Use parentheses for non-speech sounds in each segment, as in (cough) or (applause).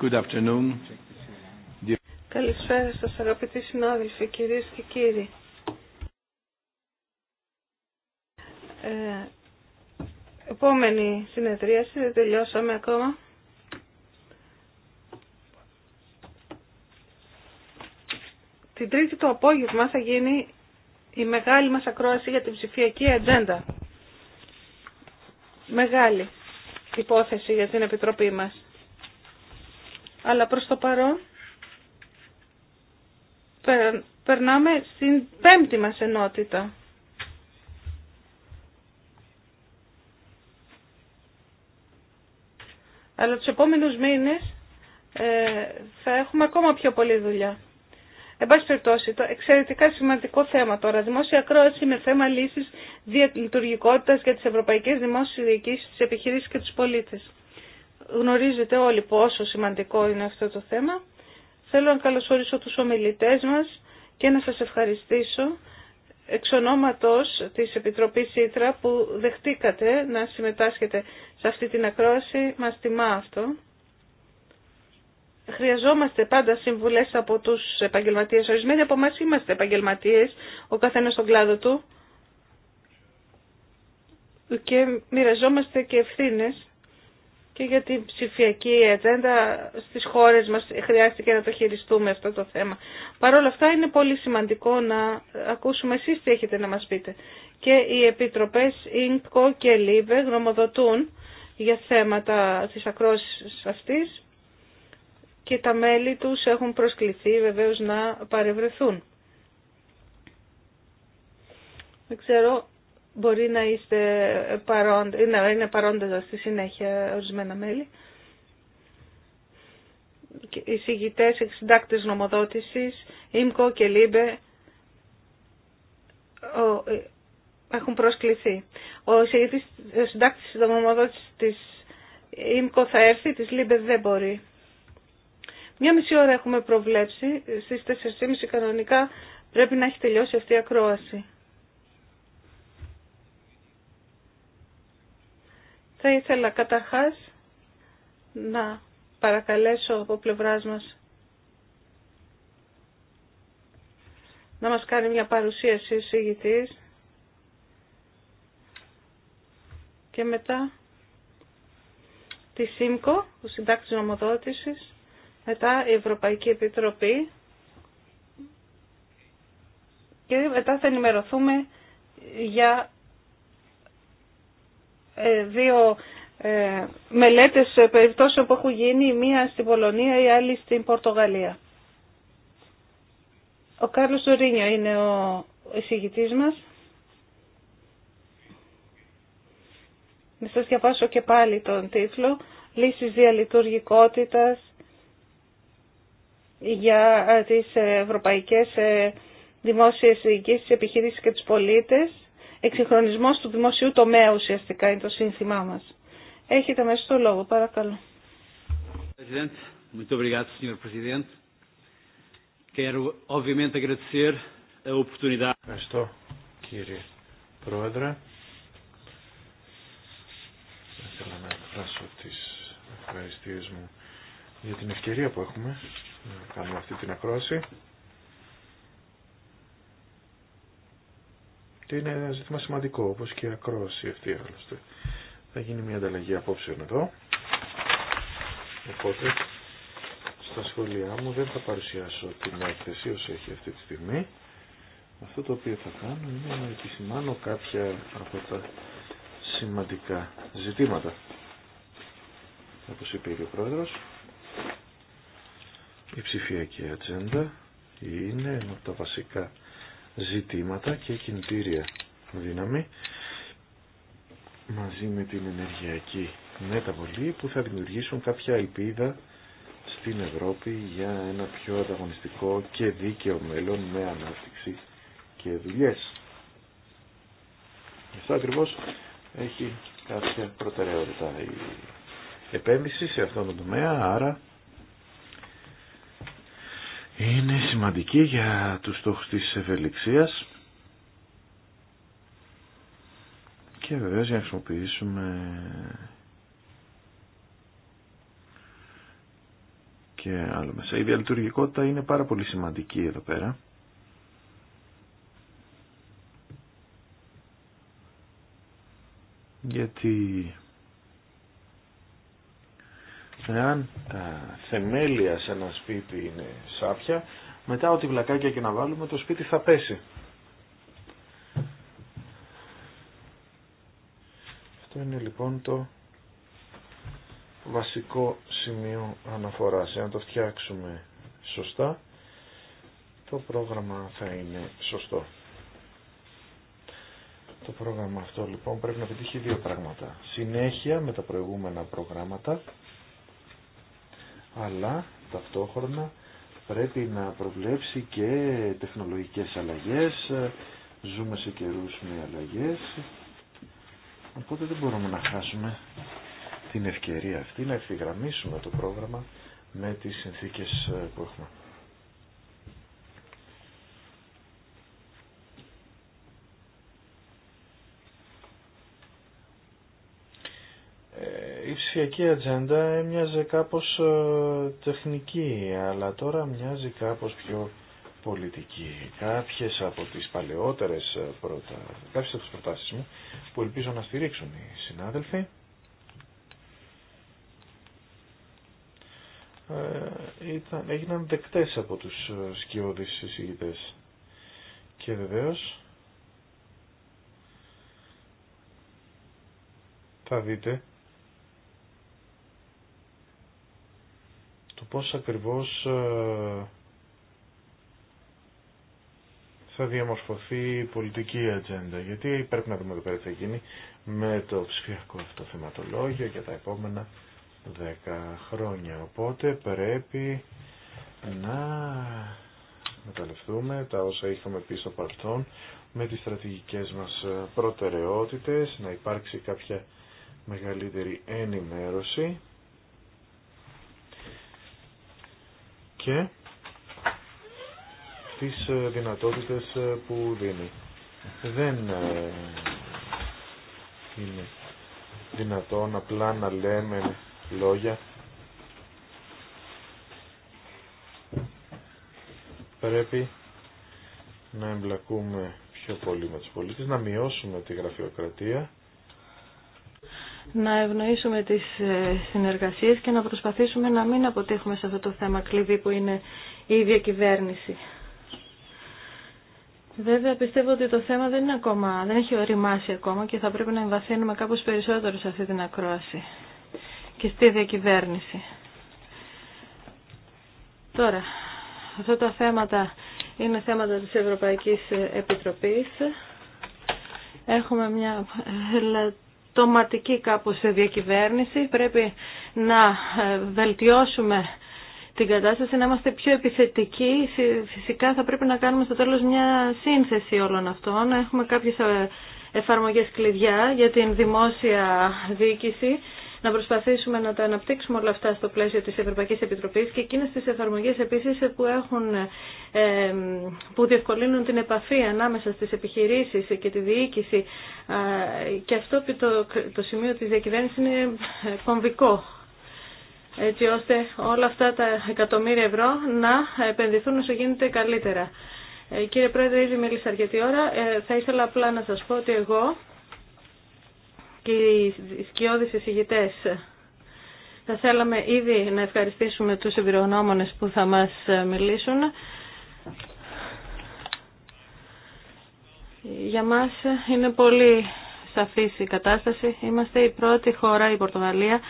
Good afternoon. Καλησπέρα σας αγαπητοί συνάδελφοι, κυρίες και κύριοι. Ε, επόμενη συνεδρίαση, δεν τελειώσαμε ακόμα. Την τρίτη το απόγευμα θα γίνει η μεγάλη μας ακρόαση για την ψηφιακή ατζέντα. Μεγάλη υπόθεση για την Επιτροπή μας αλλά προς το παρόν περνάμε στην πέμπτη μας ενότητα. Αλλά τους επόμενους μήνες ε, θα έχουμε ακόμα πιο πολλή δουλειά. Εν περιπτώσει, εξαιρετικά σημαντικό θέμα τώρα. Δημόσια κρόαση με θέμα λύσης διαλειτουργικότητας για τις ευρωπαϊκές δημόσιε διοικήσεις, τις επιχειρήσεις και του πολίτε. Γνωρίζετε όλοι πόσο σημαντικό είναι αυτό το θέμα. Θέλω να καλωσορίσω τους ομιλητές μας και να σας ευχαριστήσω εξ ονόματος της Επιτροπής Ήτρα που δεχτήκατε να συμμετάσχετε σε αυτή την ακρόαση. Μας τιμά αυτό. Χρειαζόμαστε πάντα συμβουλές από τους επαγγελματίες. Ορισμένοι από εμάς είμαστε επαγγελματίες, ο καθένας στον κλάδο του. Και μοιραζόμαστε και ευθύνες και για την ψηφιακή ατζέντα στις χώρες μας χρειάστηκε να το χειριστούμε αυτό το θέμα. Παρ' όλα αυτά είναι πολύ σημαντικό να ακούσουμε εσείς τι έχετε να μας πείτε. Και οι επιτροπές ΙΝΚΟ και ΛΥΒΕ γνωμοδοτούν για θέματα της ακρόσης αυτής και τα μέλη τους έχουν προσκληθεί βεβαίως να παρευρεθούν. Δεν ξέρω μπορεί να, είστε παρόντες, να είναι παρόντες στη συνέχεια ορισμένα μέλη. Οι οι συντάκτες νομοδότησης, ΙΜΚΟ και ΛΥΜΠΕ ε, έχουν προσκληθεί. Ο, συγητής, ο συντάκτης νομοδότησης της ΙΜΚΟ θα έρθει, της ΛΥΜΠΕ δεν μπορεί. Μια μισή ώρα έχουμε προβλέψει, στις 4.30 κανονικά πρέπει να έχει τελειώσει αυτή η ακρόαση. Θα ήθελα καταρχάς να παρακαλέσω από πλευράς μας να μας κάνει μια παρουσίαση ο συγητής και μετά τη ΣΥΜΚΟ, ο συντάκτης νομοδότησης, μετά η Ευρωπαϊκή Επιτροπή και μετά θα ενημερωθούμε για ε, δύο ε, μελέτες ε, περιπτώσεων που έχουν γίνει, μία στην Πολωνία, η άλλη στην Πορτογαλία. Ο Κάρλος Ζωρίνιο είναι ο εισηγητής μας. Να σας διαβάσω και πάλι τον τίτλο «Λύσεις διαλειτουργικότητας για τις ευρωπαϊκές δημόσιες διοικήσεις, επιχειρήσεις και τους πολίτες». Εξυγχρονισμό του δημοσίου τομέα ουσιαστικά είναι το σύνθημά μα. Έχετε μέσα στο λόγο, παρακαλώ. Ευχαριστώ κύριε Πρόεδρε. Θέλω να εκφράσω τι ευχαριστίε μου για την ευκαιρία που έχουμε να κάνουμε αυτή την ακρόαση. Και είναι ένα ζήτημα σημαντικό, όπω και η ακρόαση αυτή άλλωστε. Θα γίνει μια ανταλλαγή απόψεων εδώ. Οπότε, στα σχόλιά μου δεν θα παρουσιάσω την έκθεση όσο έχει αυτή τη στιγμή. Αυτό το οποίο θα κάνω είναι να επισημάνω κάποια από τα σημαντικά ζητήματα. Όπω είπε ο πρόεδρο, η ψηφιακή ατζέντα είναι ένα από τα βασικά ζητήματα και κινητήρια δύναμη μαζί με την ενεργειακή μεταβολή που θα δημιουργήσουν κάποια ελπίδα στην Ευρώπη για ένα πιο ανταγωνιστικό και δίκαιο μέλλον με ανάπτυξη και δουλειές. Αυτό ακριβώ έχει κάποια προτεραιότητα η επένδυση σε αυτόν τον τομέα, άρα είναι σημαντική για τους στόχους της ευελιξίας και βεβαίω για να χρησιμοποιήσουμε και άλλο μέσα. Η διαλειτουργικότητα είναι πάρα πολύ σημαντική εδώ πέρα. Γιατί Εάν τα θεμέλια σε ένα σπίτι είναι σάπια, μετά ό,τι βλακάκια και να βάλουμε το σπίτι θα πέσει. Αυτό είναι λοιπόν το βασικό σημείο αναφοράς. Εάν το φτιάξουμε σωστά, το πρόγραμμα θα είναι σωστό. Το πρόγραμμα αυτό λοιπόν πρέπει να πετύχει δύο πράγματα. Συνέχεια με τα προηγούμενα προγράμματα αλλά ταυτόχρονα πρέπει να προβλέψει και τεχνολογικές αλλαγές, ζούμε σε καιρούς με αλλαγές, οπότε δεν μπορούμε να χάσουμε την ευκαιρία αυτή να ευθυγραμμίσουμε το πρόγραμμα με τις συνθήκες που έχουμε. ψηφιακή ατζέντα έμοιαζε κάπως ε, τεχνική, αλλά τώρα μοιάζει κάπως πιο πολιτική. Κάποιες από τις παλαιότερες ε, πρωτα... κάποιες από προτάσεις μου, που ελπίζω να στηρίξουν οι συνάδελφοι, ε, ήταν, έγιναν δεκτές από τους σκιώδεις συζητητές Και βεβαίως θα δείτε το πώς ακριβώς ε, θα διαμορφωθεί η πολιτική ατζέντα. Γιατί πρέπει να δούμε εδώ πέρα τι γίνει με το ψηφιακό αυτό θεματολόγιο για τα επόμενα δέκα χρόνια. Οπότε πρέπει να μεταλλευτούμε τα όσα είχαμε πει στο παρελθόν με τις στρατηγικές μας προτεραιότητες, να υπάρξει κάποια μεγαλύτερη ενημέρωση και τις ε, δυνατότητες ε, που δίνει. Δεν ε, είναι δυνατόν απλά να λέμε λόγια. Πρέπει να εμπλακούμε πιο πολύ με τους πολίτες, να μειώσουμε τη γραφειοκρατία να ευνοήσουμε τις ε, συνεργασίες και να προσπαθήσουμε να μην αποτύχουμε σε αυτό το θέμα κλειδί που είναι η ίδια κυβέρνηση. Βέβαια πιστεύω ότι το θέμα δεν είναι ακόμα, δεν έχει οριμάσει ακόμα και θα πρέπει να εμβαθύνουμε κάπως περισσότερο σε αυτή την ακρόαση και στη διακυβέρνηση. Τώρα, αυτά τα θέματα είναι θέματα της Ευρωπαϊκής Επιτροπής. Έχουμε μια Τοματική κάπως διακυβέρνηση. Πρέπει να ε, βελτιώσουμε την κατάσταση, να είμαστε πιο επιθετικοί. Φυσικά θα πρέπει να κάνουμε στο τέλος μια σύνθεση όλων αυτών. Έχουμε κάποιες ε, εφαρμογές κλειδιά για την δημόσια διοίκηση να προσπαθήσουμε να τα αναπτύξουμε όλα αυτά στο πλαίσιο της Ευρωπαϊκής Επιτροπής και εκείνες τις εφαρμογές επίσης που, έχουν, που διευκολύνουν την επαφή ανάμεσα στις επιχειρήσεις και τη διοίκηση και αυτό το, το σημείο της διακυβέρνησης είναι κομβικό έτσι ώστε όλα αυτά τα εκατομμύρια ευρώ να επενδυθούν όσο γίνεται καλύτερα. Ε, κύριε Πρόεδρε, ήδη μίλησα αρκετή ώρα. Ε, θα ήθελα απλά να σας πω ότι εγώ και οι σκιώδεις εισηγητές. Θα θέλαμε ήδη να ευχαριστήσουμε τους εμπειρογνώμονες που θα μας μιλήσουν. Για μας είναι πολύ σαφής η κατάσταση. Είμαστε η πρώτη χώρα, η Πορτογαλία,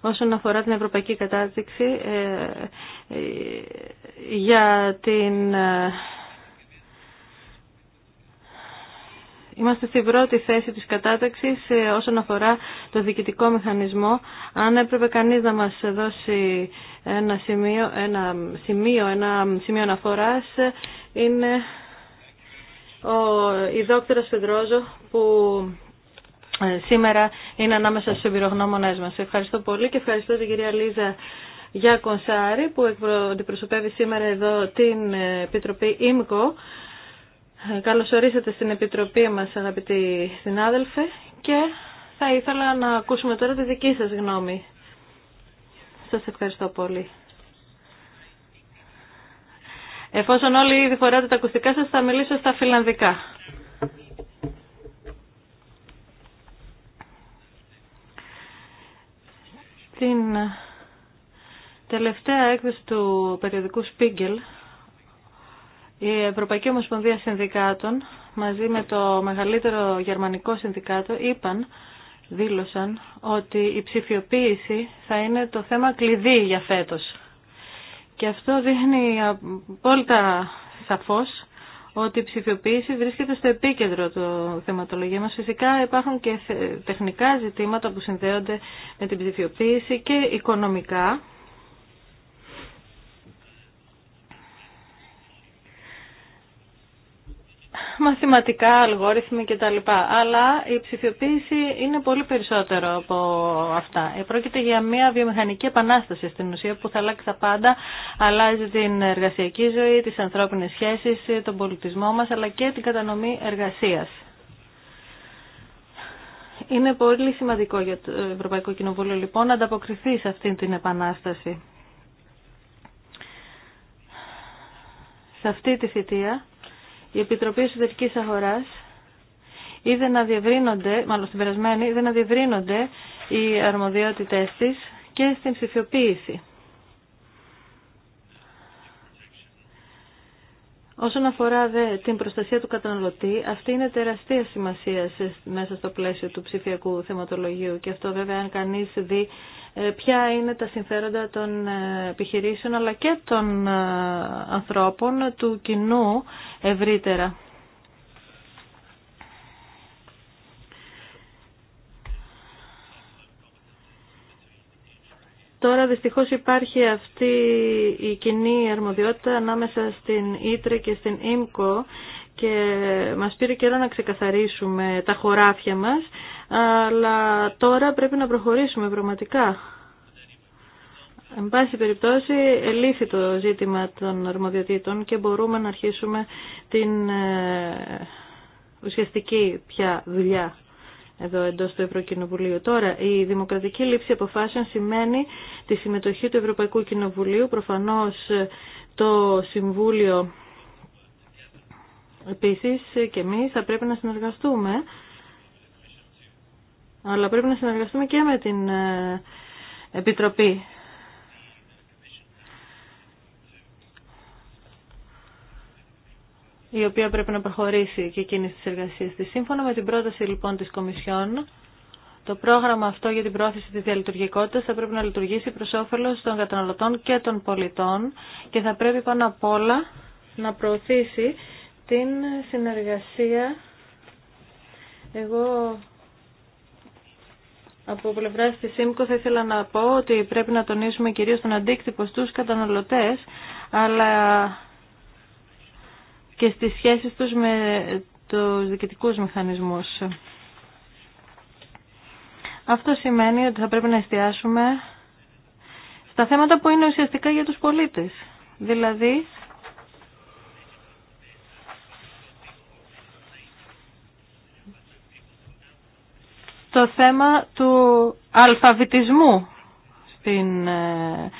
όσον αφορά την ευρωπαϊκή κατάδειξη ε, ε, για την ε, Είμαστε στην πρώτη θέση της κατάταξης ε, όσον αφορά το διοικητικό μηχανισμό. Αν έπρεπε κανείς να μας δώσει ένα σημείο, ένα σημείο, ένα σημείο αναφοράς, είναι ο, η δόκτωρας που ε, σήμερα είναι ανάμεσα στους εμπειρογνώμονές μας. Ευχαριστώ πολύ και ευχαριστώ την κυρία Λίζα Γιάκονσάρη που αντιπροσωπεύει σήμερα εδώ την ε, Επιτροπή ΙΜΚΟ Καλώς ορίσατε στην Επιτροπή μας αγαπητοί συνάδελφοι και θα ήθελα να ακούσουμε τώρα τη δική σας γνώμη. Σας ευχαριστώ πολύ. Εφόσον όλοι ήδη φοράτε τα ακουστικά σας θα μιλήσω στα φιλανδικά. Την τελευταία έκδοση του περιοδικού Spiegel η Ευρωπαϊκή Ομοσπονδία Συνδικάτων μαζί με το μεγαλύτερο γερμανικό συνδικάτο είπαν, δήλωσαν ότι η ψηφιοποίηση θα είναι το θέμα κλειδί για φέτος. Και αυτό δείχνει απόλυτα σαφώς ότι η ψηφιοποίηση βρίσκεται στο επίκεντρο του θεματολογία μας. Φυσικά υπάρχουν και τεχνικά ζητήματα που συνδέονται με την ψηφιοποίηση και οικονομικά μαθηματικά, αλγόριθμοι κτλ. Αλλά η ψηφιοποίηση είναι πολύ περισσότερο από αυτά. Πρόκειται για μια βιομηχανική επανάσταση στην ουσία που θα αλλάξει τα πάντα. Αλλάζει την εργασιακή ζωή, τις ανθρώπινες σχέσεις, τον πολιτισμό μας, αλλά και την κατανομή εργασίας. Είναι πολύ σημαντικό για το Ευρωπαϊκό Κοινοβούλιο λοιπόν να ανταποκριθεί σε αυτή την επανάσταση. Σε αυτή τη θητεία η Επιτροπή Εσωτερικής Αγοράς είδε να διευρύνονται, μάλλον στην περασμένη, είδε να διευρύνονται οι αρμοδιότητές της και στην ψηφιοποίηση. Όσον αφορά δε, την προστασία του καταναλωτή, αυτή είναι τεραστία σημασία μέσα στο πλαίσιο του ψηφιακού θεματολογίου και αυτό βέβαια αν κανείς δει ε, ποια είναι τα συμφέροντα των ε, επιχειρήσεων αλλά και των ε, ανθρώπων του κοινού ευρύτερα. Τώρα δυστυχώς υπάρχει αυτή η κοινή αρμοδιότητα ανάμεσα στην Ήτρε και στην ΙΜΚΟ και μας πήρε καιρό να ξεκαθαρίσουμε τα χωράφια μας, αλλά τώρα πρέπει να προχωρήσουμε πραγματικά. Εν πάση περιπτώσει, ελήφθη το ζήτημα των αρμοδιοτήτων και μπορούμε να αρχίσουμε την ε, ουσιαστική πια δουλειά εδώ εντό του Ευρωκοινοβουλίου. Τώρα, η δημοκρατική λήψη αποφάσεων σημαίνει τη συμμετοχή του Ευρωπαϊκού Κοινοβουλίου. Προφανώ ε, το Συμβούλιο επίση. και εμείς θα πρέπει να συνεργαστούμε, αλλά πρέπει να συνεργαστούμε και με την ε, Επιτροπή η οποία πρέπει να προχωρήσει και εκείνη στις εργασίες της. Σύμφωνα με την πρόταση λοιπόν της Κομισιόν, το πρόγραμμα αυτό για την πρόθεση της διαλειτουργικότητας θα πρέπει να λειτουργήσει προς όφελος των καταναλωτών και των πολιτών και θα πρέπει πάνω απ' όλα να προωθήσει την συνεργασία εγώ από πλευρά τη ΣΥΜΚΟ θα ήθελα να πω ότι πρέπει να τονίσουμε κυρίως τον αντίκτυπο στους καταναλωτές αλλά και στις σχέσεις τους με τους διοικητικούς μηχανισμούς. Αυτό σημαίνει ότι θα πρέπει να εστιάσουμε στα θέματα που είναι ουσιαστικά για τους πολίτες. Δηλαδή, το θέμα του αλφαβητισμού στην ε,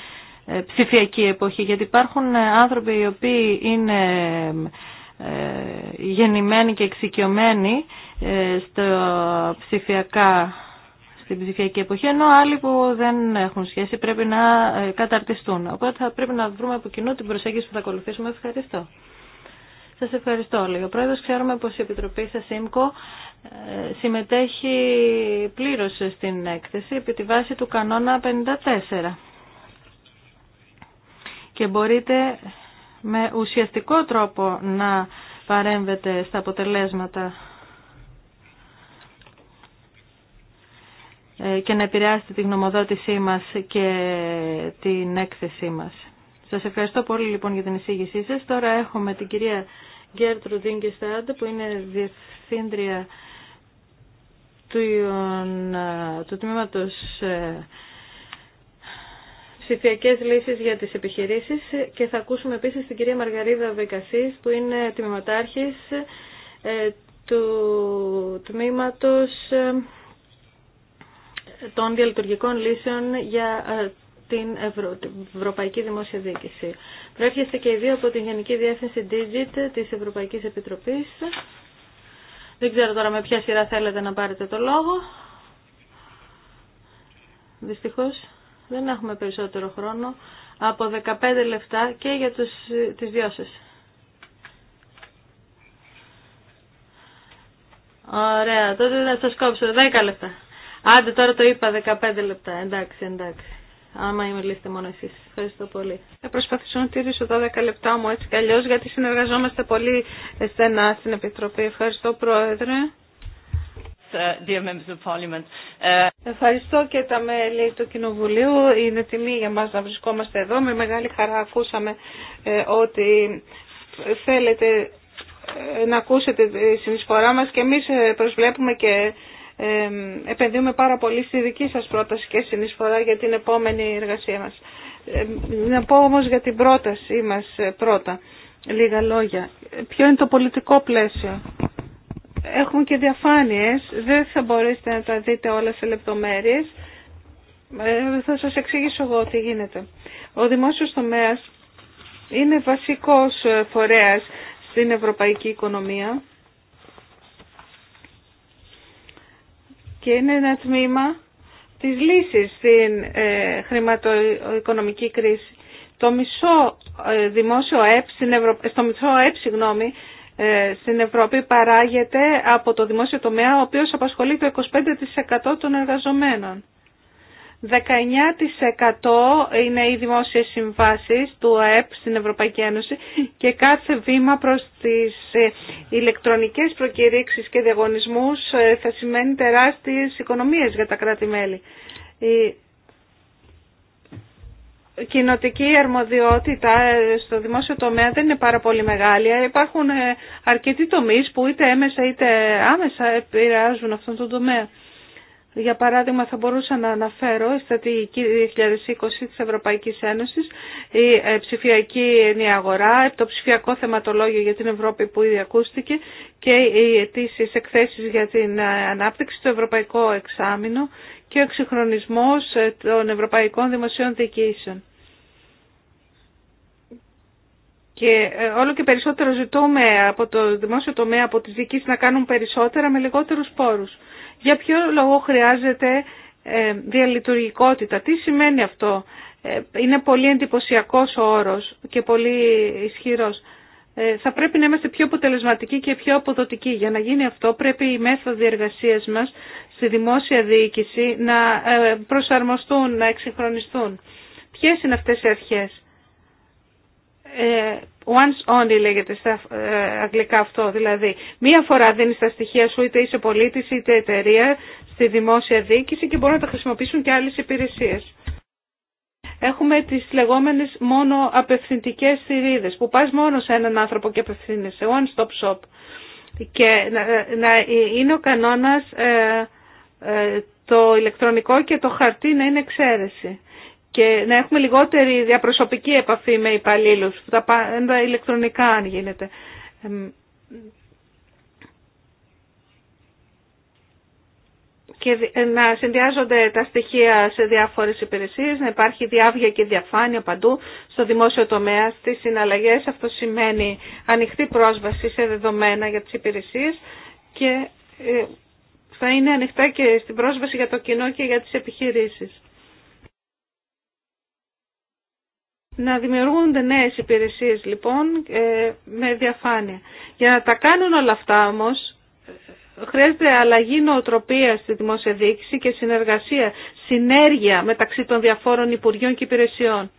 ε, ψηφιακή εποχή, γιατί υπάρχουν ε, άνθρωποι οι οποίοι είναι ε, γεννημένοι και εξοικειωμένοι στο ψηφιακά στην ψηφιακή εποχή, ενώ άλλοι που δεν έχουν σχέση πρέπει να καταρτιστούν. Οπότε θα πρέπει να βρούμε από κοινού την προσέγγιση που θα ακολουθήσουμε. Ευχαριστώ. Σας ευχαριστώ, λέει ο Πρόεδρος. Ξέρουμε πως η Επιτροπή σας, ΣΥΜΚΟ, συμμετέχει πλήρως στην έκθεση επί τη βάση του κανόνα 54 και μπορείτε με ουσιαστικό τρόπο να παρέμβετε στα αποτελέσματα ε, και να επηρεάσετε τη γνωμοδότησή μας και την έκθεσή μας. Σας ευχαριστώ πολύ λοιπόν για την εισήγησή σας. Τώρα έχουμε την κυρία Γκέρτρου Δίνκεσταντ που είναι διευθύντρια του, ε, του τμήματος ε, ψηφιακέ λύσεις για τις επιχειρήσεις και θα ακούσουμε επίσης την κυρία Μαργαρίδα Βεκασής που είναι τμήματάρχης ε, του τμήματος ε, των διαλειτουργικών λύσεων για ε, την Ευρωπαϊκή Δημόσια Διοίκηση. Προέρχεστε και οι δύο από την Γενική Διεύθυνση Digit της Ευρωπαϊκής Επιτροπής. Δεν ξέρω τώρα με ποια σειρά θέλετε να πάρετε το λόγο. Δυστυχώς. Δεν έχουμε περισσότερο χρόνο από 15 λεπτά και για τους, τις δυο σας. Ωραία, τότε θα σας κόψω 10 λεπτά. Άντε τώρα το είπα 15 λεπτά, εντάξει, εντάξει. Άμα μιλήσετε μόνο εσεί. Ευχαριστώ πολύ. Θα προσπαθήσω να τηρήσω τα 10 λεπτά μου έτσι κι αλλιώ, γιατί συνεργαζόμαστε πολύ στενά στην Επιτροπή. Ευχαριστώ, Πρόεδρε. Uh, uh, Ευχαριστώ και τα μέλη του Κοινοβουλίου. Είναι τιμή για μας να βρισκόμαστε εδώ. Με μεγάλη χαρά ακούσαμε ε, ότι θέλετε ε, να ακούσετε τη συνεισφορά μας και εμείς ε, προσβλέπουμε και επενδύουμε πάρα πολύ στη δική σας πρόταση και συνεισφορά για την επόμενη εργασία μας. Να πω όμως για την πρότασή μας πρώτα λίγα λόγια. Ποιο είναι το πολιτικό πλαίσιο. Έχουν και διαφάνειες, δεν θα μπορέσετε να τα δείτε όλα σε λεπτομέρειες. Ε, θα σας εξηγήσω εγώ τι γίνεται. Ο δημόσιος τομέας είναι βασικός ε, φορέας στην ευρωπαϊκή οικονομία και είναι ένα τμήμα της λύσης στην ε, χρηματοοικονομική κρίση. Το μισό δημόσιο ΕΠ, στο μισό ΕΠ, ε, στην Ευρώπη παράγεται από το δημόσιο τομέα, ο οποίος απασχολεί το 25% των εργαζομένων. 19% είναι οι δημόσιες συμβάσεις του ΑΕΠ στην Ευρωπαϊκή Ένωση και κάθε βήμα προς τις ε, ηλεκτρονικές προκηρύξεις και διαγωνισμούς ε, θα σημαίνει τεράστιες οικονομίες για τα κράτη-μέλη κοινοτική αρμοδιότητα ε, στο δημόσιο τομέα δεν είναι πάρα πολύ μεγάλη. Ε, υπάρχουν ε, αρκετοί τομείς που είτε έμεσα είτε άμεσα επηρεάζουν αυτόν τον τομέα. Για παράδειγμα θα μπορούσα να αναφέρω η στρατηγική 2020 της Ευρωπαϊκής Ένωσης, η ψηφιακή ενιαγορά, αγορά, το ψηφιακό θεματολόγιο για την Ευρώπη που ήδη ακούστηκε και οι αιτήσει εκθέσεις για την ανάπτυξη, το ευρωπαϊκό εξάμεινο και ο εξυγχρονισμός ε, των ευρωπαϊκών δημοσίων διοικήσεων. Και ε, όλο και περισσότερο ζητούμε από το δημόσιο τομέα, από τις διοικήσεις να κάνουν περισσότερα με λιγότερους πόρους. Για ποιο λόγο χρειάζεται ε, διαλειτουργικότητα. Τι σημαίνει αυτό. Είναι πολύ εντυπωσιακός ο όρος και πολύ ισχυρός. Θα πρέπει να είμαστε πιο αποτελεσματικοί και πιο αποδοτικοί. Για να γίνει αυτό πρέπει οι μέθοδοι εργασίας μας στη δημόσια διοίκηση να ε, προσαρμοστούν, να εξυγχρονιστούν. Ποιες είναι αυτές οι αρχές. Ε, once only λέγεται στα ε, αγγλικά αυτό, δηλαδή μία φορά δίνεις τα στοιχεία σου είτε είσαι πολίτης είτε εταιρεία στη δημόσια διοίκηση και μπορούν να τα χρησιμοποιήσουν και άλλες υπηρεσίες. Έχουμε τις λεγόμενες μόνο απευθυντικές θηρίδες που πας μόνο σε έναν άνθρωπο και απευθύνεσαι, one stop shop. Και να είναι ο κανόνας ε, το ηλεκτρονικό και το χαρτί να είναι εξαίρεση και να έχουμε λιγότερη διαπροσωπική επαφή με που τα πάντα ηλεκτρονικά αν γίνεται. Και ε, να συνδυάζονται τα στοιχεία σε διάφορες υπηρεσίες, να υπάρχει διάβγεια και διαφάνεια παντού στο δημόσιο τομέα, στις συναλλαγές. Αυτό σημαίνει ανοιχτή πρόσβαση σε δεδομένα για τις υπηρεσίες και ε, θα είναι ανοιχτά και στην πρόσβαση για το κοινό και για τις επιχειρήσεις. Να δημιουργούνται νέες υπηρεσίες λοιπόν ε, με διαφάνεια. Για να τα κάνουν όλα αυτά όμως χρειάζεται αλλαγή νοοτροπία στη δημόσια και συνεργασία, συνέργεια μεταξύ των διαφόρων υπουργείων και υπηρεσιών.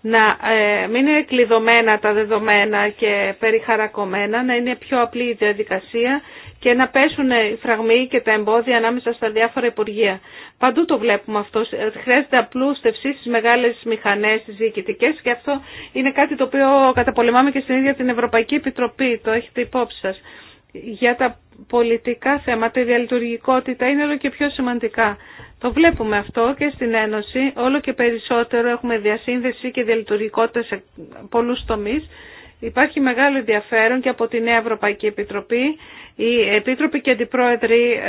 Να ε, μην είναι κλειδωμένα τα δεδομένα και περιχαρακωμένα, να είναι πιο απλή η διαδικασία και να πέσουν οι φραγμοί και τα εμπόδια ανάμεσα στα διάφορα υπουργεία. Παντού το βλέπουμε αυτό. Χρειάζεται απλούστευση στι μεγάλε μηχανέ, στι διοικητικέ και αυτό είναι κάτι το οποίο καταπολεμάμε και στην ίδια την Ευρωπαϊκή Επιτροπή. Το έχετε υπόψη σα. Για τα πολιτικά θέματα, η διαλειτουργικότητα είναι όλο και πιο σημαντικά. Το βλέπουμε αυτό και στην Ένωση. Όλο και περισσότερο έχουμε διασύνδεση και διαλειτουργικότητα σε πολλού τομεί. Υπάρχει μεγάλο ενδιαφέρον και από την Νέα Ευρωπαϊκή Επιτροπή. Οι επίτροποι και αντιπρόεδροι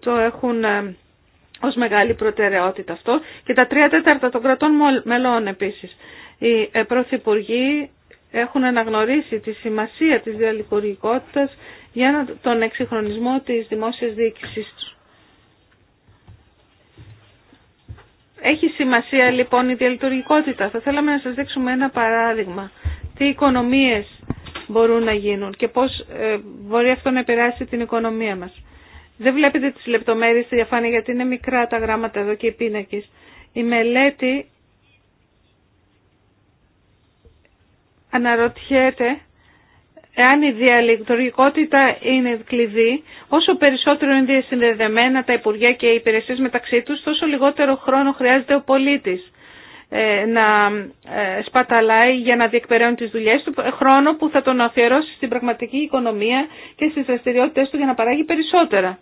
το έχουν ως μεγάλη προτεραιότητα αυτό και τα τρία τέταρτα των κρατών μελών επίσης. Οι ε, πρωθυπουργοί έχουν αναγνωρίσει τη σημασία της διαλειτουργικότητας για τον εξυγχρονισμό της δημόσιας διοίκησης τους. Έχει σημασία λοιπόν η διαλειτουργικότητα. Θα θέλαμε να σας δείξουμε ένα παράδειγμα τι οικονομίες μπορούν να γίνουν και πώς ε, μπορεί αυτό να επηρεάσει την οικονομία μας. Δεν βλέπετε τις λεπτομέρειες στη διαφάνεια γιατί είναι μικρά τα γράμματα εδώ και οι πίνακες. Η μελέτη αναρωτιέται εάν η διαλειτουργικότητα είναι κλειδί, όσο περισσότερο είναι διασυνδεδεμένα τα Υπουργεία και οι υπηρεσίες μεταξύ τους, τόσο λιγότερο χρόνο χρειάζεται ο πολίτης ε, να ε, σπαταλάει για να διεκπαιρέουν τις δουλειές του, χρόνο που θα τον αφιερώσει στην πραγματική οικονομία και στις δραστηριότητε του για να παράγει περισσότερα.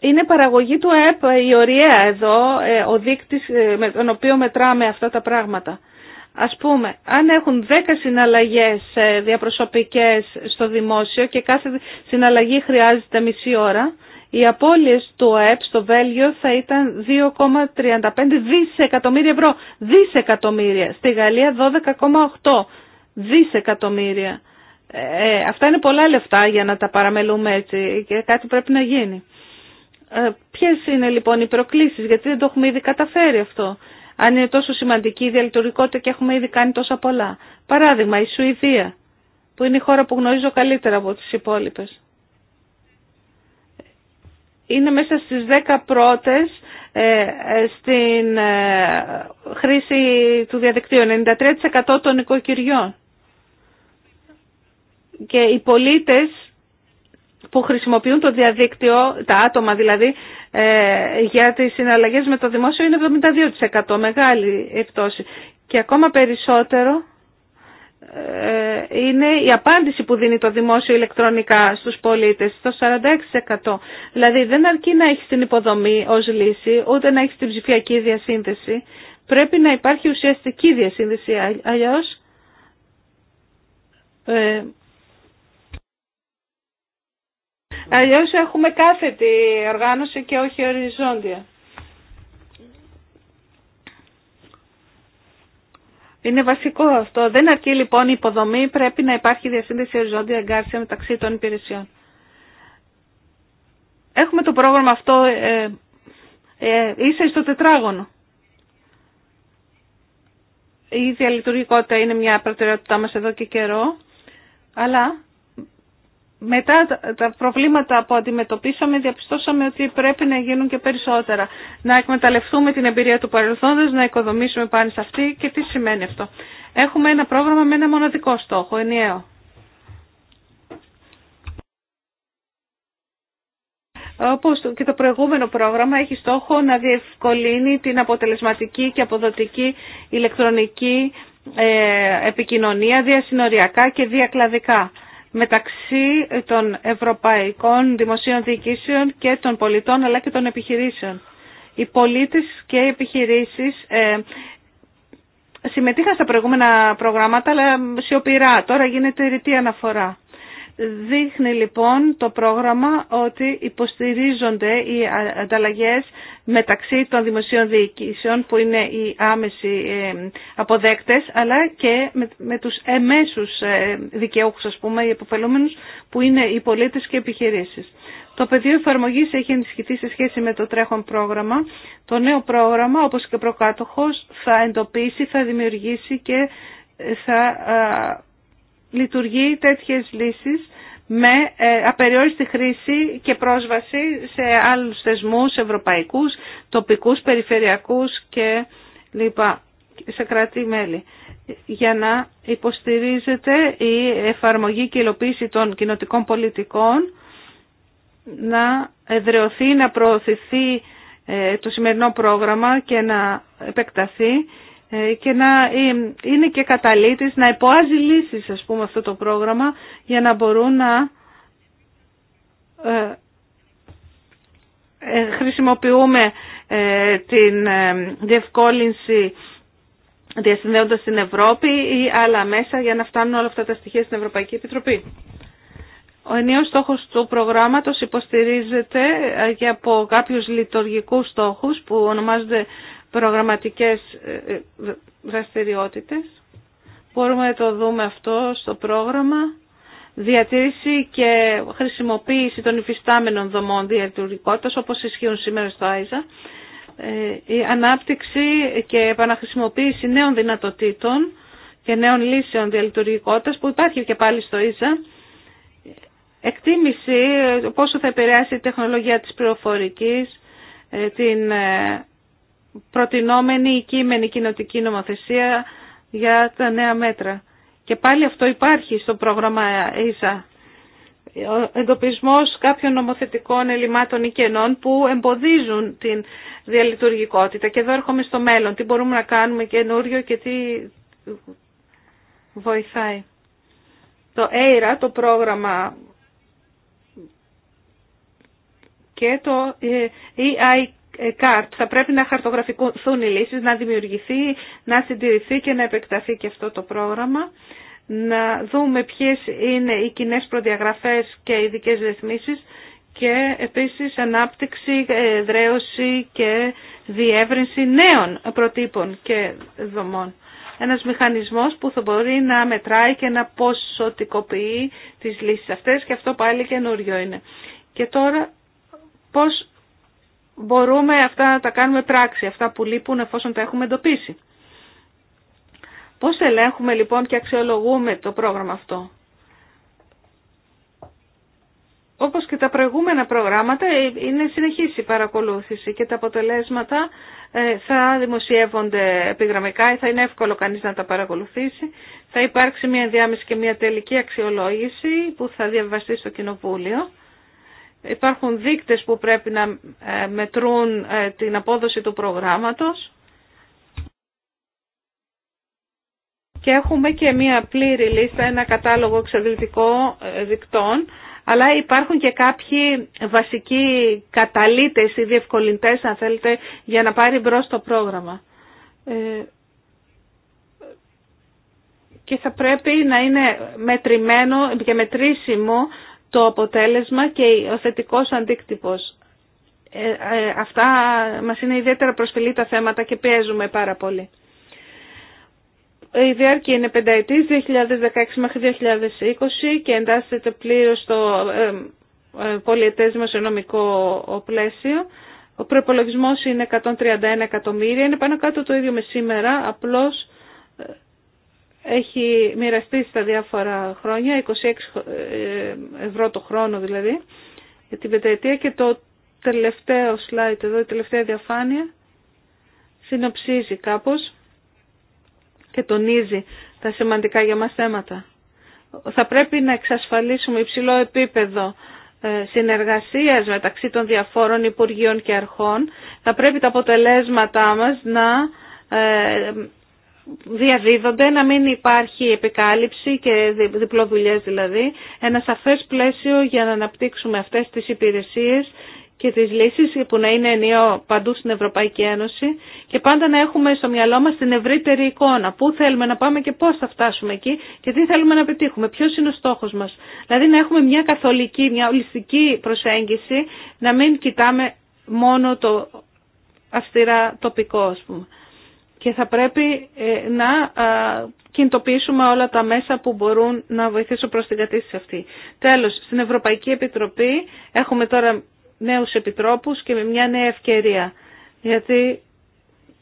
Είναι παραγωγή του ΕΠ η ωραία εδώ, ε, ο δείκτης με τον οποίο μετράμε αυτά τα πράγματα. Ας πούμε, αν έχουν 10 συναλλαγές διαπροσωπικές στο δημόσιο και κάθε συναλλαγή χρειάζεται μισή ώρα, οι απώλειες του ΑΕΠ στο Βέλγιο θα ήταν 2,35 δισεκατομμύρια ευρώ. Δισεκατομμύρια. Στη Γαλλία 12,8 δισεκατομμύρια. Ε, ε, αυτά είναι πολλά λεφτά για να τα παραμελούμε έτσι και κάτι πρέπει να γίνει. Ε, ποιες είναι λοιπόν οι προκλήσεις, γιατί δεν το έχουμε ήδη καταφέρει αυτό. Αν είναι τόσο σημαντική η διαλειτουργικότητα και έχουμε ήδη κάνει τόσα πολλά. Παράδειγμα, η Σουηδία, που είναι η χώρα που γνωρίζω καλύτερα από τις υπόλοιπες είναι μέσα στις 10 πρώτες ε, ε, στην ε, χρήση του διαδικτύου, 93% των οικοκυριών. Και οι πολίτες που χρησιμοποιούν το διαδίκτυο, τα άτομα δηλαδή, για τις συναλλαγές με το δημόσιο είναι 72%, μεγάλη εκτόση. Και ακόμα περισσότερο ε, είναι η απάντηση που δίνει το δημόσιο ηλεκτρονικά στους πολίτες, το 46%. Δηλαδή δεν αρκεί να έχει την υποδομή ως λύση, ούτε να έχεις την ψηφιακή διασύνδεση. Πρέπει να υπάρχει ουσιαστική διασύνδεση, αλλιώς ε, αλλιώς έχουμε κάθετη οργάνωση και όχι οριζόντια. Είναι βασικό αυτό. Δεν αρκεί λοιπόν η υποδομή, πρέπει να υπάρχει διασύνδεση οριζόντια εγκάρσια μεταξύ των υπηρεσιών. Έχουμε το πρόγραμμα αυτό ε, ε, ε ίσα στο τετράγωνο. Η λειτουργικότητα είναι μια προτεραιότητά μας εδώ και καιρό, αλλά μετά τα προβλήματα που αντιμετωπίσαμε διαπιστώσαμε ότι πρέπει να γίνουν και περισσότερα. Να εκμεταλλευτούμε την εμπειρία του παρελθόντος, να οικοδομήσουμε πάνω σε αυτή και τι σημαίνει αυτό. Έχουμε ένα πρόγραμμα με ένα μοναδικό στόχο, ενιαίο. Όπως και το προηγούμενο πρόγραμμα έχει στόχο να διευκολύνει την αποτελεσματική και αποδοτική ηλεκτρονική ε, επικοινωνία διασυνοριακά και διακλαδικά μεταξύ των ευρωπαϊκών δημοσίων διοικήσεων και των πολιτών αλλά και των επιχειρήσεων. Οι πολίτες και οι επιχειρήσεις ε, συμμετείχαν στα προηγούμενα προγράμματα αλλά σιωπηρά. Τώρα γίνεται ρητή αναφορά. Δείχνει λοιπόν το πρόγραμμα ότι υποστηρίζονται οι ανταλλαγές μεταξύ των δημοσίων διοικήσεων που είναι οι άμεσοι ε, αποδέκτες αλλά και με τους εμέσους ε, δικαιούχους ας πούμε, οι υποφελούμενους που είναι οι πολίτες και επιχειρήσεις. Το πεδίο εφαρμογή έχει ενισχυθεί σε σχέση με το τρέχον πρόγραμμα. Το νέο πρόγραμμα, όπως και προκάτοχος, θα εντοπίσει, θα δημιουργήσει και θα λειτουργεί τέτοιες λύσεις με ε, απεριόριστη χρήση και πρόσβαση σε άλλους θεσμούς ευρωπαϊκούς, τοπικούς, περιφερειακούς και λοιπά, σε κράτη-μέλη για να υποστηρίζεται η εφαρμογή και υλοποίηση των κοινοτικών πολιτικών, να εδρεωθεί, να προωθηθεί ε, το σημερινό πρόγραμμα και να επεκταθεί ε, και να ε, είναι και καταλήτης, να υποάζει λύσεις ας πούμε αυτό το πρόγραμμα για να μπορούν να ε, χρησιμοποιούμε την διευκόλυνση διασυνδέοντας την Ευρώπη ή άλλα μέσα για να φτάνουν όλα αυτά τα στοιχεία στην Ευρωπαϊκή Επιτροπή. Ο ενίος στόχος του προγράμματος υποστηρίζεται και από κάποιους λειτουργικούς στόχους που ονομάζονται προγραμματικές ε, ε, δραστηριότητες. Μπορούμε να το δούμε αυτό στο πρόγραμμα. Διατήρηση και χρησιμοποίηση των υφιστάμενων δομών διαλειτουργικότητας όπως ισχύουν σήμερα στο ΆΙΖΑ. Ε, η ανάπτυξη και επαναχρησιμοποίηση νέων δυνατοτήτων και νέων λύσεων διαλειτουργικότητας που υπάρχει και πάλι στο ΙΖΑ. Εκτίμηση πόσο θα επηρεάσει η τεχνολογία της πληροφορικής, την προτινόμενη κείμενη κοινοτική νομοθεσία για τα νέα μέτρα. Και πάλι αυτό υπάρχει στο πρόγραμμα ΕΙΖΑ. Ο εντοπισμός κάποιων νομοθετικών ελλημάτων ή κενών που εμποδίζουν την διαλειτουργικότητα. Και εδώ έρχομαι στο μέλλον. Τι μπορούμε να κάνουμε καινούριο και τι βοηθάει. Το ΕΙΡΑ, το πρόγραμμα και το EIQ ε, ε, ΚΑΡΤ. Θα πρέπει να χαρτογραφηθούν οι λύσεις, να δημιουργηθεί, να συντηρηθεί και να επεκταθεί και αυτό το πρόγραμμα. Να δούμε ποιες είναι οι κοινέ προδιαγραφές και οι ειδικέ ρυθμίσεις και επίσης ανάπτυξη, ε, δρέωση και διεύρυνση νέων προτύπων και δομών. Ένας μηχανισμός που θα μπορεί να μετράει και να ποσοτικοποιεί τις λύσεις αυτές και αυτό πάλι καινούριο είναι. Και τώρα πώς μπορούμε αυτά να τα κάνουμε πράξη, αυτά που λείπουν εφόσον τα έχουμε εντοπίσει. Πώς ελέγχουμε λοιπόν και αξιολογούμε το πρόγραμμα αυτό. Όπως και τα προηγούμενα προγράμματα ε, είναι συνεχής η παρακολούθηση και τα αποτελέσματα ε, θα δημοσιεύονται επιγραμμικά ή θα είναι εύκολο κανείς να τα παρακολουθήσει. Θα υπάρξει μια διάμεση και μια τελική αξιολόγηση που θα διαβαστεί στο Κοινοβούλιο Υπάρχουν δείκτες που πρέπει να ε, μετρούν ε, την απόδοση του προγράμματος. Και έχουμε και μία πλήρη λίστα, ένα κατάλογο εξαντλητικό ε, δικτών, αλλά υπάρχουν και κάποιοι βασικοί καταλήτες ή διευκολυντές, αν θέλετε, για να πάρει μπρος το πρόγραμμα. Και θα πρέπει να είναι μετρημένο και μετρήσιμο το αποτέλεσμα και ο θετικός αντίκτυπος. Ε, ε, αυτά μας είναι ιδιαίτερα προσφυλή τα θέματα και πιέζουμε πάρα πολύ. Η διάρκεια είναι πενταετής, 2016 μέχρι 2020 και εντάσσεται πλήρως στο ε, πολιετές δημοσιονομικό πλαίσιο. Ο προπολογισμό είναι 131 εκατομμύρια, είναι πάνω κάτω το ίδιο με σήμερα, απλώς έχει μοιραστεί στα διάφορα χρόνια, 26 ε, ευρώ το χρόνο δηλαδή, για την πενταετία και το τελευταίο slide εδώ, η τελευταία διαφάνεια, συνοψίζει κάπως και τονίζει τα σημαντικά για μας θέματα. Θα πρέπει να εξασφαλίσουμε υψηλό επίπεδο ε, συνεργασίας μεταξύ των διαφόρων Υπουργείων και Αρχών. Θα πρέπει τα αποτελέσματά μας να ε, διαδίδονται, να μην υπάρχει επικάλυψη και διπλό δηλαδή, ένα σαφές πλαίσιο για να αναπτύξουμε αυτές τις υπηρεσίες και τις λύσεις που να είναι ενίο παντού στην Ευρωπαϊκή Ένωση και πάντα να έχουμε στο μυαλό μας την ευρύτερη εικόνα. Πού θέλουμε να πάμε και πώς θα φτάσουμε εκεί και τι θέλουμε να πετύχουμε, ποιος είναι ο στόχος μας. Δηλαδή να έχουμε μια καθολική, μια ολιστική προσέγγιση, να μην κοιτάμε μόνο το αυστηρά τοπικό ας πούμε και θα πρέπει ε, να κινητοποιήσουμε όλα τα μέσα που μπορούν να βοηθήσουν προς την κατήστηση αυτή. Τέλος, στην Ευρωπαϊκή Επιτροπή έχουμε τώρα νέους επιτρόπους και με μια νέα ευκαιρία. Γιατί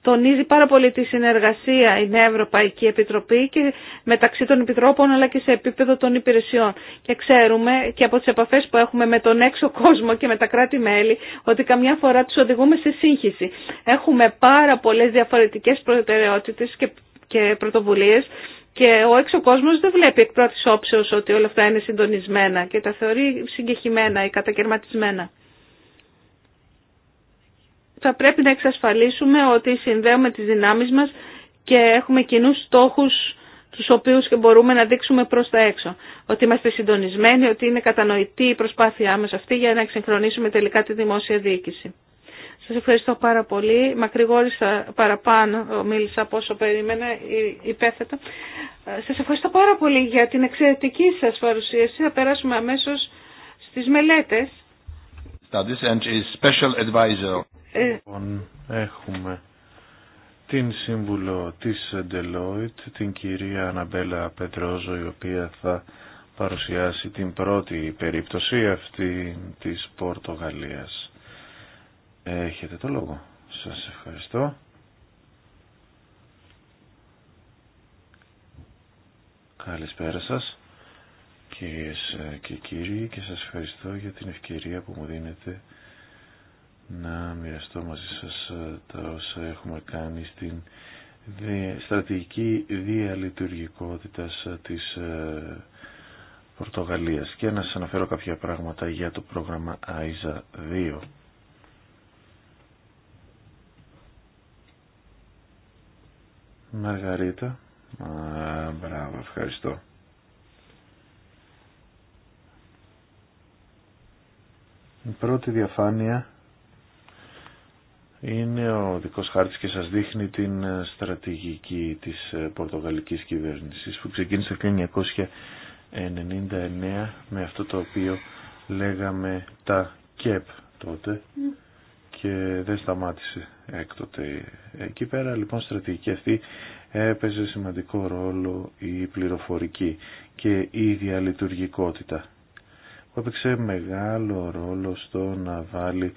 τονίζει πάρα πολύ τη συνεργασία η Νέα Ευρωπαϊκή Επιτροπή και μεταξύ των επιτρόπων αλλά και σε επίπεδο των υπηρεσιών. Και ξέρουμε και από τις επαφές που έχουμε με τον έξω κόσμο και με τα κράτη-μέλη ότι καμιά φορά τους οδηγούμε σε σύγχυση. Έχουμε πάρα πολλές διαφορετικές προτεραιότητες και, και πρωτοβουλίες και ο έξω κόσμος δεν βλέπει εκ πρώτης όψεως ότι όλα αυτά είναι συντονισμένα και τα θεωρεί συγκεχημένα ή κατακαιρματισμένα θα πρέπει να εξασφαλίσουμε ότι συνδέουμε τις δυνάμεις μας και έχουμε κοινούς στόχους τους οποίους και μπορούμε να δείξουμε προς τα έξω. Ότι είμαστε συντονισμένοι, ότι είναι κατανοητή η προσπάθειά μας αυτή για να εξυγχρονίσουμε τελικά τη δημόσια διοίκηση. Σας ευχαριστώ πάρα πολύ. Μακρηγόρησα παραπάνω, μίλησα πόσο όσο περίμενα, υπέθετα. Σας ευχαριστώ πάρα πολύ για την εξαιρετική σας παρουσίαση. Θα περάσουμε αμέσως στις μελέτες. is special advisor. Ε, λοιπόν, έχουμε την σύμβουλο της Deloitte, την κυρία Αναμπέλα Πετρόζο, η οποία θα παρουσιάσει την πρώτη περίπτωση αυτή της Πορτογαλίας. Έχετε το λόγο. Σας ευχαριστώ. Καλησπέρα σας κυρίες και κύριοι και σας ευχαριστώ για την ευκαιρία που μου δίνετε να μοιραστώ μαζί σας ε, τα όσα έχουμε κάνει στην στρατηγική διαλειτουργικότητας ε, της ε, Πορτογαλίας και να σας αναφέρω κάποια πράγματα για το πρόγραμμα Αιζα 2. Μαργαρίτα. Α, μπράβο, ευχαριστώ. Η πρώτη διαφάνεια είναι ο δικός χάρτης και σας δείχνει την στρατηγική της πορτογαλικής κυβέρνησης που ξεκίνησε το 1999 με αυτό το οποίο λέγαμε τα ΚΕΠ τότε και δεν σταμάτησε έκτοτε εκεί πέρα λοιπόν στρατηγική αυτή έπαιζε σημαντικό ρόλο η πληροφορική και η διαλειτουργικότητα που έπαιξε μεγάλο ρόλο στο να βάλει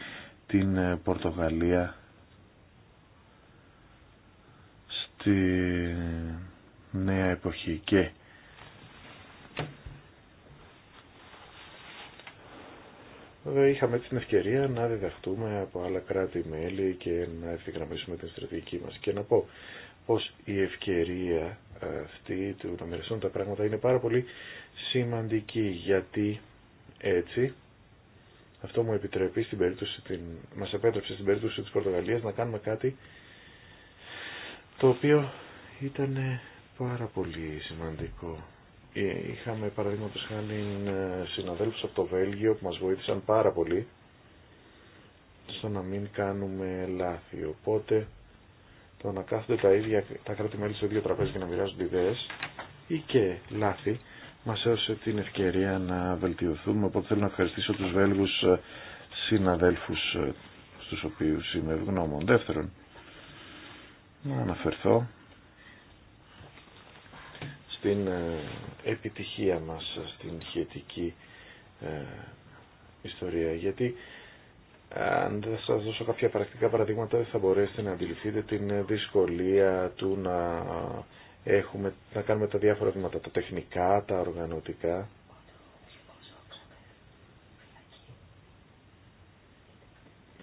την ε, Πορτογαλία στη νέα εποχή και είχαμε την ευκαιρία να διδαχτούμε από άλλα κράτη-μέλη και να ευθυγραμμίσουμε την στρατηγική μας και να πω πως η ευκαιρία ε, αυτή του να μοιραστούν τα πράγματα είναι πάρα πολύ σημαντική γιατί έτσι αυτό μου επιτρέπει στην περίπτωση, την... μας επέτρεψε στην περίπτωση της Πορτογαλίας να κάνουμε κάτι το οποίο ήταν πάρα πολύ σημαντικό. Ε, είχαμε παραδείγματος χάρη ε, συναδέλφους από το Βέλγιο που μας βοήθησαν πάρα πολύ στο να μην κάνουμε λάθη. Οπότε το να κάθονται τα ίδια τα κράτη-μέλη στο ίδιο τραπέζι και να μοιράζονται ιδέες ή και λάθη μας έδωσε την ευκαιρία να βελτιωθούμε, οπότε θέλω να ευχαριστήσω τους Βέλγους ε, συναδέλφους ε, στους οποίους είμαι ευγνώμων. Δεύτερον, να αναφερθώ στην ε, επιτυχία μας στην ε, ιστορία, γιατί αν δεν σας δώσω κάποια πρακτικά παραδείγματα δεν θα μπορέσετε να αντιληφθείτε την δυσκολία του να έχουμε, να κάνουμε τα διάφορα βήματα, τα τεχνικά, τα οργανωτικά.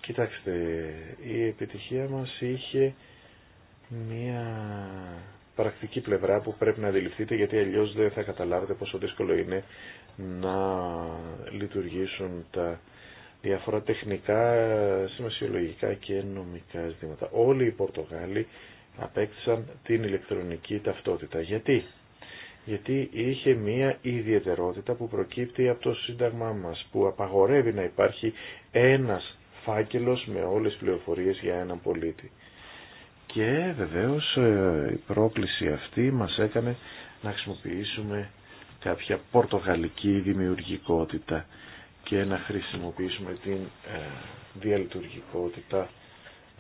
Κοιτάξτε, η επιτυχία μας είχε μία πρακτική πλευρά που πρέπει να αντιληφθείτε γιατί αλλιώς δεν θα καταλάβετε πόσο δύσκολο είναι να λειτουργήσουν τα διάφορα τεχνικά, σημασιολογικά και νομικά ζητήματα. Όλοι οι Πορτογάλοι απέκτησαν την ηλεκτρονική ταυτότητα. Γιατί? Γιατί είχε μία ιδιαιτερότητα που προκύπτει από το Σύνταγμά μας, που απαγορεύει να υπάρχει ένας φάκελος με όλες τις πληροφορίες για έναν πολίτη. Και βεβαίως ε, η πρόκληση αυτή μας έκανε να χρησιμοποιήσουμε κάποια πορτογαλική δημιουργικότητα και να χρησιμοποιήσουμε την ε, διαλειτουργικότητα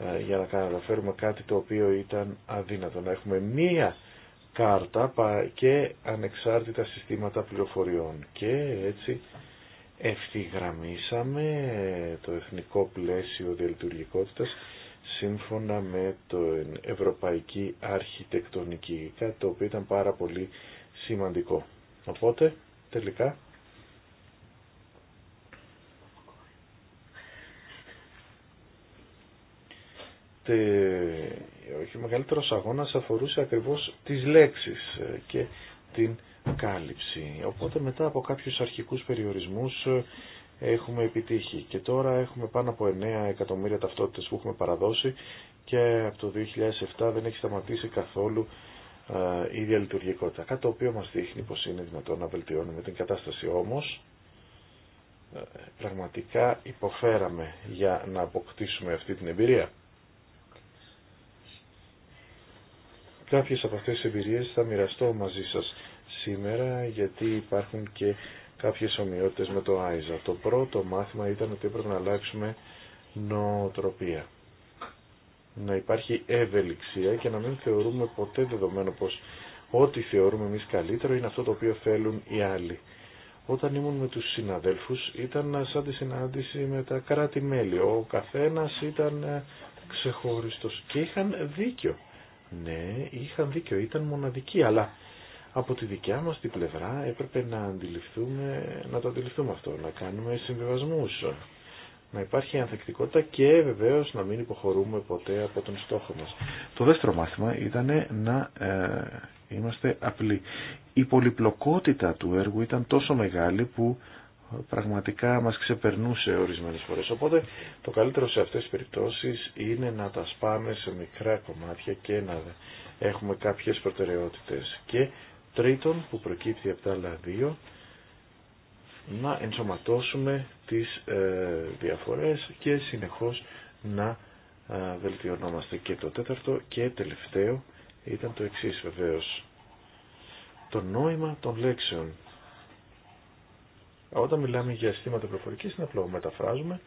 ε, για να καταφέρουμε κάτι το οποίο ήταν αδύνατο. Να έχουμε μία κάρτα και ανεξάρτητα συστήματα πληροφοριών. Και έτσι ευθυγραμμίσαμε το εθνικό πλαίσιο διαλειτουργικότητας σύμφωνα με την ευρωπαϊκή αρχιτεκτονική, κάτι το οποίο ήταν πάρα πολύ σημαντικό. Οπότε, τελικά, όχι, ο μεγαλύτερος αγώνας αφορούσε ακριβώς τις λέξεις ε, και την κάλυψη. Οπότε μετά από κάποιους αρχικούς περιορισμούς ε, έχουμε επιτύχει και τώρα έχουμε πάνω από 9 εκατομμύρια ταυτότητες που έχουμε παραδώσει και από το 2007 δεν έχει σταματήσει καθόλου ε, η διαλειτουργικότητα. Κάτι το οποίο μας δείχνει πως είναι δυνατόν να βελτιώνουμε την κατάσταση όμως πραγματικά υποφέραμε για να αποκτήσουμε αυτή την εμπειρία. Κάποιες από αυτές τις εμπειρίες θα μοιραστώ μαζί σας σήμερα γιατί υπάρχουν και κάποιες ομοιότητες με το ΆΙΖΑ. Το πρώτο μάθημα ήταν ότι έπρεπε να αλλάξουμε νοοτροπία. Να υπάρχει ευελιξία και να μην θεωρούμε ποτέ δεδομένο πως ό,τι θεωρούμε εμείς καλύτερο είναι αυτό το οποίο θέλουν οι άλλοι. Όταν ήμουν με τους συναδέλφους ήταν σαν τη συνάντηση με τα κράτη-μέλη. Ο καθένας ήταν ε, ξεχωριστός και είχαν δίκιο ναι, είχαν δίκιο, ήταν μοναδική, αλλά από τη δικιά μας την πλευρά έπρεπε να, αντιληφθούμε, να το αντιληφθούμε αυτό, να κάνουμε συμβιβασμούς, να υπάρχει ανθεκτικότητα και βεβαίως να μην υποχωρούμε ποτέ από τον στόχο μας. Το δεύτερο μάθημα ήταν να ε, είμαστε απλοί. Η πολυπλοκότητα του έργου ήταν τόσο μεγάλη που πραγματικά μας ξεπερνούσε ορισμένες φορές. Οπότε το καλύτερο σε αυτές τις περιπτώσεις είναι να τα σπάμε σε μικρά κομμάτια και να έχουμε κάποιες προτεραιότητες. Και τρίτον που προκύπτει από τα άλλα δύο, να ενσωματώσουμε τις ε, διαφορές και συνεχώς να ε, βελτιωνόμαστε. Και το τέταρτο και τελευταίο ήταν το εξής βεβαίως. Το νόημα των λέξεων όταν μιλάμε για αισθήματα προφορική, είναι απλό, μεταφράζουμε,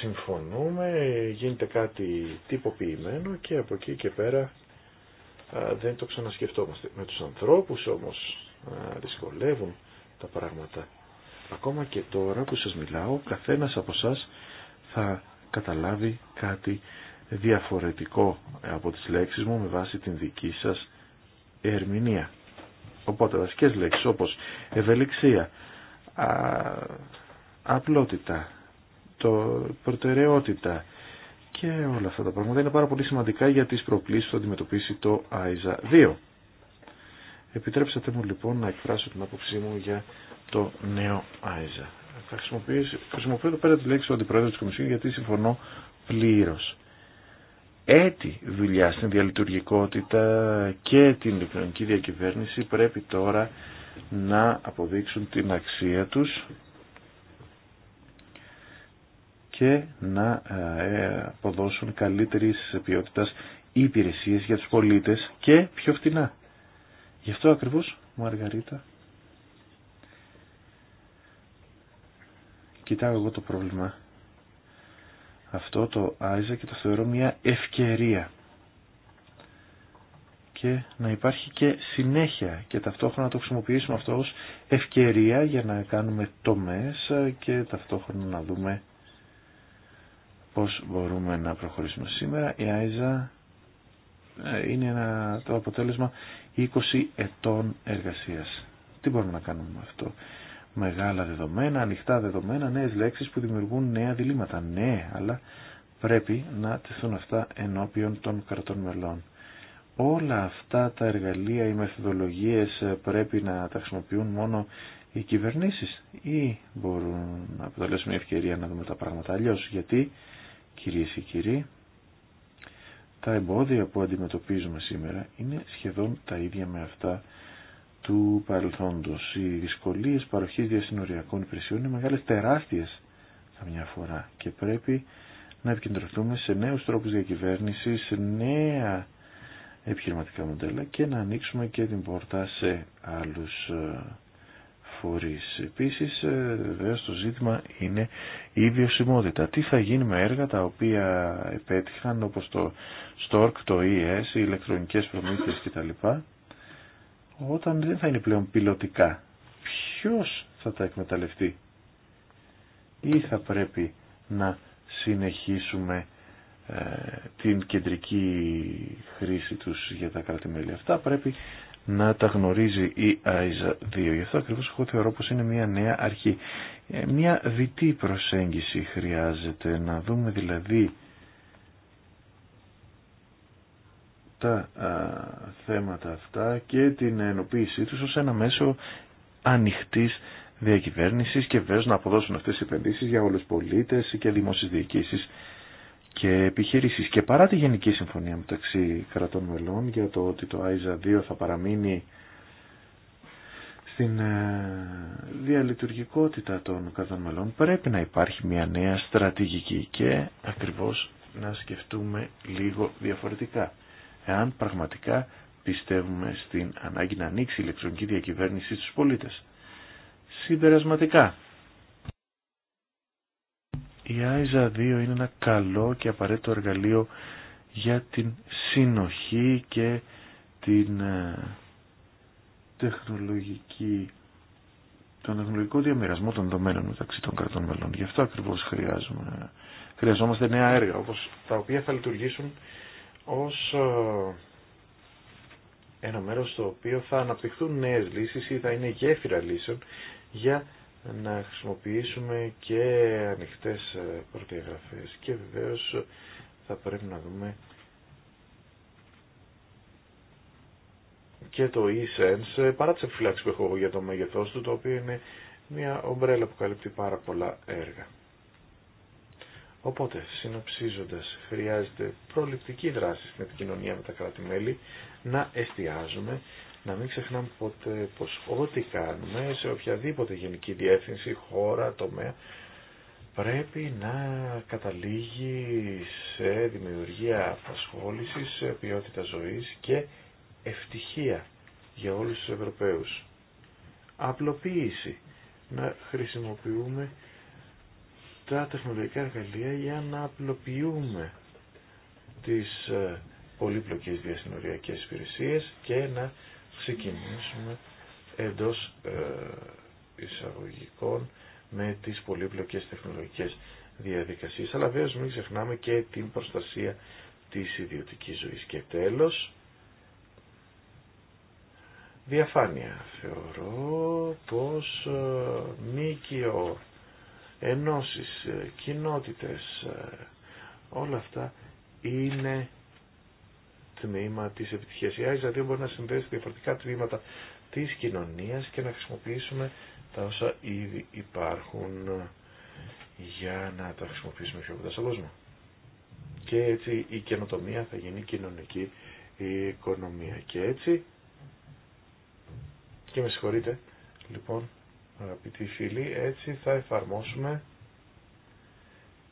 συμφωνούμε, γίνεται κάτι τυποποιημένο και από εκεί και πέρα δεν το ξανασκεφτόμαστε. Με τους ανθρώπους όμως δυσκολεύουν τα πράγματα. Ακόμα και τώρα που σας μιλάω, καθένα από εσά θα καταλάβει κάτι διαφορετικό από τις λέξεις μου με βάση την δική σας ερμηνεία. Οπότε βασικές λέξεις όπως ευελιξία, απλότητα, το προτεραιότητα και όλα αυτά τα πράγματα είναι πάρα πολύ σημαντικά για τις προκλήσεις που αντιμετωπίσει το ΆΙΖΑ 2. Επιτρέψατε μου λοιπόν να εκφράσω την άποψή μου για το νέο ΆΙΖΑ. Θα χρησιμοποιήσω εδώ πέρα τη λέξη του Αντιπρόεδρου της Κομισιόν γιατί συμφωνώ πλήρως. Έτη δουλειά στην διαλειτουργικότητα και την ηλεκτρονική διακυβέρνηση πρέπει τώρα να αποδείξουν την αξία τους και να ε, αποδώσουν καλύτερης ποιότητας υπηρεσίες για τους πολίτες και πιο φτηνά. Γι' αυτό ακριβώς, Μαργαρίτα, κοιτάω εγώ το πρόβλημα. Αυτό το Άιζα και το θεωρώ μια ευκαιρία και να υπάρχει και συνέχεια και ταυτόχρονα το χρησιμοποιήσουμε αυτό ως ευκαιρία για να κάνουμε το μέσα και ταυτόχρονα να δούμε πώς μπορούμε να προχωρήσουμε σήμερα. Η ΆΙΖΑ ε, είναι ένα, το αποτέλεσμα 20 ετών εργασίας. Τι μπορούμε να κάνουμε με αυτό. Μεγάλα δεδομένα, ανοιχτά δεδομένα, νέες λέξεις που δημιουργούν νέα διλήμματα. Ναι, αλλά πρέπει να τεθούν αυτά ενώπιον των κρατών μελών όλα αυτά τα εργαλεία, ή μεθοδολογίες πρέπει να τα χρησιμοποιούν μόνο οι κυβερνήσεις ή μπορούν να αποτελέσουν μια ευκαιρία να δούμε τα πράγματα αλλιώς. Γιατί, κυρίες και κύριοι, τα εμπόδια που αντιμετωπίζουμε σήμερα είναι σχεδόν τα ίδια με αυτά του παρελθόντος. Οι δυσκολίες παροχής διασυνοριακών υπηρεσιών είναι μεγάλες τεράστιες καμιά φορά και πρέπει να επικεντρωθούμε σε νέους τρόπους διακυβέρνησης, σε νέα επιχειρηματικά μοντέλα και να ανοίξουμε και την πόρτα σε άλλους ε, φορείς. Επίσης ε, βεβαίως το ζήτημα είναι η βιωσιμότητα. Τι θα γίνει με έργα τα οποία επέτυχαν όπως το STORK, το ES, οι ηλεκτρονικές προμήθειες κτλ. Όταν δεν θα είναι πλέον πιλωτικά. Ποιος θα τα εκμεταλλευτεί ή θα πρέπει να συνεχίσουμε ε, την κεντρική χρήση τους για τα κράτη-μέλη. Αυτά πρέπει να τα γνωρίζει η ΆΙΖΑ 2. Γι' αυτό ακριβώς εγώ θεωρώ πως είναι μια νέα αρχή. Ε, μια δυτή προσέγγιση χρειάζεται να δούμε δηλαδή τα θέματα αυτά και την ενοποίησή τους ως ένα μέσο ανοιχτής διακυβέρνησης και βέβαια να αποδώσουν αυτές οι επενδύσεις για όλους πολίτες και δημόσιες διοικήσεις και επιχειρήσεις. Και παρά τη Γενική Συμφωνία μεταξύ κρατών μελών για το ότι το ΆΙΖΑ 2 θα παραμείνει στην ε, διαλειτουργικότητα των κρατών μελών πρέπει να υπάρχει μια νέα στρατηγική και ακριβώς να σκεφτούμε λίγο διαφορετικά. Εάν πραγματικά πιστεύουμε στην ανάγκη να ανοίξει η ηλεκτρονική διακυβέρνηση στους πολίτες. Συμπερασματικά, η ΆΙΖΑ 2 είναι ένα καλό και απαραίτητο εργαλείο για την συνοχή και την ε, τεχνολογική τον τεχνολογικό διαμοιρασμό των δομένων μεταξύ των κρατών μελών. Γι' αυτό ακριβώς χρειάζομαι. χρειαζόμαστε νέα έργα, όπως τα οποία θα λειτουργήσουν ως ε, ένα μέρος στο οποίο θα αναπτυχθούν νέες λύσεις ή θα είναι γέφυρα λύσεων για να χρησιμοποιήσουμε και ανοιχτές προδιαγραφές και βεβαίως θα πρέπει να δούμε και το e-sense παρά τις επιφυλάξεις που έχω για το μέγεθός του το οποίο είναι μια ομπρέλα που καλύπτει πάρα πολλά έργα. Οπότε, συνοψίζοντας, χρειάζεται προληπτική δράση στην επικοινωνία με τα κράτη-μέλη, να εστιάζουμε να μην ξεχνάμε ποτέ πως ό,τι κάνουμε σε οποιαδήποτε γενική διεύθυνση, χώρα, τομέα, πρέπει να καταλήγει σε δημιουργία απασχόλησης, ποιότητα ζωής και ευτυχία για όλους τους Ευρωπαίους. Απλοποίηση. Να χρησιμοποιούμε τα τεχνολογικά εργαλεία για να απλοποιούμε τις ε, πολύπλοκες διασυνοριακές υπηρεσίες και να ξεκινήσουμε εντός ε, εισαγωγικών με τις πολύπλοκες τεχνολογικές διαδικασίες, αλλά βέβαια μην ξεχνάμε και την προστασία της ιδιωτικής ζωής. Και τέλος, διαφάνεια. Θεωρώ πως ε, μήκυο, ενώσεις, ε, κοινότητες, όλα αυτά είναι τμήμα της επιτυχίας. Η ΆΙΖΑ μπορεί να συνδέσει διαφορετικά τμήματα της κοινωνίας και να χρησιμοποιήσουμε τα όσα ήδη υπάρχουν για να τα χρησιμοποιήσουμε πιο κοντά στον κόσμο. Και έτσι η καινοτομία θα γίνει κοινωνική η οικονομία. Και έτσι, και με συγχωρείτε, λοιπόν, αγαπητοί φίλοι, έτσι θα εφαρμόσουμε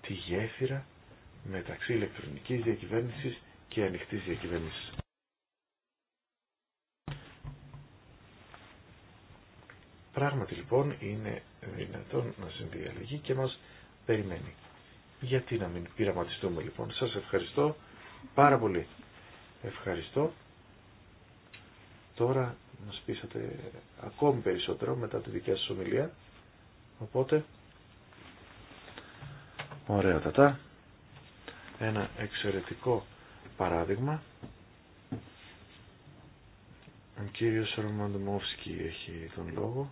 τη γέφυρα μεταξύ ηλεκτρονικής διακυβέρνησης και ανοιχτή διακυβέρνηση. Πράγματι λοιπόν είναι δυνατόν να συμβεί αλλαγή και μας περιμένει. Γιατί να μην πειραματιστούμε λοιπόν. Σας ευχαριστώ πάρα πολύ. Ευχαριστώ. Τώρα μας πείσατε ακόμη περισσότερο μετά τη δικιά σας ομιλία. Οπότε, ωραία τατά. Ένα εξαιρετικό παράδειγμα, ο κύριος Ρωμαντομόφσκι έχει τον λόγο,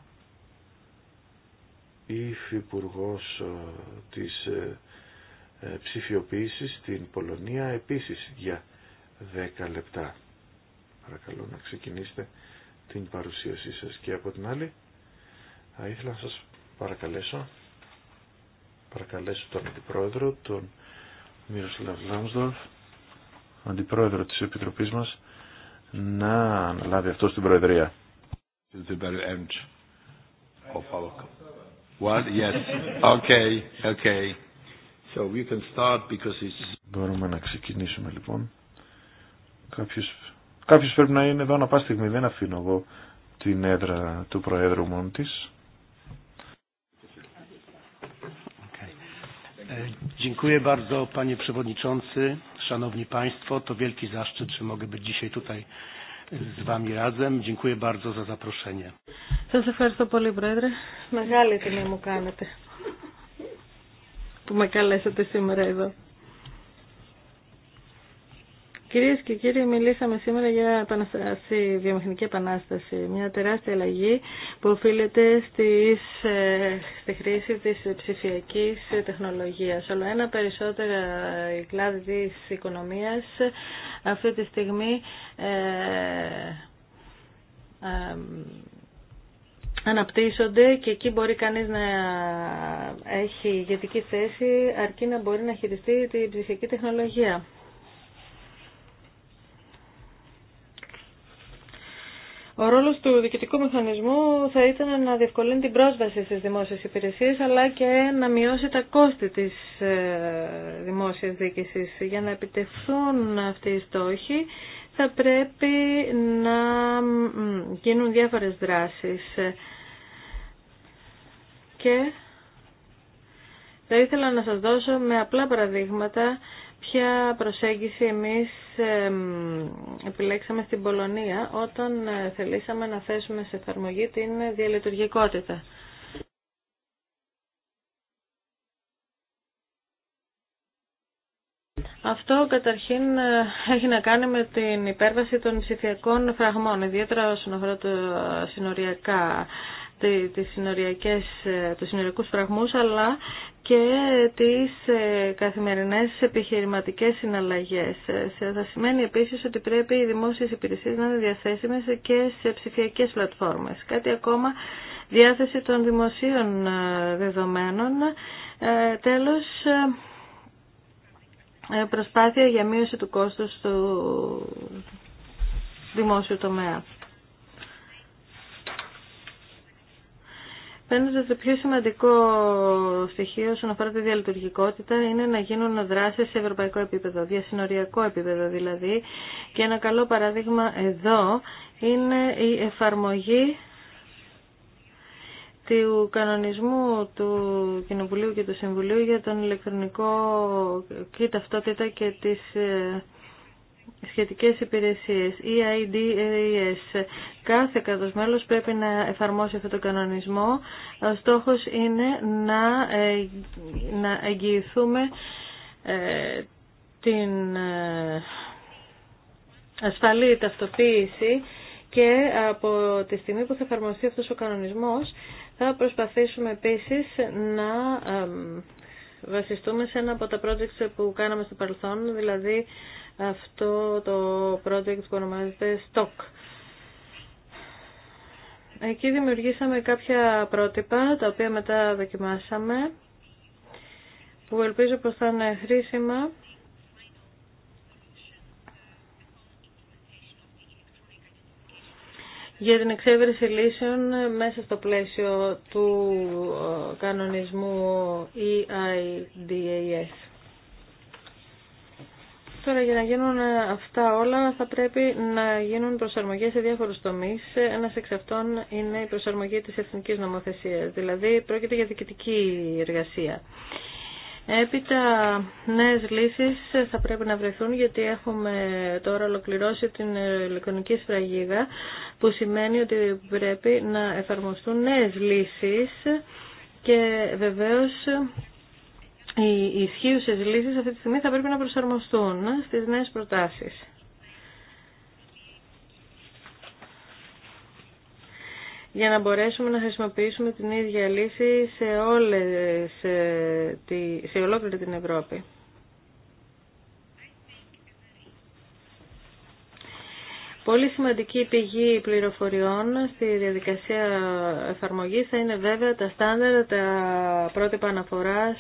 υφυπουργός ε, της ε, ε, ψηφιοποίησης στην Πολωνία επίσης για 10 λεπτά. Παρακαλώ να ξεκινήσετε την παρουσίασή σας και από την άλλη θα ήθελα να σας παρακαλέσω παρακαλέσω τον αντιπρόεδρο τον Μύρος Λαβλάμσδορφ αντιπρόεδρο της Επιτροπής μας να αναλάβει αυτό στην Προεδρία. Μπορούμε να ξεκινήσουμε λοιπόν. Κάποιος, κάποιος πρέπει να είναι εδώ να πάει στιγμή. Δεν αφήνω εγώ την έδρα του Προέδρου μόνο της. Ευχαριστώ dziękuję bardzo, panie przewodniczący. Szanowni Państwo, to wielki zaszczyt, że mogę być dzisiaj tutaj z Wami razem. Dziękuję bardzo za zaproszenie. Σας ευχαριστώ πολύ, Πρόεδρε. Μεγάλη τιμή μου κάνετε που με καλέσατε σήμερα εδώ. Κυρίες και κύριοι, μιλήσαμε σήμερα για τη βιομηχανική επανάσταση, μια τεράστια αλλαγή που οφείλεται ε, στη χρήση της ψηφιακής τεχνολογίας. Όλο ένα περισσότερο η κλάδη της οικονομίας αυτή τη στιγμή ε, ε, αναπτύσσονται και εκεί μπορεί κανείς να έχει ηγετική θέση αρκεί να μπορεί να χειριστεί την ψηφιακή τεχνολογία. Ο ρόλος του διοικητικού μηχανισμού θα ήταν να διευκολύνει την πρόσβαση στις δημόσιες υπηρεσίες αλλά και να μειώσει τα κόστη της ε, δημόσιας διοίκησης. Για να επιτευχθούν αυτοί οι στόχοι θα πρέπει να γίνουν διάφορες δράσεις και θα ήθελα να σας δώσω με απλά παραδείγματα ποια προσέγγιση εμείς επιλέξαμε στην Πολωνία όταν ε, θελήσαμε να θέσουμε σε εφαρμογή την διαλειτουργικότητα. Αυτό καταρχήν ε, έχει να κάνει με την υπέρβαση των ψηφιακών φραγμών, ιδιαίτερα όσον αφορά τα συνοριακά τις συνοριακές, ε, τους συνοριακούς φραγμούς αλλά και τις ε, καθημερινές επιχειρηματικές συναλλαγές. Ε, θα σημαίνει επίσης ότι πρέπει οι δημόσιες υπηρεσίες να είναι διαθέσιμες και σε ψηφιακές πλατφόρμες. Κάτι ακόμα, διάθεση των δημοσίων δεδομένων. Τέλος, προσπάθεια για μείωση του κόστους του δημόσιου τομέα. φαίνεται το πιο σημαντικό στοιχείο όσον αφορά τη διαλειτουργικότητα είναι να γίνουν δράσεις σε ευρωπαϊκό επίπεδο, διασυνοριακό επίπεδο δηλαδή. Και ένα καλό παράδειγμα εδώ είναι η εφαρμογή του κανονισμού του Κοινοβουλίου και του Συμβουλίου για τον ηλεκτρονικό και ταυτότητα και τις ε, σχετικές υπηρεσίες, EIDAS. E Κάθε κράτος πρέπει να εφαρμόσει αυτό το κανονισμό. Ο στόχος είναι να, ε, να εγγυηθούμε ε, την ε, ασφαλή ταυτοποίηση και από τη στιγμή που θα εφαρμοστεί αυτός ο κανονισμός θα προσπαθήσουμε επίσης να βασιστούμε σε ένα από τα projects που κάναμε στο παρελθόν, δηλαδή αυτό το project που ονομάζεται STOCK. Εκεί δημιουργήσαμε κάποια πρότυπα, τα οποία μετά δοκιμάσαμε, που ελπίζω πως θα είναι χρήσιμα για την εξέβρεση λύσεων μέσα στο πλαίσιο του ε, κανονισμού EIDAS. Τώρα για να γίνουν ε, αυτά όλα θα πρέπει να γίνουν προσαρμογές σε διάφορους τομείς. Ένας εξ αυτών είναι η προσαρμογή της εθνικής νομοθεσίας, δηλαδή πρόκειται για διοικητική εργασία. Έπειτα νέες λύσεις θα πρέπει να βρεθούν γιατί έχουμε τώρα ολοκληρώσει την ηλεκτρονική σφραγίδα που σημαίνει ότι πρέπει να εφαρμοστούν νέες λύσεις και βεβαίως οι ισχύουσες λύσεις αυτή τη στιγμή θα πρέπει να προσαρμοστούν στις νέες προτάσεις. για να μπορέσουμε να χρησιμοποιήσουμε την ίδια λύση σε, όλες, σε, σε ολόκληρη την Ευρώπη. Πολύ σημαντική πηγή πληροφοριών στη διαδικασία εφαρμογής θα είναι βέβαια τα στάνταρ, τα πρότυπα αναφοράς,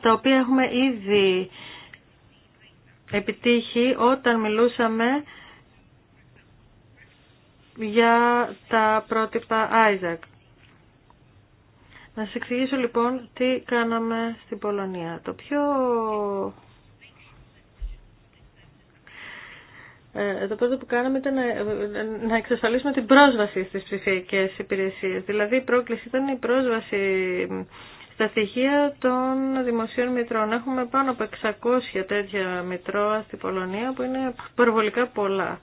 τα οποία έχουμε ήδη επιτύχει όταν μιλούσαμε για τα πρότυπα Isaac. Να σας εξηγήσω λοιπόν τι κάναμε στην Πολωνία. Το πιο Ε, το πρώτο που κάναμε ήταν να, εξασφαλίσουμε την πρόσβαση στις ψηφιακές υπηρεσίες. Δηλαδή η πρόκληση ήταν η πρόσβαση στα στοιχεία των δημοσίων μητρών. Έχουμε πάνω από 600 τέτοια μητρώα στην Πολωνία που είναι προβολικά πολλά.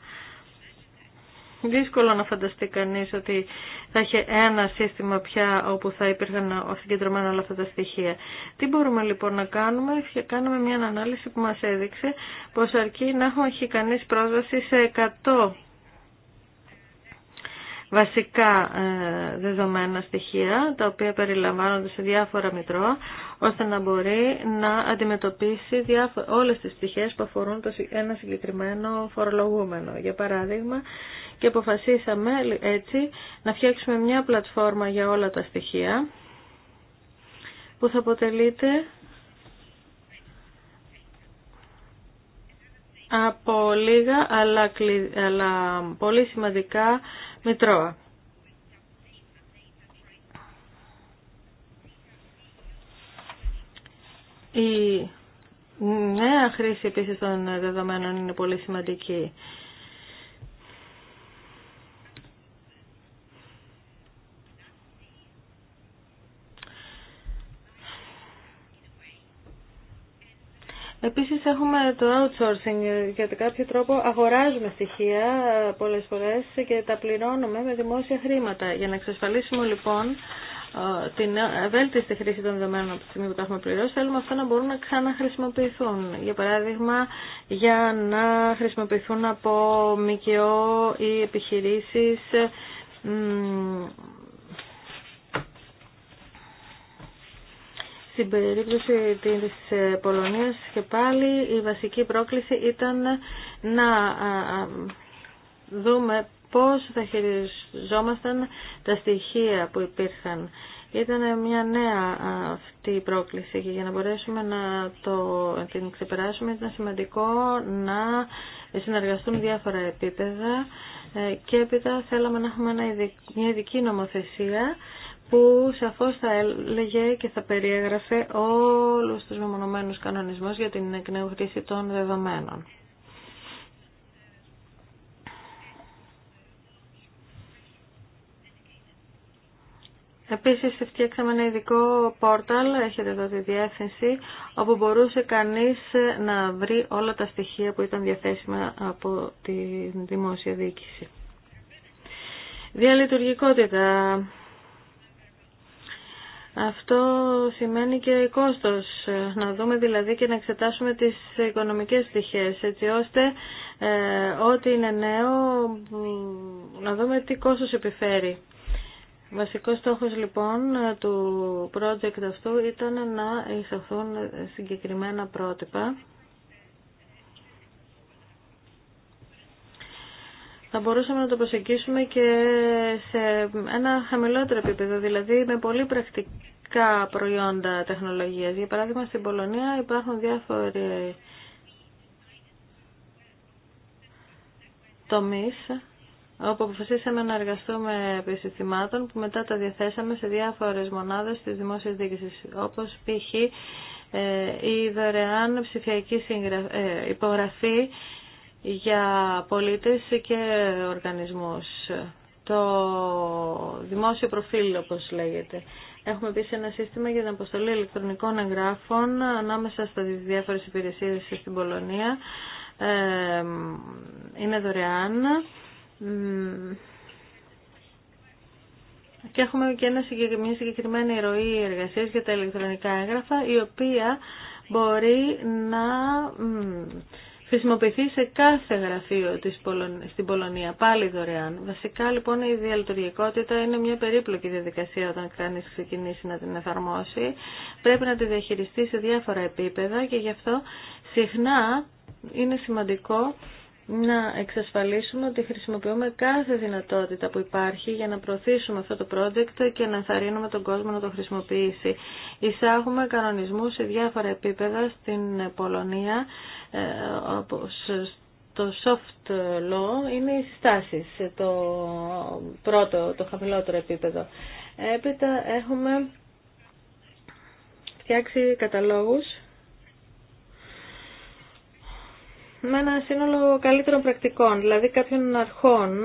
Δύσκολο να φανταστεί κανείς ότι θα είχε ένα σύστημα πια όπου θα υπήρχαν συγκεντρωμένα όλα αυτά τα στοιχεία. Τι μπορούμε λοιπόν να κάνουμε, κάναμε μια ανάλυση που μας έδειξε πως αρκεί να έχει κανείς πρόσβαση σε 100 βασικά ε, δεδομένα στοιχεία, τα οποία περιλαμβάνονται σε διάφορα μητρώα, ώστε να μπορεί να αντιμετωπίσει διάφο... όλες τις στοιχείες που αφορούν το... ένα συγκεκριμένο φορολογούμενο. Για παράδειγμα, και αποφασίσαμε έτσι να φτιάξουμε μια πλατφόρμα για όλα τα στοιχεία που θα αποτελείται από λίγα αλλά, αλλά πολύ σημαντικά μητρώα. Η νέα χρήση επίσης των δεδομένων είναι πολύ σημαντική. Επίσης έχουμε το outsourcing, κατά κάποιο τρόπο αγοράζουμε στοιχεία πολλές φορές και τα πληρώνουμε με δημόσια χρήματα. Για να εξασφαλίσουμε λοιπόν ε, την ευέλτιστη χρήση των δεδομένων από τη στιγμή που τα έχουμε πληρώσει, θέλουμε αυτά να μπορούν να ξαναχρησιμοποιηθούν. Για παράδειγμα, για να χρησιμοποιηθούν από ΜΚΟ ή επιχειρήσεις Στην περίπτωση της ε, Πολωνίας και πάλι η βασική πρόκληση ήταν να δούμε πώς θα χειριζόμασταν τα στοιχεία που υπήρχαν. Ήταν μια νέα αυτή η πρόκληση και για να μπορέσουμε να το, την ξεπεράσουμε ήταν σημαντικό να συνεργαστούν διάφορα επίπεδα ε, και έπειτα θέλαμε να έχουμε μια ειδική νομοθεσία που σαφώς θα έλεγε και θα περιέγραφε όλους τους μεμονωμένους κανονισμούς για την εκνεοχρήση των δεδομένων. Επίσης φτιάξαμε ένα ειδικό πόρταλ, έχετε εδώ τη διεύθυνση, όπου μπορούσε κανείς να βρει όλα τα στοιχεία που ήταν διαθέσιμα από τη δημόσια διοίκηση. Διαλειτουργικότητα. Αυτό σημαίνει και κόστος. Να δούμε δηλαδή και να εξετάσουμε τις οικονομικές στοιχείες, έτσι ώστε ε, ό,τι είναι νέο να δούμε τι κόστος επιφέρει. Βασικός στόχος λοιπόν του project αυτού ήταν να εισαχθούν συγκεκριμένα πρότυπα θα μπορούσαμε να το προσεγγίσουμε και σε ένα χαμηλότερο επίπεδο, δηλαδή με πολύ πρακτικά προϊόντα τεχνολογίας. Για παράδειγμα, στην Πολωνία υπάρχουν διάφοροι τομείς όπου αποφασίσαμε να εργαστούμε επί συστημάτων που μετά τα διαθέσαμε σε διάφορες μονάδες της δημόσιας διοίκησης, όπως π.χ. Ε, η δωρεάν ψηφιακή ε, υπογραφή για πολίτες και οργανισμούς. Το δημόσιο προφίλ όπως λέγεται. Έχουμε επίση ένα σύστημα για την αποστολή ηλεκτρονικών εγγράφων ανάμεσα στα διάφορες υπηρεσίες στην Πολωνία. Ε, είναι δωρεάν. Και έχουμε και ένα, μια συγκεκριμένη ροή εργασίας για τα ηλεκτρονικά έγγραφα, η οποία μπορεί να χρησιμοποιηθεί σε κάθε γραφείο της στην Πολωνία, πάλι δωρεάν. Βασικά λοιπόν η διαλειτουργικότητα είναι μια περίπλοκη διαδικασία όταν κανείς ξεκινήσει να την εφαρμόσει. Πρέπει να τη διαχειριστεί σε διάφορα επίπεδα και γι' αυτό συχνά είναι σημαντικό να εξασφαλίσουμε ότι χρησιμοποιούμε κάθε δυνατότητα που υπάρχει για να προωθήσουμε αυτό το project και να θαρρύνουμε τον κόσμο να το χρησιμοποιήσει. Εισάγουμε κανονισμούς σε διάφορα επίπεδα στην Πολωνία, ε, όπως το soft law είναι οι συστάσεις, το πρώτο, το χαμηλότερο επίπεδο. Έπειτα έχουμε φτιάξει καταλόγους με ένα σύνολο καλύτερων πρακτικών, δηλαδή κάποιων αρχών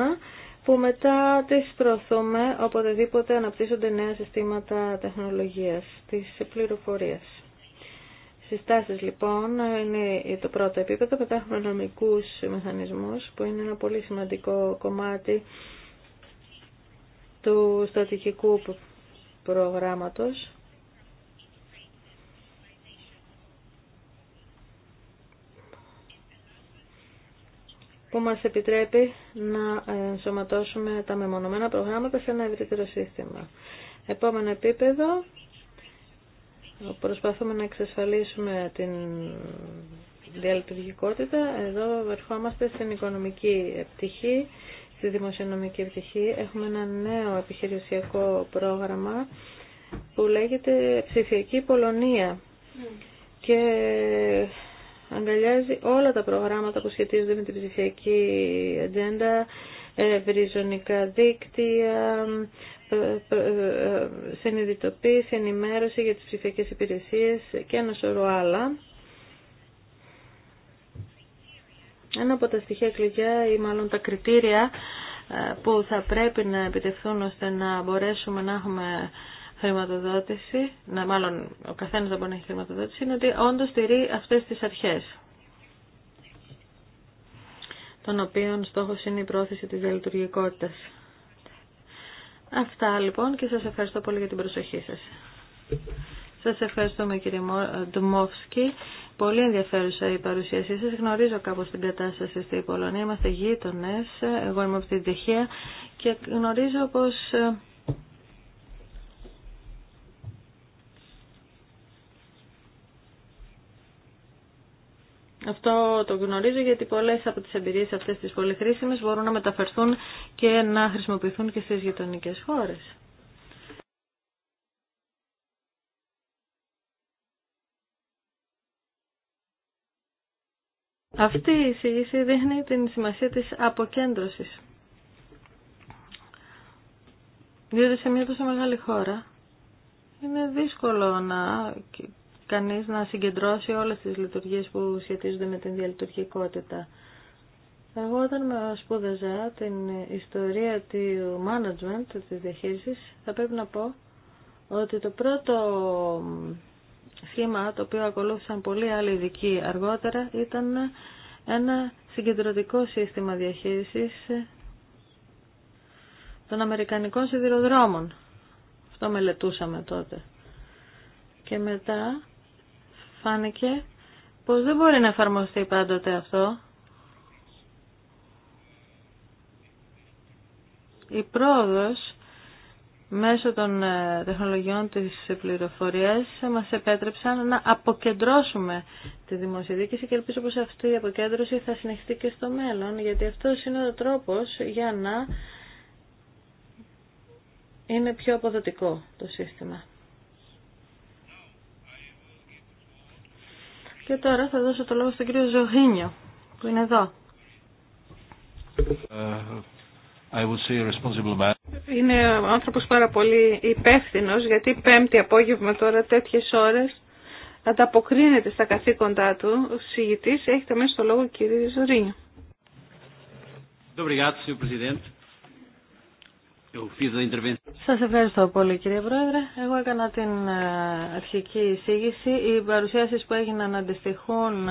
που μετά τις προωθούμε οποτεδήποτε αναπτύσσονται νέα συστήματα τεχνολογίας, της πληροφορίας. Συστάσεις λοιπόν είναι το πρώτο επίπεδο, μετά έχουμε νομικούς μηχανισμούς που είναι ένα πολύ σημαντικό κομμάτι του στρατηγικού προγράμματος που μας επιτρέπει να ε, ενσωματώσουμε τα μεμονωμένα προγράμματα σε ένα ευρύτερο σύστημα. Επόμενο επίπεδο, προσπαθούμε να εξασφαλίσουμε την διαλειτουργικότητα. Εδώ ερχόμαστε στην οικονομική πτυχή, στη δημοσιονομική πτυχή. Έχουμε ένα νέο επιχειρησιακό πρόγραμμα που λέγεται Ψηφιακή Πολωνία. Mm. Και αγκαλιάζει όλα τα προγράμματα που σχετίζονται με την ψηφιακή ατζέντα, ευρυζωνικά δίκτυα, ε, συνειδητοποίηση, ενημέρωση για τις ψηφιακές υπηρεσίες και ένα σωρό άλλα. Ένα από τα στοιχεία κλειδιά ή μάλλον τα κριτήρια ε, που θα πρέπει να επιτευχθούν ώστε να μπορέσουμε να έχουμε χρηματοδότηση, να μάλλον ο καθένας δεν μπορεί να έχει χρηματοδότηση, είναι ότι όντως στηρεί αυτές τις αρχές των οποίων στόχος είναι η πρόθεση της διαλειτουργικότητας. Αυτά λοιπόν και σας ευχαριστώ πολύ για την προσοχή σας. Σας ευχαριστούμε κύριε ε, Ντουμόφσκι. Πολύ ενδιαφέρουσα η παρουσίασή σας. Γνωρίζω κάπως την κατάσταση στη Πολωνία. Είμαστε γείτονες. Εγώ είμαι από την Τεχεία και γνωρίζω πως ε, Αυτό το γνωρίζω γιατί πολλές από τις εμπειρίες αυτές τις πολύ μπορούν να μεταφερθούν και να χρησιμοποιηθούν και στις γειτονικές χώρες. Αυτή η εισήγηση δείχνει την σημασία της αποκέντρωσης. Διότι σε μια τόσο μεγάλη χώρα είναι δύσκολο να κανείς να συγκεντρώσει όλες τις λειτουργίες που σχετίζονται με την διαλειτουργικότητα. Εγώ όταν με σπούδαζα την ιστορία του management, της διαχείρισης, θα πρέπει να πω ότι το πρώτο σχήμα το οποίο ακολούθησαν πολλοί άλλοι ειδικοί αργότερα ήταν ένα συγκεντρωτικό σύστημα διαχείρισης των Αμερικανικών σιδηροδρόμων. Αυτό μελετούσαμε τότε. Και μετά φάνηκε πως δεν μπορεί να εφαρμοστεί πάντοτε αυτό. Η πρόοδος μέσω των ε, τεχνολογιών της πληροφορίας μας επέτρεψαν να αποκεντρώσουμε τη δημοσιοδίκηση και ελπίζω πως αυτή η αποκέντρωση θα συνεχιστεί και στο μέλλον γιατί αυτό είναι ο τρόπος για να είναι πιο αποδοτικό το σύστημα. Και τώρα θα δώσω το λόγο στον κύριο Ζωγίνιο, που είναι εδώ. Ε, είναι άνθρωπος πάρα πολύ υπεύθυνο γιατί πέμπτη απόγευμα τώρα τέτοιες ώρες ανταποκρίνεται στα καθήκοντά του. Ο συγητής έχετε μέσα στο λόγο κύριε Ζωρίνιο. Σας ευχαριστώ πολύ κύριε Πρόεδρε. Εγώ έκανα την ε, αρχική εισήγηση. Οι παρουσιάσεις που έγιναν αντιστοιχούν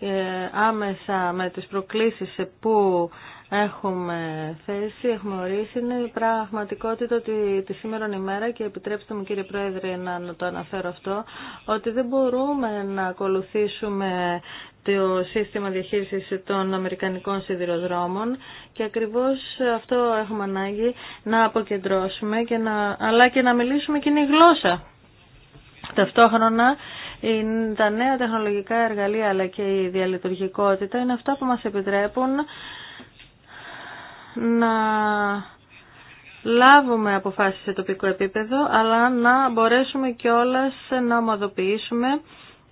ε, άμεσα με τις προκλήσεις που έχουμε θέσει, έχουμε ορίσει, είναι η πραγματικότητα ότι τη σήμερα ημέρα και επιτρέψτε μου κύριε Πρόεδρε να το αναφέρω αυτό, ότι δεν μπορούμε να ακολουθήσουμε το σύστημα διαχείρισης των Αμερικανικών σιδηροδρόμων και ακριβώς αυτό έχουμε ανάγκη να αποκεντρώσουμε και να, αλλά και να μιλήσουμε κοινή γλώσσα. Ταυτόχρονα τα νέα τεχνολογικά εργαλεία αλλά και η διαλειτουργικότητα είναι αυτά που μας επιτρέπουν να λάβουμε αποφάσεις σε τοπικό επίπεδο, αλλά να μπορέσουμε κιόλας να ομοδοποιήσουμε,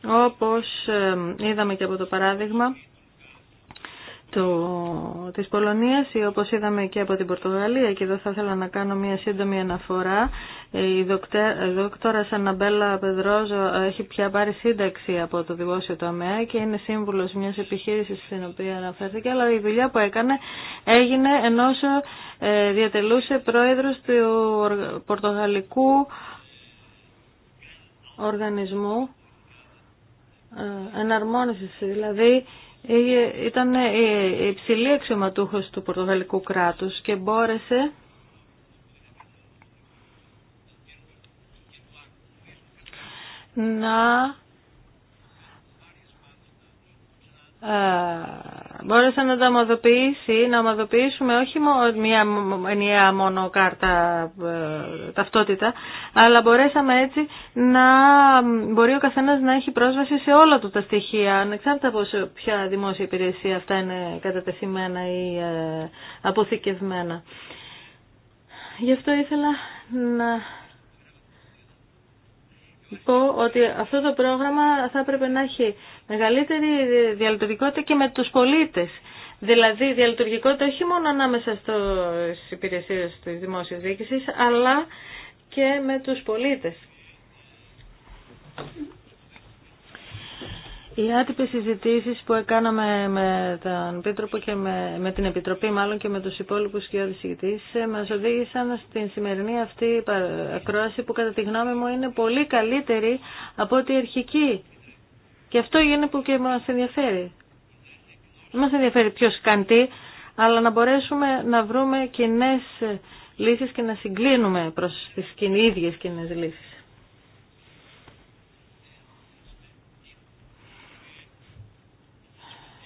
όπως ε, είδαμε και από το παράδειγμα, το της Πολωνίας ή όπως είδαμε και από την Πορτογαλία και εδώ θα ήθελα να κάνω μια σύντομη αναφορά ε, η ε, δόκτωρα Αναμπέλα Πεδρόζο έχει πια πάρει σύνταξη από το δημόσιο τομέα και είναι σύμβουλος μιας επιχείρησης στην οποία αναφέρθηκε αλλά η δοκτωρα σαναμπελα πεδροζο εχει πια παρει συνταξη απο το δημοσιο τομεα και ειναι συμβουλος μιας επιχειρησης στην οποια αναφερθηκε αλλα η δουλεια που έκανε έγινε ενώ ε, διατελούσε πρόεδρος του πορτογαλικού οργανισμού εναρμόνισης δηλαδή ε, ήταν ε, υψηλή αξιωματούχος του Πορτογαλικού κράτους και μπόρεσε να ε, μπόρεσε να τα ομαδοποιήσει, να ομαδοποιήσουμε όχι μια ενιαία μόνο κάρτα ε, ταυτότητα, αλλά μπορέσαμε έτσι να μπορεί ο καθένας να έχει πρόσβαση σε όλα του τα στοιχεία, ανεξάρτητα από ποια δημόσια υπηρεσία αυτά είναι κατατεθειμένα ή ε, αποθηκευμένα. Γι' αυτό ήθελα να πω ότι αυτό το πρόγραμμα θα έπρεπε να έχει μεγαλύτερη διαλειτουργικότητα και με τους πολίτες. Δηλαδή διαλειτουργικότητα όχι μόνο ανάμεσα στις υπηρεσίες της δημόσιας διοίκησης, αλλά και με τους πολίτες. Οι άτυπε συζητήσει που έκαναμε με τον Πίτροπο και με, με την Επιτροπή, μάλλον και με του υπόλοιπου και ηγητή, ε, μα οδήγησαν στην σημερινή αυτή ακρόαση που, κατά τη γνώμη μου, είναι πολύ καλύτερη από ό,τι αρχική. Και αυτό είναι που και μα ενδιαφέρει. Δεν μα ενδιαφέρει ποιο κάνει τι, αλλά να μπορέσουμε να βρούμε κοινέ λύσει και να συγκλίνουμε προς τι ίδιε κοινέ λύσει.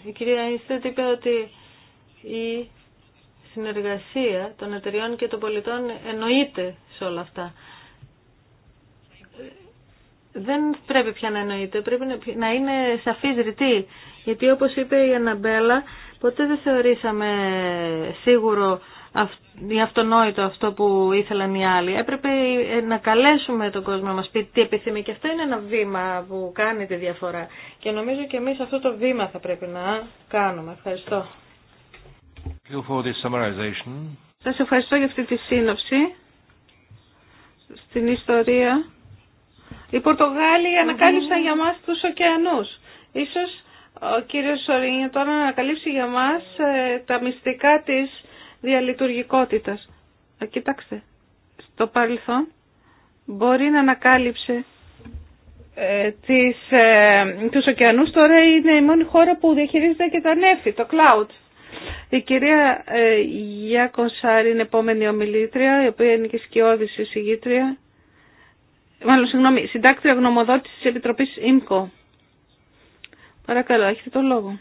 Η κυρία Ινστιτ είπε ότι η συνεργασία των εταιριών και των πολιτών εννοείται σε όλα αυτά. Δεν πρέπει πια να εννοείται, πρέπει να είναι σαφής ρητή. Γιατί όπως είπε η Αναμπέλα, ποτέ δεν θεωρήσαμε σίγουρο είναι αυτονόητο αυτό που ήθελαν οι άλλοι. Έπρεπε ε, να καλέσουμε τον κόσμο να μας πει τι επιθυμεί και αυτό είναι ένα βήμα που κάνει τη διαφορά. Και νομίζω και εμείς αυτό το βήμα θα πρέπει να κάνουμε. Ευχαριστώ. Σας ευχαριστώ για αυτή τη σύνοψη στην ιστορία. Οι Πορτογάλοι ανακάλυψαν για μας τους ωκεανούς. Ίσως ο κύριος Σορίνιο τώρα ανακαλύψει για μας ε, τα μυστικά της διαλειτουργικότητας. Κοιτάξτε, στο παρελθόν μπορεί να ανακάλυψε ε, τις, ε, τους ωκεανούς. Τώρα είναι η μόνη χώρα που διαχειρίζεται και τα νέφη, το cloud. Η κυρία ε, Γιάκο είναι επόμενη ομιλήτρια, η οποία είναι και σκιώδης εισηγήτρια. Μάλλον, συγγνώμη, συντάκτρια γνωμοδότηση της Επιτροπής ΙΜΚΟ. Παρακαλώ, έχετε το λόγο.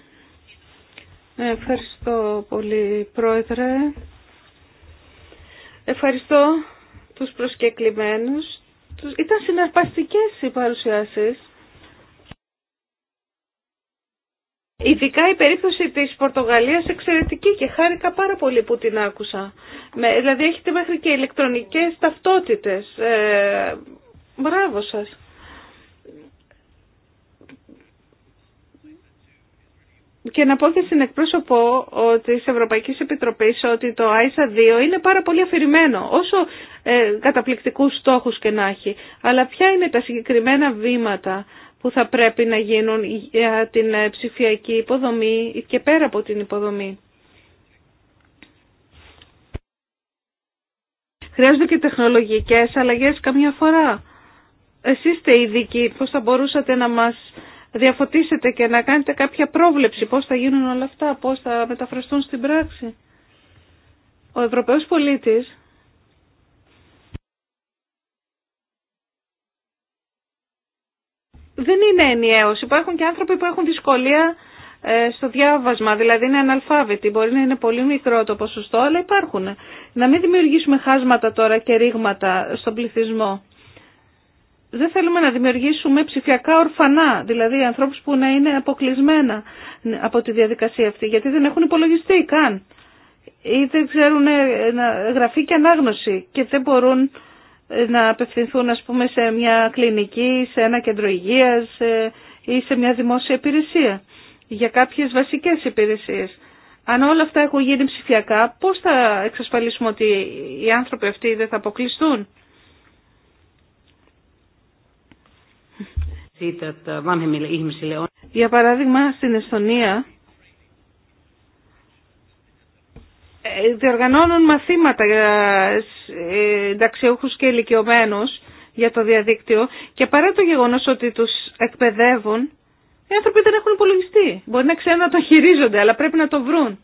Ευχαριστώ πολύ, Πρόεδρε. Ευχαριστώ τους προσκεκλημένους. Ήταν συναρπαστικές οι παρουσιάσεις. Ειδικά η περίπτωση της Πορτογαλίας εξαιρετική και χάρηκα πάρα πολύ που την άκουσα. Με, δηλαδή έχετε μέχρι και ηλεκτρονικές ταυτότητες. Ε, μπράβο σας. και να πω και στην εκπρόσωπο της Ευρωπαϊκής Επιτροπής ότι το ISA 2 είναι πάρα πολύ αφηρημένο, όσο ε, καταπληκτικούς στόχους και να έχει. Αλλά ποια είναι τα συγκεκριμένα βήματα που θα πρέπει να γίνουν για την ε, ψηφιακή υποδομή και πέρα από την υποδομή. Χρειάζονται και τεχνολογικές αλλαγές καμιά φορά. Εσείς είστε ειδικοί, πώς θα μπορούσατε να μας διαφωτίσετε και να κάνετε κάποια πρόβλεψη πώς θα γίνουν όλα αυτά, πώς θα μεταφραστούν στην πράξη. Ο Ευρωπαίος πολίτης δεν είναι ενιαίος. Υπάρχουν και άνθρωποι που έχουν δυσκολία ε, στο διάβασμα, δηλαδή είναι αναλφάβητοι. Μπορεί να είναι πολύ μικρό το ποσοστό, αλλά υπάρχουν. Να μην δημιουργήσουμε χάσματα τώρα και ρήγματα στον πληθυσμό δεν θέλουμε να δημιουργήσουμε ψηφιακά ορφανά, δηλαδή ανθρώπου που να είναι αποκλεισμένα από τη διαδικασία αυτή, γιατί δεν έχουν υπολογιστεί καν ή δεν ξέρουν ε, γραφή και ανάγνωση και δεν μπορούν ε, να απευθυνθούν ας πούμε σε μια κλινική, σε ένα κέντρο υγείας ε, ή σε μια δημόσια υπηρεσία για κάποιες βασικές υπηρεσίες. Αν όλα αυτά έχουν γίνει ψηφιακά, πώς θα εξασφαλίσουμε ότι οι άνθρωποι αυτοί δεν θα αποκλειστούν. Για παράδειγμα, στην Εστονία ε, διοργανώνουν μαθήματα για ε, ενταξιούχους και ηλικιωμένους για το διαδίκτυο και παρά το γεγονός ότι τους εκπαιδεύουν, οι άνθρωποι δεν έχουν υπολογιστή. Μπορεί να ξέρουν να το χειρίζονται, αλλά πρέπει να το βρουν.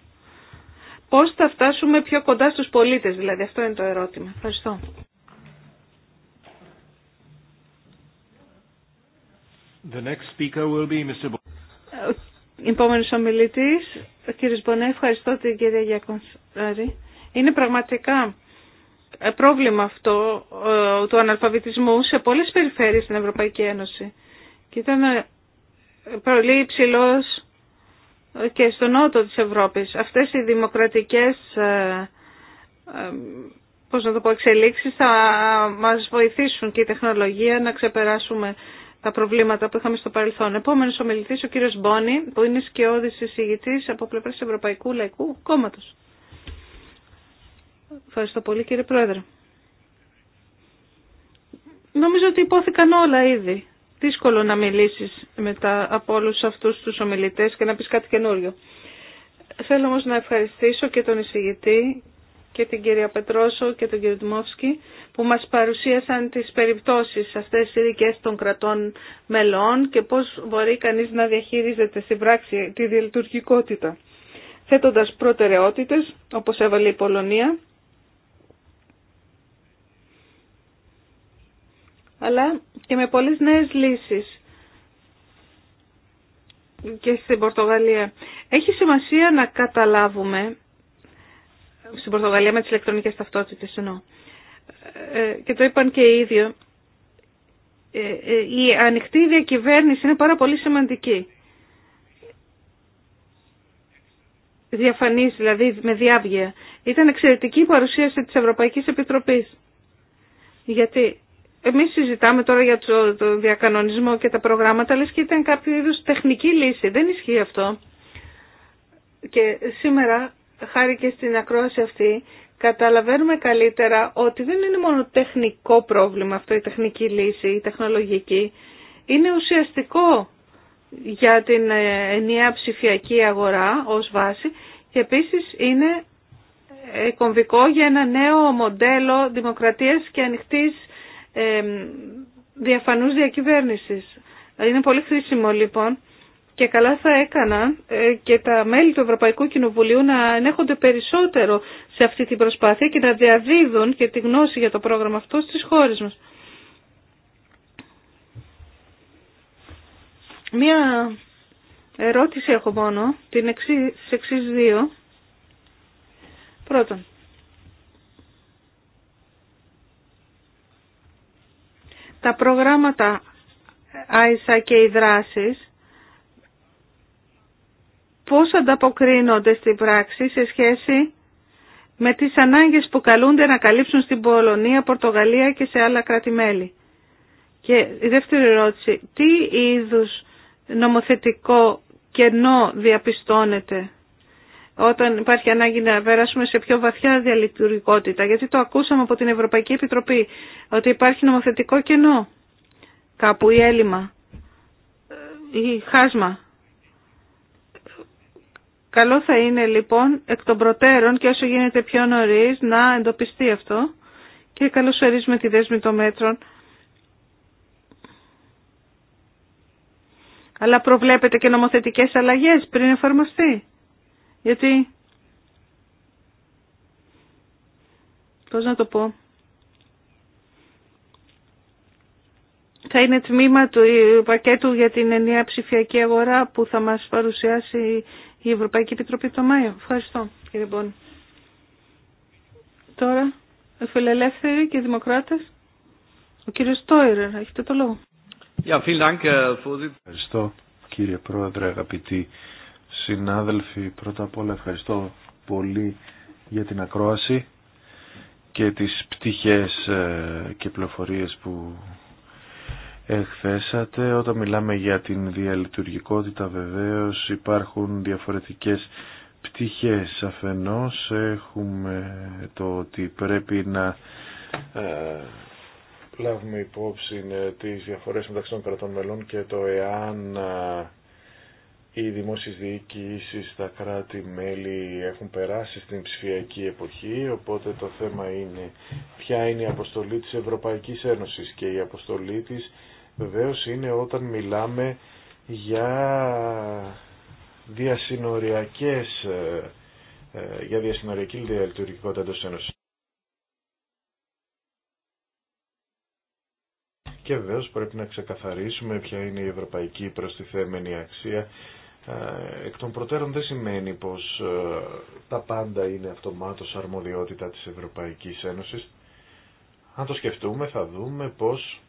Πώς θα φτάσουμε πιο κοντά στους πολίτες, δηλαδή αυτό είναι το ερώτημα. Ευχαριστώ. The next speaker ε, Επόμενος ομιλητής, ο κύριος Μπονέ, ευχαριστώ την κυρία Γιακονσάρη. Είναι πραγματικά ε, πρόβλημα αυτό ε, του αναλφαβητισμού σε πολλές περιφέρειες στην Ευρωπαϊκή Ένωση. Και ήταν πολύ υψηλό και στο νότο της Ευρώπης. Αυτές οι δημοκρατικές πώς να το πω, εξελίξεις θα μας βοηθήσουν και η τεχνολογία να ξεπεράσουμε τα προβλήματα που είχαμε στο παρελθόν. Επόμενο ομιλητή, ο κύριο Μπόνι, που είναι σκιώδη εισηγητή από πλευρά του Ευρωπαϊκού Λαϊκού Κόμματο. Ευχαριστώ πολύ, κύριε Πρόεδρε. Νομίζω ότι υπόθηκαν όλα ήδη. Δύσκολο να μιλήσει μετά από όλου αυτού του ομιλητέ και να πει κάτι καινούριο. Θέλω όμω να ευχαριστήσω και τον εισηγητή και την κυρία Πετρόσο και τον κύριο Δημόφσκι που μας παρουσίασαν τις περιπτώσεις αυτές οι ειδικές των κρατών μελών και πώς μπορεί κανείς να διαχειρίζεται στην πράξη τη διελτουργικότητα. Θέτοντας προτεραιότητες, όπως έβαλε η Πολωνία, αλλά και με πολλές νέες λύσεις και στην Πορτογαλία. Έχει σημασία να καταλάβουμε στην Πορτογαλία με τις ηλεκτρονικές ταυτότητες εννοώ. Ε, και το είπαν και οι ίδιοι. Ε, ε, η ανοιχτή διακυβέρνηση είναι πάρα πολύ σημαντική. Διαφανής δηλαδή με διάβγεια. Ήταν εξαιρετική η παρουσίαση της Ευρωπαϊκής Επιτροπής. Γιατί εμείς συζητάμε τώρα για το διακανονισμό και τα προγράμματα, λες και ήταν κάποιο είδους τεχνική λύση. Δεν ισχύει αυτό. Και σήμερα χάρη και στην ακρόαση αυτή, καταλαβαίνουμε καλύτερα ότι δεν είναι μόνο τεχνικό πρόβλημα αυτό, η τεχνική λύση, η τεχνολογική. Είναι ουσιαστικό για την ε, ενιαία ψηφιακή αγορά ως βάση και επίσης είναι ε, κομβικό για ένα νέο μοντέλο δημοκρατίας και ανοιχτής ε, διαφανούς διακυβέρνησης. Είναι πολύ χρήσιμο λοιπόν και καλά θα έκαναν ε, και τα μέλη του Ευρωπαϊκού Κοινοβουλίου να ενέχονται περισσότερο σε αυτή την προσπάθεια και να διαδίδουν και τη γνώση για το πρόγραμμα αυτό στις χώρες μας. Μία ερώτηση έχω μόνο, την εξή, δύο. Πρώτον, τα προγράμματα ΆΙΣΑ και οι δράσεις πώς ανταποκρίνονται στην πράξη σε σχέση με τις ανάγκες που καλούνται να καλύψουν στην Πολωνία, Πορτογαλία και σε άλλα κράτη-μέλη. Και η δεύτερη ερώτηση, τι είδους νομοθετικό κενό διαπιστώνεται όταν υπάρχει ανάγκη να περάσουμε σε πιο βαθιά διαλειτουργικότητα, γιατί το ακούσαμε από την Ευρωπαϊκή Επιτροπή, ότι υπάρχει νομοθετικό κενό κάπου ή έλλειμμα ή χάσμα Καλό θα είναι λοιπόν εκ των προτέρων και όσο γίνεται πιο νωρί να εντοπιστεί αυτό και καλώς ορίζουμε τη δέσμη των μέτρων. Αλλά προβλέπετε και νομοθετικές αλλαγές πριν εφαρμοστεί. Γιατί, πώς να το πω, θα είναι τμήμα του ε, πακέτου για την ενιαία ψηφιακή αγορά που θα μας παρουσιάσει η Ευρωπαϊκή Επιτροπή το Μάιο. Ευχαριστώ κύριε Μπόνη. Τώρα, φιλελεύθεροι και δημοκράτες, ο κύριος Τόιρερ, έχετε το λόγο. Ευχαριστώ κύριε Πρόεδρε, αγαπητοί συνάδελφοι. Πρώτα απ' όλα ευχαριστώ πολύ για την ακρόαση και τις πτυχές ε, και πληροφορίες που εκθέσατε. Όταν μιλάμε για την διαλειτουργικότητα βεβαίως υπάρχουν διαφορετικές πτυχές. Αφενός έχουμε το ότι πρέπει να ε, λάβουμε υπόψη ε, τις διαφορές μεταξύ των κρατών μελών και το εάν ε, οι δημόσιες διοικήσεις στα κράτη-μέλη έχουν περάσει στην ψηφιακή εποχή, οπότε το θέμα είναι ποια είναι η αποστολή της Ευρωπαϊκής Ένωσης και η αποστολή της βεβαίως είναι όταν μιλάμε για διασυνοριακές ε, ε, για διασυνοριακή λειτουργικότητα εντός Ένωσης. Και βεβαίω πρέπει να ξεκαθαρίσουμε ποια είναι η ευρωπαϊκή προστιθέμενη αξία. Ε, εκ των προτέρων δεν σημαίνει πως τα πάντα είναι αυτομάτως αρμοδιότητα της Ευρωπαϊκής Ένωσης. Αν το σκεφτούμε θα δούμε πως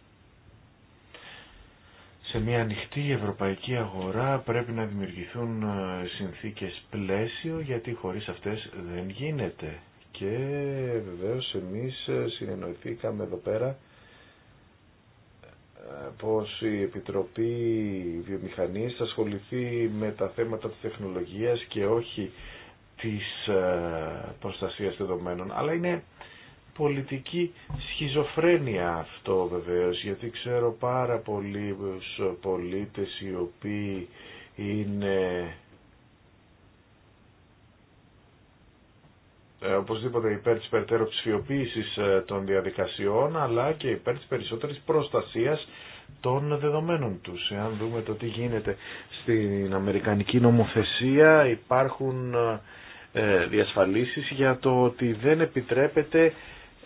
σε μια ανοιχτή ευρωπαϊκή αγορά πρέπει να δημιουργηθούν ε, συνθήκες πλαίσιο γιατί χωρίς αυτές δεν γίνεται. Και βεβαίως εμείς ε, συνεννοηθήκαμε εδώ πέρα ε, πως η Επιτροπή Βιομηχανίας θα ασχοληθεί με τα θέματα της τεχνολογίας και όχι της προστασίας δεδομένων. Αλλά είναι πολιτική σχιζοφρένεια αυτό βεβαίως, γιατί ξέρω πάρα πολλούς πολίτες οι οποίοι είναι ε, οπωσδήποτε υπέρ της περαιτέρω ψηφιοποίησης ε, των διαδικασιών, αλλά και υπέρ της περισσότερης προστασίας των δεδομένων τους. Εάν δούμε το τι γίνεται στην Αμερικανική νομοθεσία, υπάρχουν ε, διασφαλίσεις για το ότι δεν επιτρέπεται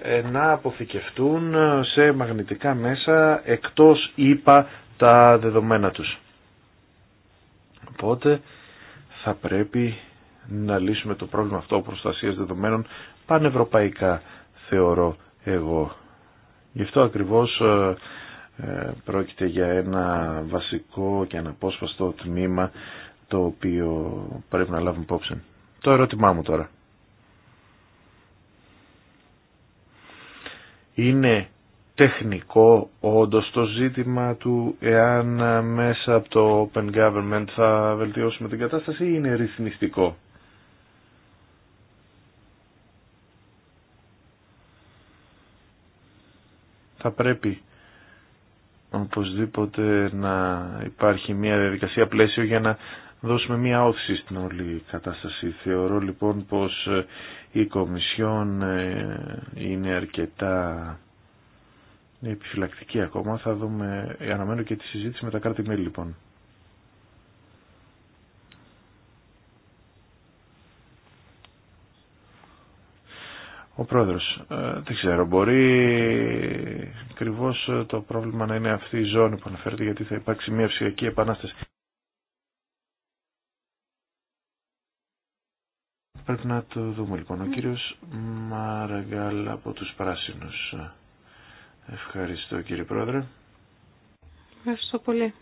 ε, να αποθηκευτούν σε μαγνητικά μέσα εκτός είπα τα δεδομένα τους. Οπότε θα πρέπει να λύσουμε το πρόβλημα αυτό προστασίας δεδομένων πανευρωπαϊκά θεωρώ εγώ. Γι' αυτό ακριβώς ε, ε, πρόκειται για ένα βασικό και αναπόσπαστο τμήμα το οποίο πρέπει να λάβουμε υπόψη. Το ερώτημά μου τώρα. είναι τεχνικό όντως το ζήτημα του εάν μέσα από το Open Government θα βελτιώσουμε την κατάσταση ή είναι ρυθμιστικό. Θα πρέπει οπωσδήποτε να υπάρχει μια διαδικασία πλαίσιο για να δώσουμε μία όθηση στην όλη κατάσταση. Θεωρώ λοιπόν πως ε, η Κομισιόν ε, είναι αρκετά επιφυλακτική ακόμα. Θα δούμε, αναμένω και τη συζήτηση με τα κράτη-μέλη λοιπόν. Ο πρόεδρος, ε, δεν ξέρω, μπορεί ακριβώ το πρόβλημα να είναι αυτή η ζώνη που αναφέρεται γιατί θα υπάρξει μια ψυχιακή επανάσταση. Πρέπει να το δούμε λοιπόν. Ο ναι. κύριος Μαραγκάλ από τους Πράσινους. Ευχαριστώ κύριε Πρόεδρε. Ευχαριστώ πολύ.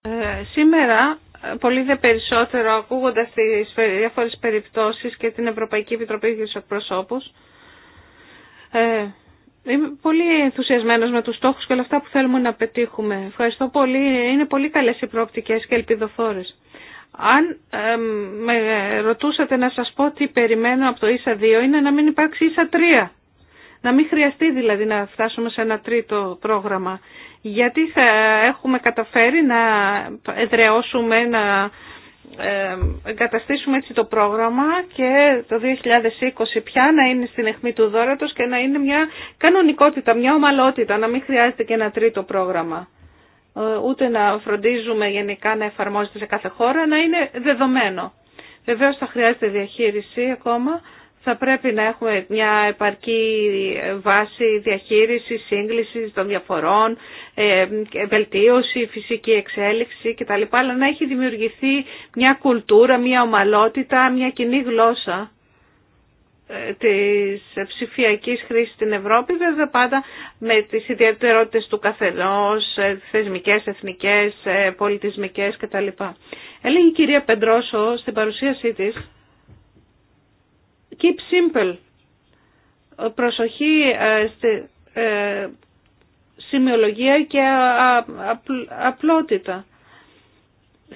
Ε, σήμερα, πολύ δε περισσότερο ακούγοντας τι διάφορες περιπτώσεις και την Ευρωπαϊκή Επιτροπή και τους εκπροσώπους, ε, Είμαι πολύ ενθουσιασμένος με τους στόχους και όλα αυτά που θέλουμε να πετύχουμε. Ευχαριστώ πολύ. Είναι πολύ καλές οι προοπτικές και ελπιδοφόρες. Αν με ρωτούσατε να σας πω τι περιμένω από το ίσα 2 είναι να μην υπάρξει ίσα 3. Να μην χρειαστεί δηλαδή να φτάσουμε σε ένα τρίτο πρόγραμμα. Γιατί θα έχουμε καταφέρει να εδραιώσουμε, να εγκαταστήσουμε έτσι το πρόγραμμα και το 2020 πια να είναι στην αιχμή του δόρατος και να είναι μια κανονικότητα, μια ομαλότητα, να μην χρειάζεται και ένα τρίτο πρόγραμμα. Ε, ούτε να φροντίζουμε γενικά να εφαρμόζεται σε κάθε χώρα, να είναι δεδομένο. Βεβαίως θα χρειάζεται διαχείριση ακόμα, θα πρέπει να έχουμε μια επαρκή βάση διαχείρισης, σύγκλησης των διαφορών, ε, βελτίωση, φυσική εξέλιξη κτλ. Αλλά να έχει δημιουργηθεί μια κουλτούρα, μια ομαλότητα, μια κοινή γλώσσα ε, Τη ψηφιακής χρήσης στην Ευρώπη, βέβαια πάντα με τις ιδιαιτερότητες του καθενός, ε, θεσμικές, εθνικές, ε, πολιτισμικές κτλ. Έλεγε η κυρία Πεντρόσο στην παρουσίασή της, keep simple, προσοχή στη σημειολογία και απλότητα.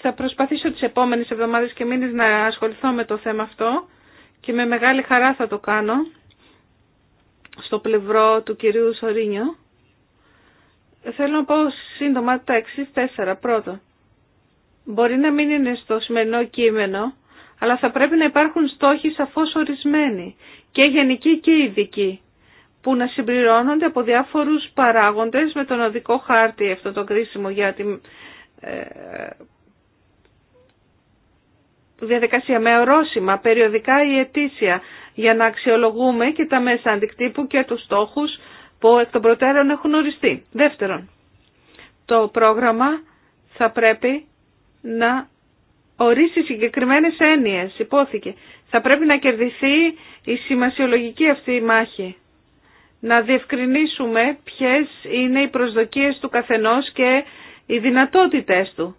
Θα προσπαθήσω τις επόμενες εβδομάδες και μήνες να ασχοληθώ με το θέμα αυτό και με μεγάλη χαρά θα το κάνω στο πλευρό του κυρίου Σωρίνιο. Θέλω να πω σύντομα τα εξή τέσσερα. Πρώτο, μπορεί να μην είναι στο σημερινό κείμενο, αλλά θα πρέπει να υπάρχουν στόχοι σαφώς ορισμένοι και γενικοί και ειδικοί που να συμπληρώνονται από διάφορους παράγοντες με τον οδικό χάρτη αυτό το κρίσιμο για την ε, διαδικασία με ορόσημα περιοδικά ή ετήσια για να αξιολογούμε και τα μέσα αντικτύπου και τους στόχους που εκ των προτέρων έχουν οριστεί. Δεύτερον, το πρόγραμμα θα πρέπει να ορίσει συγκεκριμένες έννοιες, υπόθηκε. Θα πρέπει να κερδιθεί η σημασιολογική αυτή η μάχη. Να διευκρινίσουμε ποιες είναι οι προσδοκίες του καθενός και οι δυνατότητες του.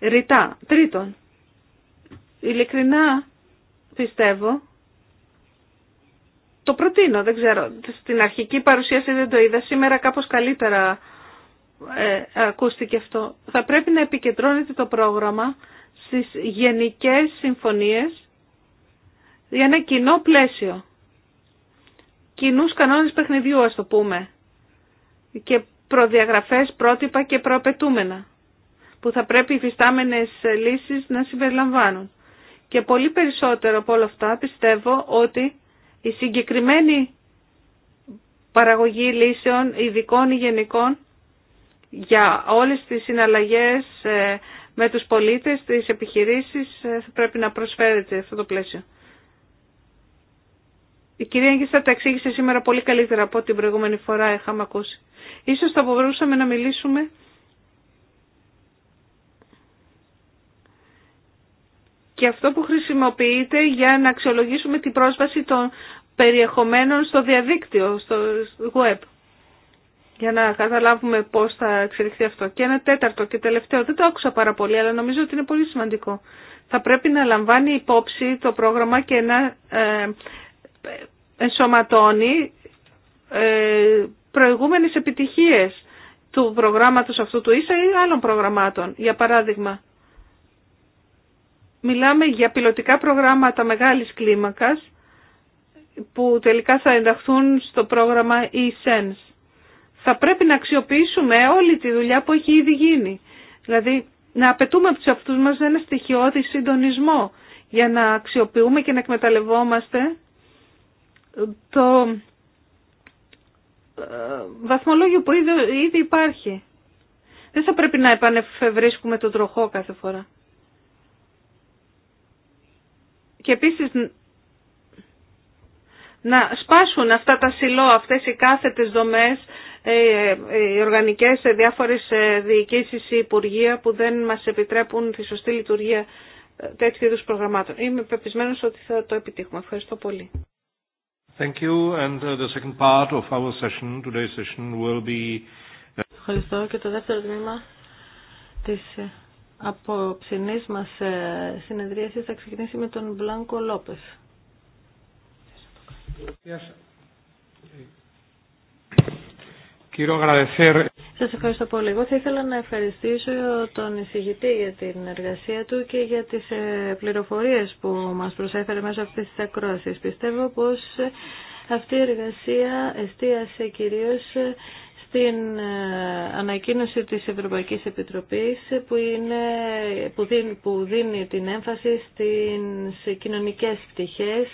Ρητά. Τρίτον, Ειλικρινά πιστεύω, το προτείνω, δεν ξέρω, στην αρχική παρουσίαση δεν το είδα, σήμερα κάπως καλύτερα ε, ακούστηκε αυτό. Θα πρέπει να επικεντρώνεται το πρόγραμμα στις γενικές συμφωνίες για ένα κοινό πλαίσιο. Κοινούς κανόνες παιχνιδιού, ας το πούμε. Και προδιαγραφές, πρότυπα και προαπαιτούμενα που θα πρέπει οι φυστάμενες λύσεις να συμπεριλαμβάνουν. Και πολύ περισσότερο από όλα αυτά πιστεύω ότι η συγκεκριμένη παραγωγή λύσεων, ειδικών ή γενικών, για όλες τις συναλλαγές ε, με τους πολίτες, τις επιχειρήσεις, ε, θα πρέπει να προσφέρεται αυτό το πλαίσιο. Η κυρία Αγγίστα τα εξήγησε σήμερα πολύ καλύτερα από την προηγούμενη φορά είχαμε ακούσει. Ίσως θα μπορούσαμε να μιλήσουμε και αυτό που χρησιμοποιείται για να αξιολογήσουμε την πρόσβαση των περιεχομένων στο διαδίκτυο, στο web. Για να καταλάβουμε πώς θα εξελιχθεί αυτό. Και ένα τέταρτο και τελευταίο, δεν το άκουσα πάρα πολύ, αλλά νομίζω ότι είναι πολύ σημαντικό. Θα πρέπει να λαμβάνει υπόψη το πρόγραμμα και να ε, ενσωματώνει ε, προηγούμενες επιτυχίες του προγράμματος αυτού του ίσα ή άλλων προγραμμάτων. Για παράδειγμα, Μιλάμε για πιλωτικά προγράμματα μεγάλης κλίμακας που τελικά θα ενταχθούν στο πρόγραμμα e-sense. Θα πρέπει να αξιοποιήσουμε όλη τη δουλειά που έχει ήδη γίνει. Δηλαδή να απαιτούμε από τους αυτούς μας ένα στοιχειώδη συντονισμό για να αξιοποιούμε και να εκμεταλλευόμαστε το ε, βαθμολόγιο που ήδη υπάρχει. Δεν θα πρέπει να επανεφευρίσκουμε τον τροχό κάθε φορά. και επίσης να σπάσουν αυτά τα σιλό, αυτές οι κάθετες δομές, ε, ε, οι οργανικές σε διάφορες ε, διοικήσεις ή υπουργεία που δεν μας επιτρέπουν τη σωστή λειτουργία τέτοιου είδους προγραμμάτων. Είμαι πεπισμένος ότι θα το επιτύχουμε. Ευχαριστώ πολύ. Thank you. And uh, the second part of our session, today's session, will be... Uh, Ευχαριστώ και το δεύτερο τμήμα της από μας ε, συνεδρίασης θα ξεκινήσει με τον Μπλάνκο Λόπες. Σας ευχαριστώ πολύ. Εγώ θα ήθελα να ευχαριστήσω τον εισηγητή για την εργασία του και για τις ε, πληροφορίες που μας προσέφερε μέσω αυτής της ακρόασης. Πιστεύω πως αυτή η εργασία εστίασε κυρίως ε, στην ε, ανακοίνωση της Ευρωπαϊκής Επιτροπής που, είναι, που, δίνει, που δίνει την έμφαση στις κοινωνικές πτυχές,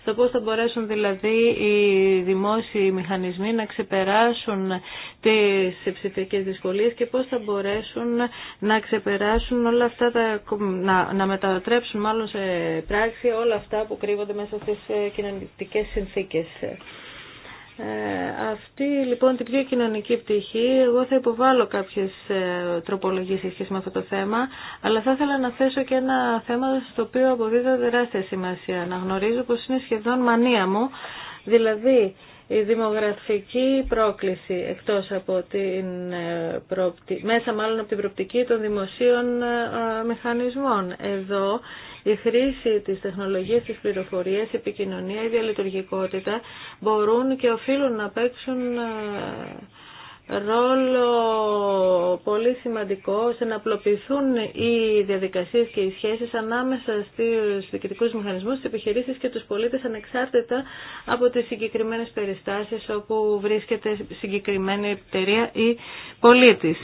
στο πώς θα μπορέσουν δηλαδή οι δημόσιοι μηχανισμοί να ξεπεράσουν τις ψηφιακές δυσκολίες και πώς θα μπορέσουν να ξεπεράσουν όλα αυτά, τα, να, να μετατρέψουν μάλλον σε πράξη όλα αυτά που κρύβονται μέσα στις ε, κοινωνικές συνθήκες. Ε, αυτή λοιπόν την πιο κοινωνική πτυχή, εγώ θα υποβάλω κάποιες ε, τροπολογίες με αυτό το θέμα, αλλά θα ήθελα να θέσω και ένα θέμα στο οποίο αποδίδω τεράστια σημασία. Να γνωρίζω πως είναι σχεδόν μανία μου, δηλαδή η δημογραφική πρόκληση εκτός από την ε, μέσα μάλλον από την προπτική των δημοσίων ε, μηχανισμών. Εδώ η χρήση της τεχνολογίας, της πληροφορίας, η επικοινωνία, η διαλειτουργικότητα μπορούν και οφείλουν να παίξουν ε, ρόλο πολύ σημαντικό σε να απλοποιηθούν οι διαδικασίες και οι σχέσεις ανάμεσα στους διοικητικούς μηχανισμούς, στις επιχειρήσεις και τους πολίτες ανεξάρτητα από τις συγκεκριμένες περιστάσεις όπου βρίσκεται συγκεκριμένη εταιρεία ή πολίτης.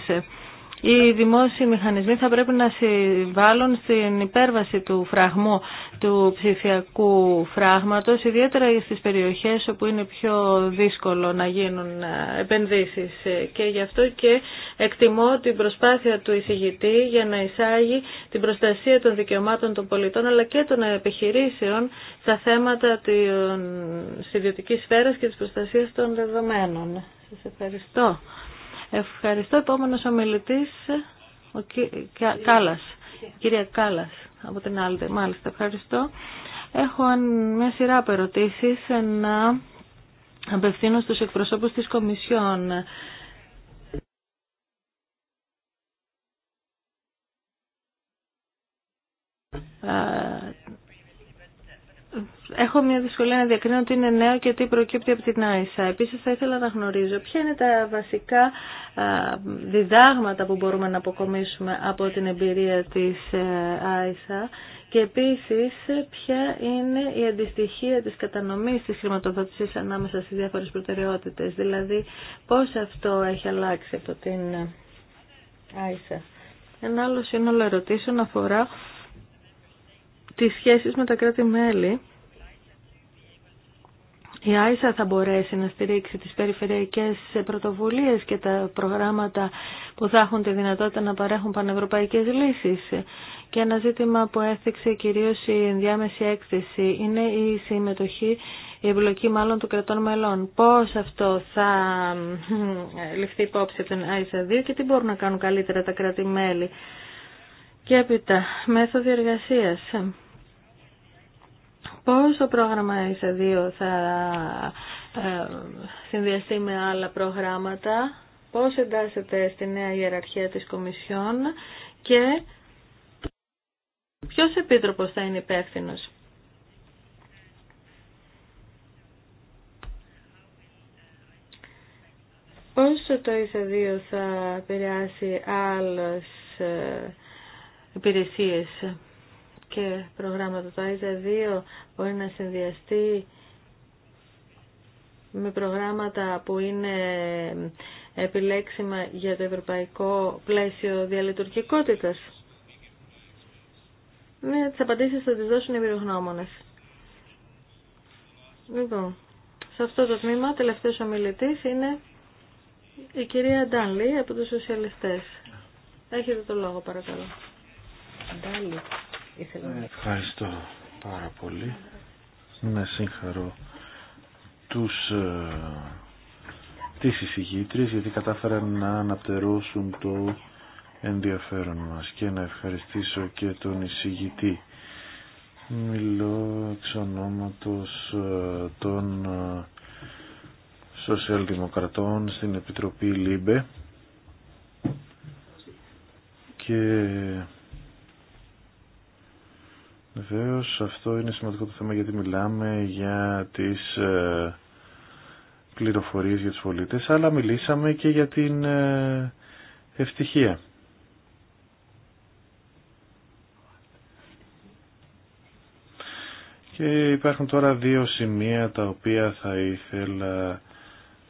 Οι δημόσιοι μηχανισμοί θα πρέπει να συμβάλλουν στην υπέρβαση του φραγμού του ψηφιακού φράγματος, ιδιαίτερα στις περιοχές όπου είναι πιο δύσκολο να γίνουν ε, επενδύσεις. Και γι' αυτό και εκτιμώ την προσπάθεια του εισηγητή για να εισάγει την προστασία των δικαιωμάτων των πολιτών αλλά και των επιχειρήσεων στα θέματα της ιδιωτικής σφαίρας και της προστασίας των δεδομένων. Σας ευχαριστώ. Ευχαριστώ. Επόμενος ομιλητής, ο και Κάλλας. Κυρία Κάλλας, από την άλλη. Μάλιστα, ευχαριστώ. Έχω μια σειρά από να απευθύνω στους εκπροσώπους της Κομισιόν. Έχω μια δυσκολία να διακρίνω τι είναι νέο και τι προκύπτει από την ΆΙΣΑ. Επίσης θα ήθελα να γνωρίζω ποια είναι τα βασικά διδάγματα που μπορούμε να αποκομίσουμε από την εμπειρία της ε, ΆΙΣΑ και επίσης ποια είναι η αντιστοιχεία της κατανομής της χρηματοδότησης ανάμεσα στις διάφορες προτεραιότητες. Δηλαδή πώς αυτό έχει αλλάξει από την ε, ΆΙΣΑ. Ένα άλλο σύνολο ερωτήσεων αφορά τις σχέσεις με τα κράτη-μέλη η ΆΙΣΑ θα μπορέσει να στηρίξει τις περιφερειακές πρωτοβουλίες και τα προγράμματα που θα έχουν τη δυνατότητα να παρέχουν πανευρωπαϊκές λύσεις. Και ένα ζήτημα που έθιξε κυρίως η ενδιάμεση έκθεση είναι η συμμετοχή, η εμπλοκή μάλλον των κρατών μελών. Πώς αυτό θα ληφθεί υπόψη από την ΆΙΣΑ 2 και τι μπορούν να κάνουν καλύτερα τα κράτη-μέλη. Και έπειτα, μέθοδοι εργασίας. Πώς το πρόγραμμα ΙΣΑ 2 θα ε, συνδυαστεί με άλλα προγράμματα, πώς εντάσσεται στη νέα ιεραρχία της Κομισιόν και ποιος επίτροπος θα είναι υπεύθυνο. Πώς το ΙΣΑ θα επηρεάσει άλλες ε, υπηρεσίες και προγράμματα. Το ΆΙΖΑ 2 μπορεί να συνδυαστεί με προγράμματα που είναι επιλέξιμα για το ευρωπαϊκό πλαίσιο διαλειτουργικότητας. Ναι, τις απαντήσεις θα τις δώσουν οι εμπειρογνώμονες. Λοιπόν, σε αυτό το τμήμα τελευταίος ομιλητής είναι η κυρία Ντάλι από τους σοσιαλιστές. Έχετε το λόγο παρακαλώ. Ήθελα... Ευχαριστώ πάρα πολύ. Να συγχαρώ τους, ε, τις εισηγήτρες γιατί κατάφεραν να αναπτερώσουν το ενδιαφέρον μας και να ευχαριστήσω και τον εισηγητή. Μιλώ εξ ονόματος ε, των ε, σοσιαλδημοκρατών στην Επιτροπή ΛΥΜΠΕ και Βεβαίω αυτό είναι σημαντικό το θέμα γιατί μιλάμε για τις ε, πληροφορίες για τους πολίτες αλλά μιλήσαμε και για την ε, ευτυχία. Και υπάρχουν τώρα δύο σημεία τα οποία θα ήθελα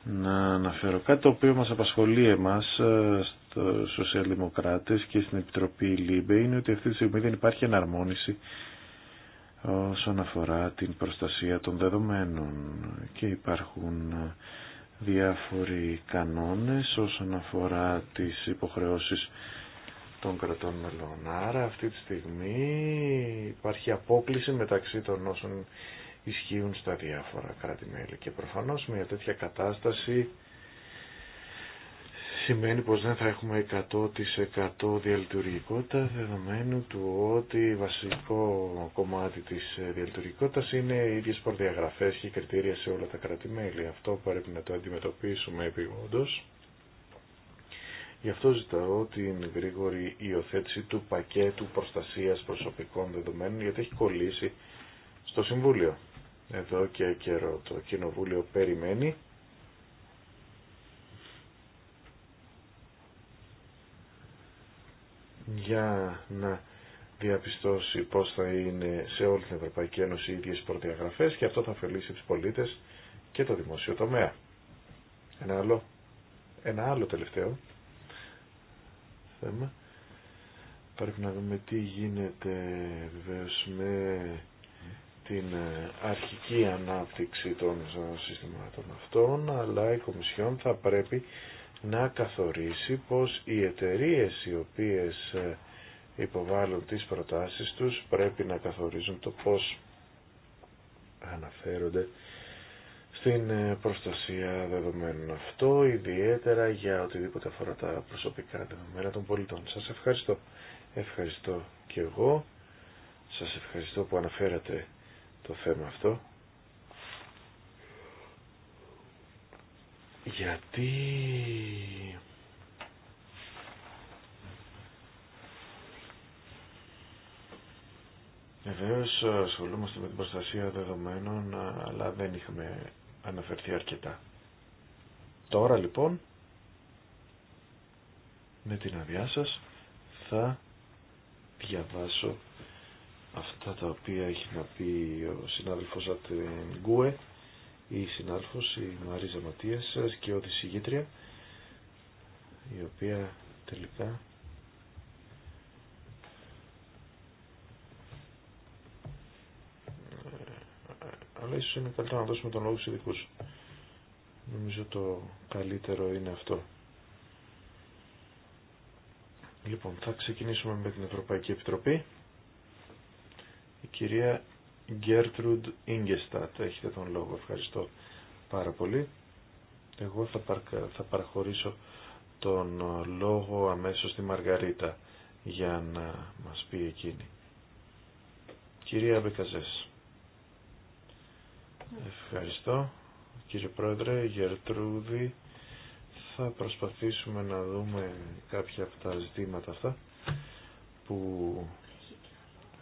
να αναφέρω. Κάτι το οποίο μας απασχολεί εμάς ε, στους σοσιαλδημοκράτες και στην Επιτροπή ΛΥΜΠΕ είναι ότι αυτή τη στιγμή δεν υπάρχει εναρμόνιση όσον αφορά την προστασία των δεδομένων και υπάρχουν διάφοροι κανόνες όσον αφορά τις υποχρεώσεις των κρατών μελών. Άρα αυτή τη στιγμή υπάρχει απόκληση μεταξύ των όσων ισχύουν στα διάφορα κράτη-μέλη και προφανώς μια τέτοια κατάσταση σημαίνει πως δεν θα έχουμε 100% διαλειτουργικότητα δεδομένου του ότι βασικό κομμάτι της ε, διαλειτουργικότητας είναι οι ίδιες προδιαγραφές και κριτήρια σε όλα τα κρατημέλη. Αυτό πρέπει να το αντιμετωπίσουμε επιγόντως. Γι' αυτό ζητάω την γρήγορη υιοθέτηση του πακέτου προστασίας προσωπικών δεδομένων γιατί έχει κολλήσει στο Συμβούλιο. Εδώ και καιρό το Κοινοβούλιο περιμένει για να διαπιστώσει πώς θα είναι σε όλη την Ευρωπαϊκή Ένωση οι ίδιες προδιαγραφές και αυτό θα ωφελήσει τους πολίτες και το δημόσιο τομέα. Ένα άλλο, ένα άλλο τελευταίο θέμα. Πρέπει να δούμε τι γίνεται βεβαίω με την ε, αρχική ανάπτυξη των συστημάτων αυτών, αλλά η Κομισιόν θα πρέπει να καθορίσει πως οι εταιρείες οι οποίες ε, υποβάλλουν τις προτάσεις τους πρέπει να καθορίζουν το πώς αναφέρονται στην ε, προστασία δεδομένων. Αυτό ιδιαίτερα για οτιδήποτε αφορά τα προσωπικά δεδομένα των πολιτών. Σας ευχαριστώ. Ευχαριστώ και εγώ. Σας ευχαριστώ που αναφέρατε το θέμα αυτό. γιατί Βεβαίω ασχολούμαστε με την προστασία δεδομένων, αλλά δεν είχαμε αναφερθεί αρκετά. Τώρα λοιπόν, με την αδειά σα, θα διαβάσω αυτά τα οποία έχει να πει ο συνάδελφος από την η συνάδελφος, η Μαρίζα Ματίας και ο Δησηγήτρια, η οποία τελικά αλλά ίσως είναι καλύτερο να δώσουμε τον λόγο στους ειδικούς. Νομίζω το καλύτερο είναι αυτό. Λοιπόν, θα ξεκινήσουμε με την Ευρωπαϊκή Επιτροπή. Η κυρία Γκέρτρουντ Ίγκεστατ. Έχετε τον λόγο. Ευχαριστώ πάρα πολύ. Εγώ θα, θα παραχωρήσω τον ε, λόγο αμέσως στη Μαργαρίτα για να μας πει εκείνη. Κυρία Μπεκαζές. Ευχαριστώ. Κύριε Πρόεδρε, Γερτρούδη, θα προσπαθήσουμε να δούμε κάποια από τα ζητήματα αυτά που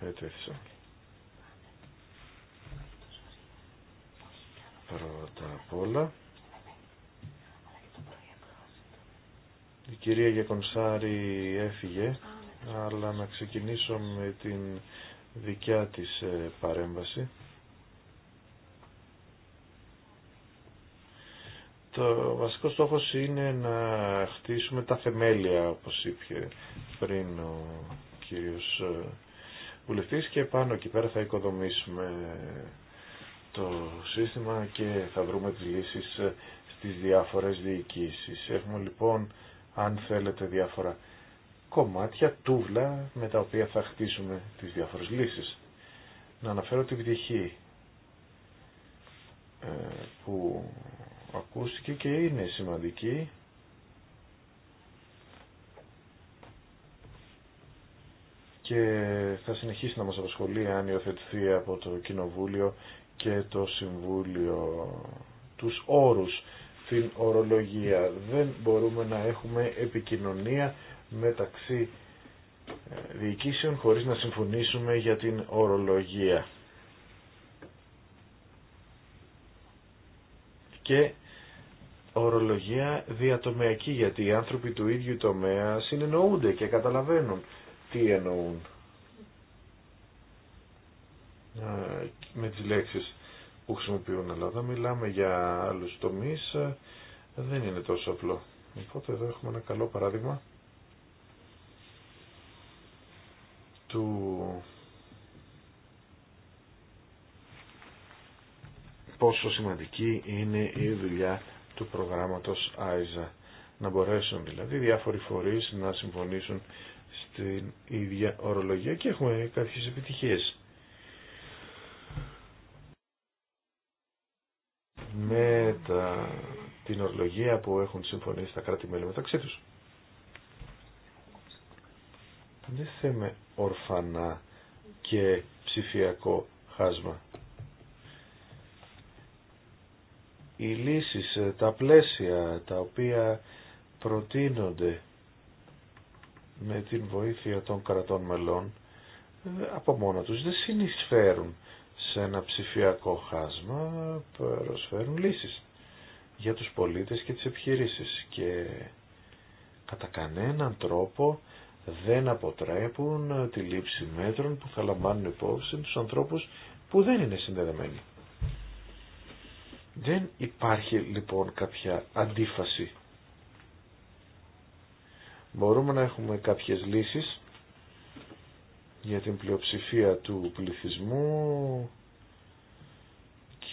έτεθησαν. Πρώτα απ' όλα. Η κυρία Γεκονσάρη έφυγε, αλλά να ξεκινήσω με την δικιά της ε, παρέμβαση. Το βασικό στόχος είναι να χτίσουμε τα θεμέλια, όπως είπε πριν ο κύριος ε, βουλευτής, και πάνω εκεί πέρα θα οικοδομήσουμε το σύστημα και θα βρούμε τις λύσεις ε, στις διάφορες διοικήσεις. Έχουμε λοιπόν, αν θέλετε, διάφορα κομμάτια, τούβλα, με τα οποία θα χτίσουμε τις διάφορες λύσεις. Να αναφέρω την πτυχή ε, που ακούστηκε και είναι σημαντική. και θα συνεχίσει να μας απασχολεί αν υιοθετηθεί από το Κοινοβούλιο και το Συμβούλιο τους όρους, την ορολογία. Δεν μπορούμε να έχουμε επικοινωνία μεταξύ ε, διοικήσεων χωρίς να συμφωνήσουμε για την ορολογία. Και ορολογία διατομεακή γιατί οι άνθρωποι του ίδιου τομέα συνεννοούνται και καταλαβαίνουν τι εννοούν με τις λέξεις που χρησιμοποιούν αλλά όταν μιλάμε για άλλους τομείς δεν είναι τόσο απλό. Οπότε εδώ έχουμε ένα καλό παράδειγμα του πόσο σημαντική είναι η δουλειά του προγράμματος ΆΙΖΑ. Να μπορέσουν δηλαδή διάφοροι φορείς να συμφωνήσουν στην ίδια ορολογία και έχουμε κάποιες επιτυχίες. με τα, την ορλογία που έχουν συμφωνήσει τα κράτη-μέλη μεταξύ τους. Δεν θέμε ορφανά και ψηφιακό χάσμα. Οι λύσεις, ε, τα πλαίσια τα οποία προτείνονται με την βοήθεια των κρατών μελών ε, από μόνα τους δεν συνεισφέρουν σε ένα ψηφιακό χάσμα προσφέρουν λύσεις για τους πολίτες και τις επιχειρήσεις και κατά κανέναν τρόπο δεν αποτρέπουν τη λήψη μέτρων που θα λαμβάνουν υπόψη τους ανθρώπους που δεν είναι συνδεδεμένοι. Δεν υπάρχει λοιπόν κάποια αντίφαση. Μπορούμε να έχουμε κάποιες λύσεις για την πλειοψηφία του πληθυσμού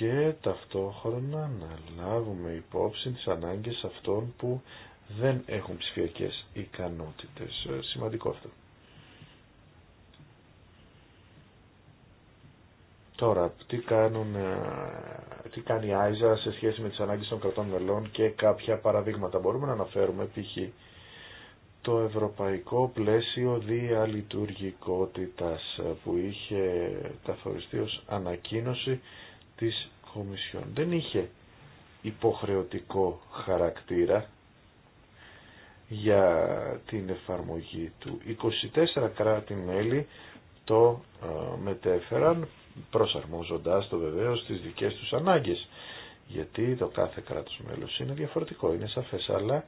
και ταυτόχρονα να λάβουμε υπόψη τις ανάγκες αυτών που δεν έχουν ψηφιακές ικανότητες. Ε, σημαντικό αυτό. Τώρα, τι, κάνουν, ε, τι κάνει η Άιζα σε σχέση με τις ανάγκες των κρατών μελών και κάποια παραδείγματα. Μπορούμε να αναφέρουμε π.χ. το ευρωπαϊκό πλαίσιο διαλειτουργικότητας ε, που είχε καθοριστεί ως ανακοίνωση της Κομισιόν. Δεν είχε υποχρεωτικό χαρακτήρα για την εφαρμογή του. 24 κράτη-μέλη το ε, μετέφεραν προσαρμόζοντάς το βεβαίως στις δικές τους ανάγκες γιατί το κάθε κράτος μέλος είναι διαφορετικό, είναι σαφές αλλά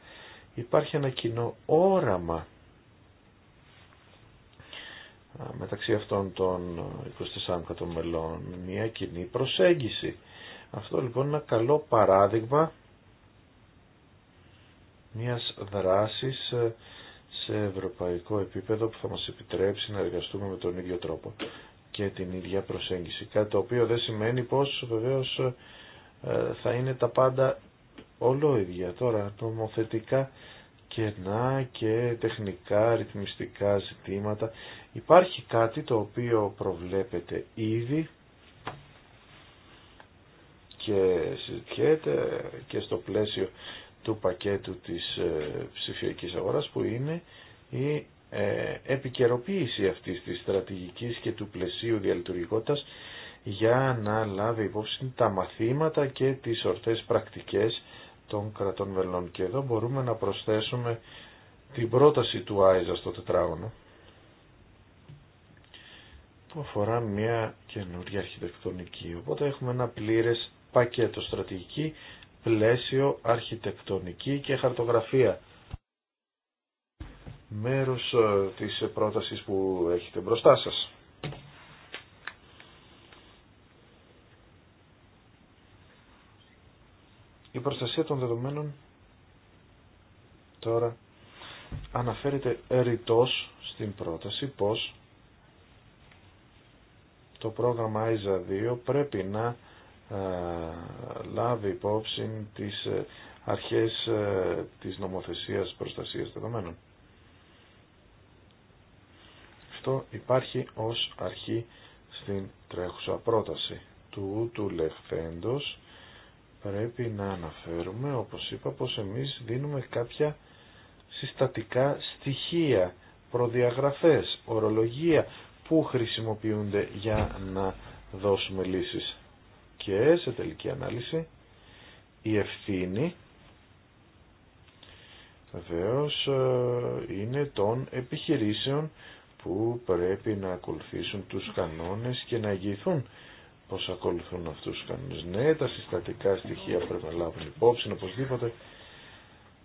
υπάρχει ένα κοινό όραμα μεταξύ αυτών των 24 μελών μια κοινή προσέγγιση. Αυτό λοιπόν είναι ένα καλό παράδειγμα μιας δράσης ε, σε ευρωπαϊκό επίπεδο που θα μας επιτρέψει να εργαστούμε με τον ίδιο τρόπο και την ίδια προσέγγιση. Κάτι το οποίο δεν σημαίνει πως βεβαίως ε, θα είναι τα πάντα όλο ίδια. Τώρα νομοθετικά κενά και τεχνικά ρυθμιστικά ζητήματα. Υπάρχει κάτι το οποίο προβλέπεται ήδη και συζητιέται και στο πλαίσιο του πακέτου της ε, ψηφιακής αγοράς που είναι η ε, επικαιροποίηση αυτής της στρατηγικής και του πλαισίου διαλειτουργικότητας για να λάβει υπόψη τα μαθήματα και τις ορθές πρακτικές των κρατών Και εδώ μπορούμε να προσθέσουμε την πρόταση του ΆΙΖΑ στο τετράγωνο που αφορά μια καινούργια αρχιτεκτονική. Οπότε έχουμε ένα πλήρες πακέτο στρατηγική, πλαίσιο, αρχιτεκτονική και χαρτογραφία. Μέρος ε, της πρότασης που έχετε μπροστά σας. προστασία των δεδομένων τώρα αναφέρεται ρητός στην πρόταση πως το πρόγραμμα ISA 2 πρέπει να ε, λάβει υπόψη τις ε, αρχές ε, της νομοθεσίας προστασίας δεδομένων. Αυτό υπάρχει ως αρχή στην τρέχουσα πρόταση του του λεχθέντος πρέπει να αναφέρουμε, όπως είπα, πως εμείς δίνουμε κάποια συστατικά στοιχεία, προδιαγραφές, ορολογία που χρησιμοποιούνται για να δώσουμε λύσεις. Και σε τελική ανάλυση η ευθύνη βεβαίω ε, είναι των επιχειρήσεων που πρέπει να ακολουθήσουν τους κανόνες και να εγγυηθούν όσοι ακολουθούν αυτούς τους κανόνες. Ναι, τα συστατικά στοιχεία πρέπει να λάβουν υπόψη, οπωσδήποτε,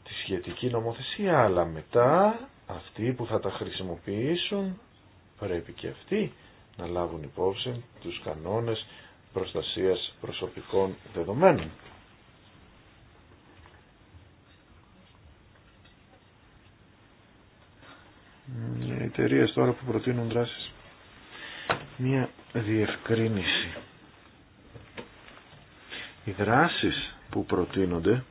τη σχετική νομοθεσία, αλλά μετά αυτοί που θα τα χρησιμοποιήσουν πρέπει και αυτοί να λάβουν υπόψη τους κανόνες προστασίας προσωπικών δεδομένων. Οι εταιρείε τώρα που προτείνουν δράσεις. Μία διευκρίνηση οι δράσεις που προτείνονται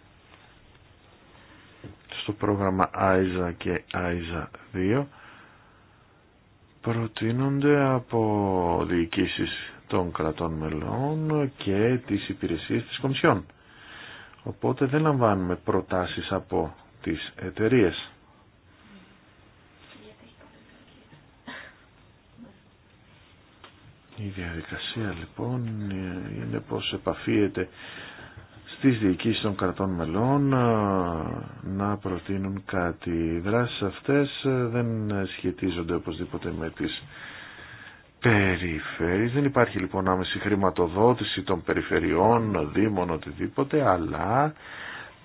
στο πρόγραμμα ΆΙΖΑ και ΆΙΖΑ 2 προτείνονται από διοικήσεις των κρατών μελών και τις υπηρεσίες της Κομισιόν. Οπότε δεν λαμβάνουμε προτάσεις από τις εταιρείες. Η διαδικασία λοιπόν είναι πως επαφίεται στις διοικήσεις των κρατών μελών να προτείνουν κάτι. Οι δράσεις αυτές δεν σχετίζονται οπωσδήποτε με τις περιφέρειες. Δεν υπάρχει λοιπόν άμεση χρηματοδότηση των περιφερειών, δήμων, οτιδήποτε, αλλά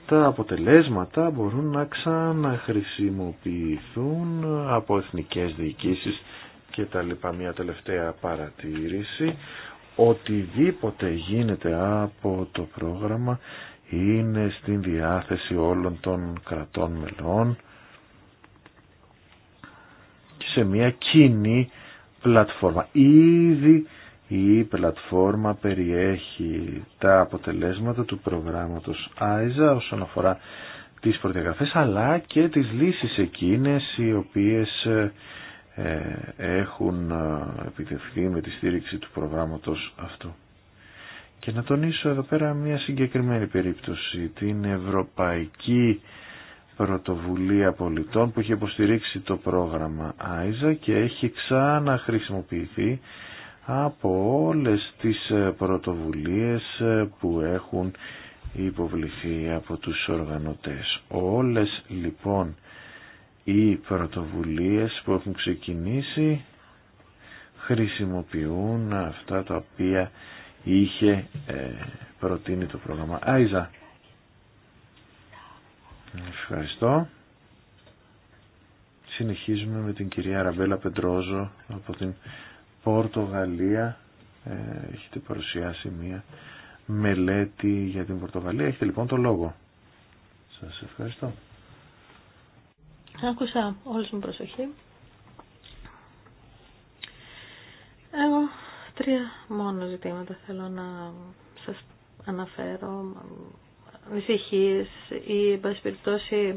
τα αποτελέσματα μπορούν να ξαναχρησιμοποιηθούν από εθνικές διοικήσεις και τα λοιπά. Μια τελευταία παρατήρηση. Οτιδήποτε γίνεται από το πρόγραμμα είναι στην διάθεση όλων των κρατών μελών και σε μια κοινή πλατφόρμα. Ήδη η πλατφόρμα περιέχει τα αποτελέσματα του προγράμματος ΆΙΖΑ όσον αφορά τις προδιαγραφές αλλά και τις λύσεις εκείνες οι οποίες ε, ε, έχουν ε, επιτευχθεί με τη στήριξη του προγράμματος αυτού. Και να τονίσω εδώ πέρα μια συγκεκριμένη περίπτωση, την Ευρωπαϊκή Πρωτοβουλία Πολιτών που έχει υποστηρίξει το πρόγραμμα ΆΙΖΑ και έχει ξαναχρησιμοποιηθεί από όλες τις ε, πρωτοβουλίες που έχουν υποβληθεί από τους οργανωτές. Όλες λοιπόν οι πρωτοβουλίες που έχουν ξεκινήσει χρησιμοποιούν αυτά τα οποία είχε ε, προτείνει το πρόγραμμα Άιζα. Ευχαριστώ. Συνεχίζουμε με την κυρία Ραβέλα Πεντρόζο από την Πορτογαλία. Ε, έχετε παρουσιάσει μία μελέτη για την Πορτογαλία. Έχετε λοιπόν το λόγο. Σας ευχαριστώ. Άκουσα όλους με προσοχή. Εγώ τρία μόνο ζητήματα θέλω να σας αναφέρω. Ανησυχίες ή, εν πάση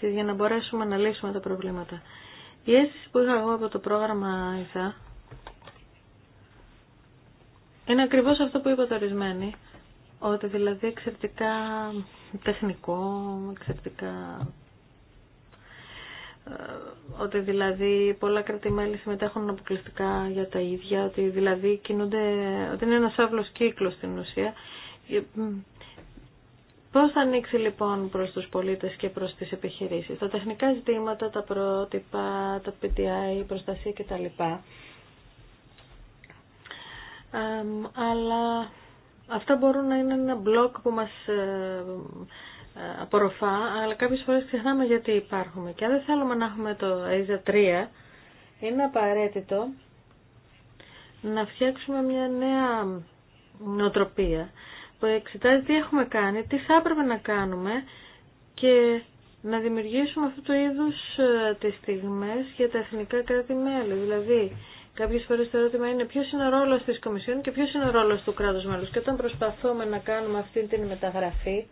ε, για να μπορέσουμε να λύσουμε τα προβλήματα. Η αίσθηση που είχα εγώ από το πρόγραμμα ΙΖΑ είναι ακριβώς αυτό που είπατε ορισμένοι, ότι δηλαδή εξαιρετικά τεχνικό, εξαιρετικά ε, ότι δηλαδή πολλά κρατημέλη συμμετέχουν αποκλειστικά για τα ίδια, ότι δηλαδή κινούνται, ότι είναι ένας άβλος κύκλος στην ουσία. Ε, πώς θα ανοίξει λοιπόν προς τους πολίτες και προς τις επιχειρήσεις. Τα τεχνικά ζητήματα, τα πρότυπα, τα PTI, η προστασία κτλ. αλλά Αυτά μπορούν να είναι ένα μπλοκ που μας ε, ε, απορροφά, αλλά κάποιες φορές ξεχνάμε γιατί υπάρχουμε. Και αν δεν θέλουμε να έχουμε το AZA 3, είναι απαραίτητο να φτιάξουμε μια νέα νοοτροπία που εξετάζει τι έχουμε κάνει, τι θα έπρεπε να κάνουμε και να δημιουργήσουμε αυτού του είδους ε, τις στιγμές για τα εθνικά κράτη-μέλη. Δηλαδή, Κάποιε φορέ το ερώτημα είναι ποιο είναι ο ρόλο τη Κομισιόν και ποιο είναι ο ρόλο του κράτου μέλου. Και όταν προσπαθούμε να κάνουμε αυτή την μεταγραφή,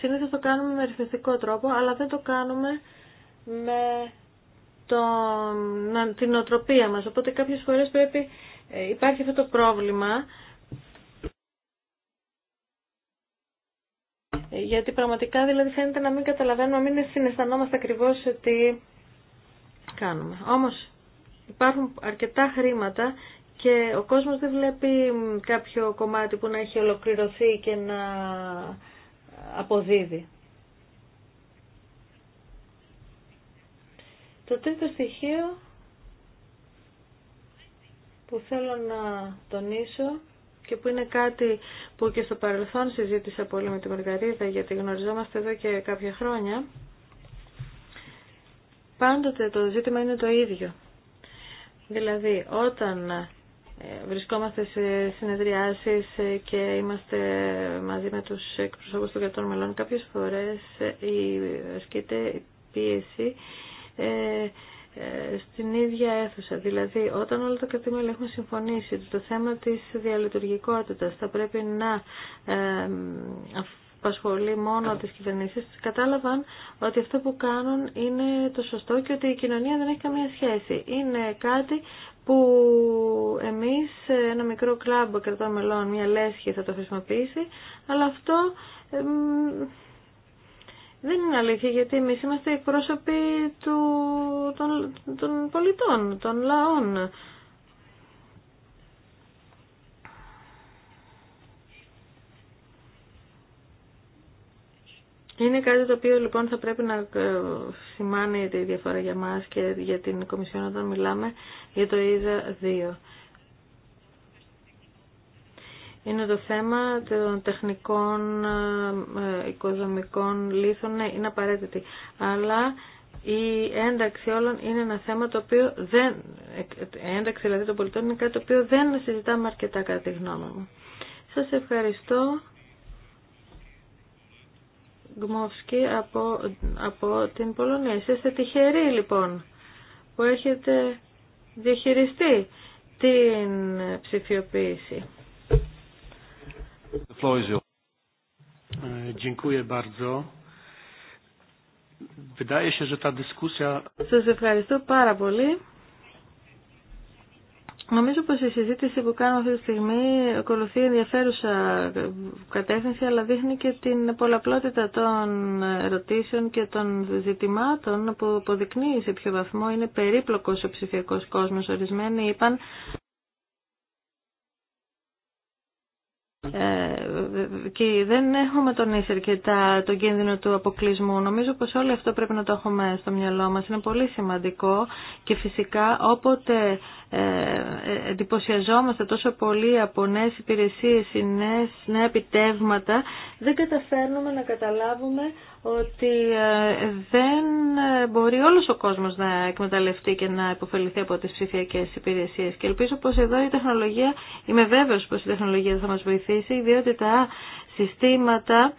συνήθω το κάνουμε με ρυθμιστικό τρόπο, αλλά δεν το κάνουμε με την οτροπία μας. Οπότε κάποιες φορές πρέπει, ε, υπάρχει αυτό το πρόβλημα Γιατί πραγματικά δηλαδή φαίνεται να μην καταλαβαίνουμε, να μην συναισθανόμαστε ακριβώ ότι κάνουμε. Όμω, υπάρχουν αρκετά χρήματα και ο κόσμο δεν βλέπει κάποιο κομμάτι που να έχει ολοκληρωθεί και να αποδίδει. Το τρίτο στοιχείο που θέλω να τονίσω και που είναι κάτι που και στο παρελθόν συζήτησα πολύ με τη Μαργαρίδα γιατί γνωριζόμαστε εδώ και κάποια χρόνια. Πάντοτε το ζήτημα είναι το ίδιο. Δηλαδή όταν ε, βρισκόμαστε σε συνεδριάσεις ε, και είμαστε μαζί με τους εκπροσώπους των κρατών μελών κάποιες φορές ε, η ασκείται πίεση ε, στην ίδια αίθουσα. Δηλαδή, όταν όλα τα κρατήματα έχουν συμφωνήσει ότι το θέμα της διαλειτουργικότητας θα πρέπει να ε, απασχολεί μόνο τις κυβερνήσεις, κατάλαβαν ότι αυτό που κάνουν είναι το σωστό και ότι η κοινωνία δεν έχει καμία σχέση. Είναι κάτι που εμείς ένα μικρό κλαμπ κρατών μελών, μια λέσχη θα το χρησιμοποιήσει, αλλά αυτό δεν είναι αλήθεια γιατί εμεί είμαστε εκπρόσωποι του, των, των πολιτών, των λαών. Είναι κάτι το οποίο λοιπόν θα πρέπει να ε, σημάνει τη διαφορά για μας και για την Κομισιόν όταν μιλάμε για το ΙΖΑ 2 είναι το θέμα των τεχνικών ε, οικοδομικών λύθων. Ναι, είναι απαραίτητη. Αλλά η ένταξη όλων είναι ένα θέμα το οποίο δεν... ένταξη δηλαδή των πολιτών είναι κάτι το οποίο δεν συζητάμε αρκετά κατά τη γνώμη μου. Σας ευχαριστώ. Γκμόφσκι από, από την Πολωνία. Είστε τυχεροί λοιπόν που έχετε διαχειριστεί την ψηφιοποίηση. The Dziękuję ευχαριστώ πάρα πολύ. Νομίζω πως η συζήτηση που κάνω αυτή τη στιγμή ακολουθεί ενδιαφέρουσα κατεύθυνση, αλλά δείχνει και την πολλαπλότητα των ερωτήσεων και των ζητημάτων που αποδεικνύει σε ποιο βαθμό είναι περίπλοκος ο ψηφιακός κόσμος. Ορισμένοι είπαν Ε, και δεν έχουμε τονίσει αρκετά τον κίνδυνο του αποκλεισμού. Νομίζω πως όλο αυτό πρέπει να το έχουμε στο μυαλό μας. Είναι πολύ σημαντικό και φυσικά όποτε ε, ε, εντυπωσιαζόμαστε τόσο πολύ από νέες υπηρεσίες ή νέα επιτεύγματα, δεν καταφέρνουμε να καταλάβουμε ότι ε, δεν μπορεί όλος ο κόσμος να εκμεταλλευτεί και να υποφεληθεί από τις ψηφιακές υπηρεσίες. Και ελπίζω πως εδώ η τεχνολογία, είμαι βέβαιος πως η τεχνολογία θα μας βοηθήσει, διότι τα συστήματα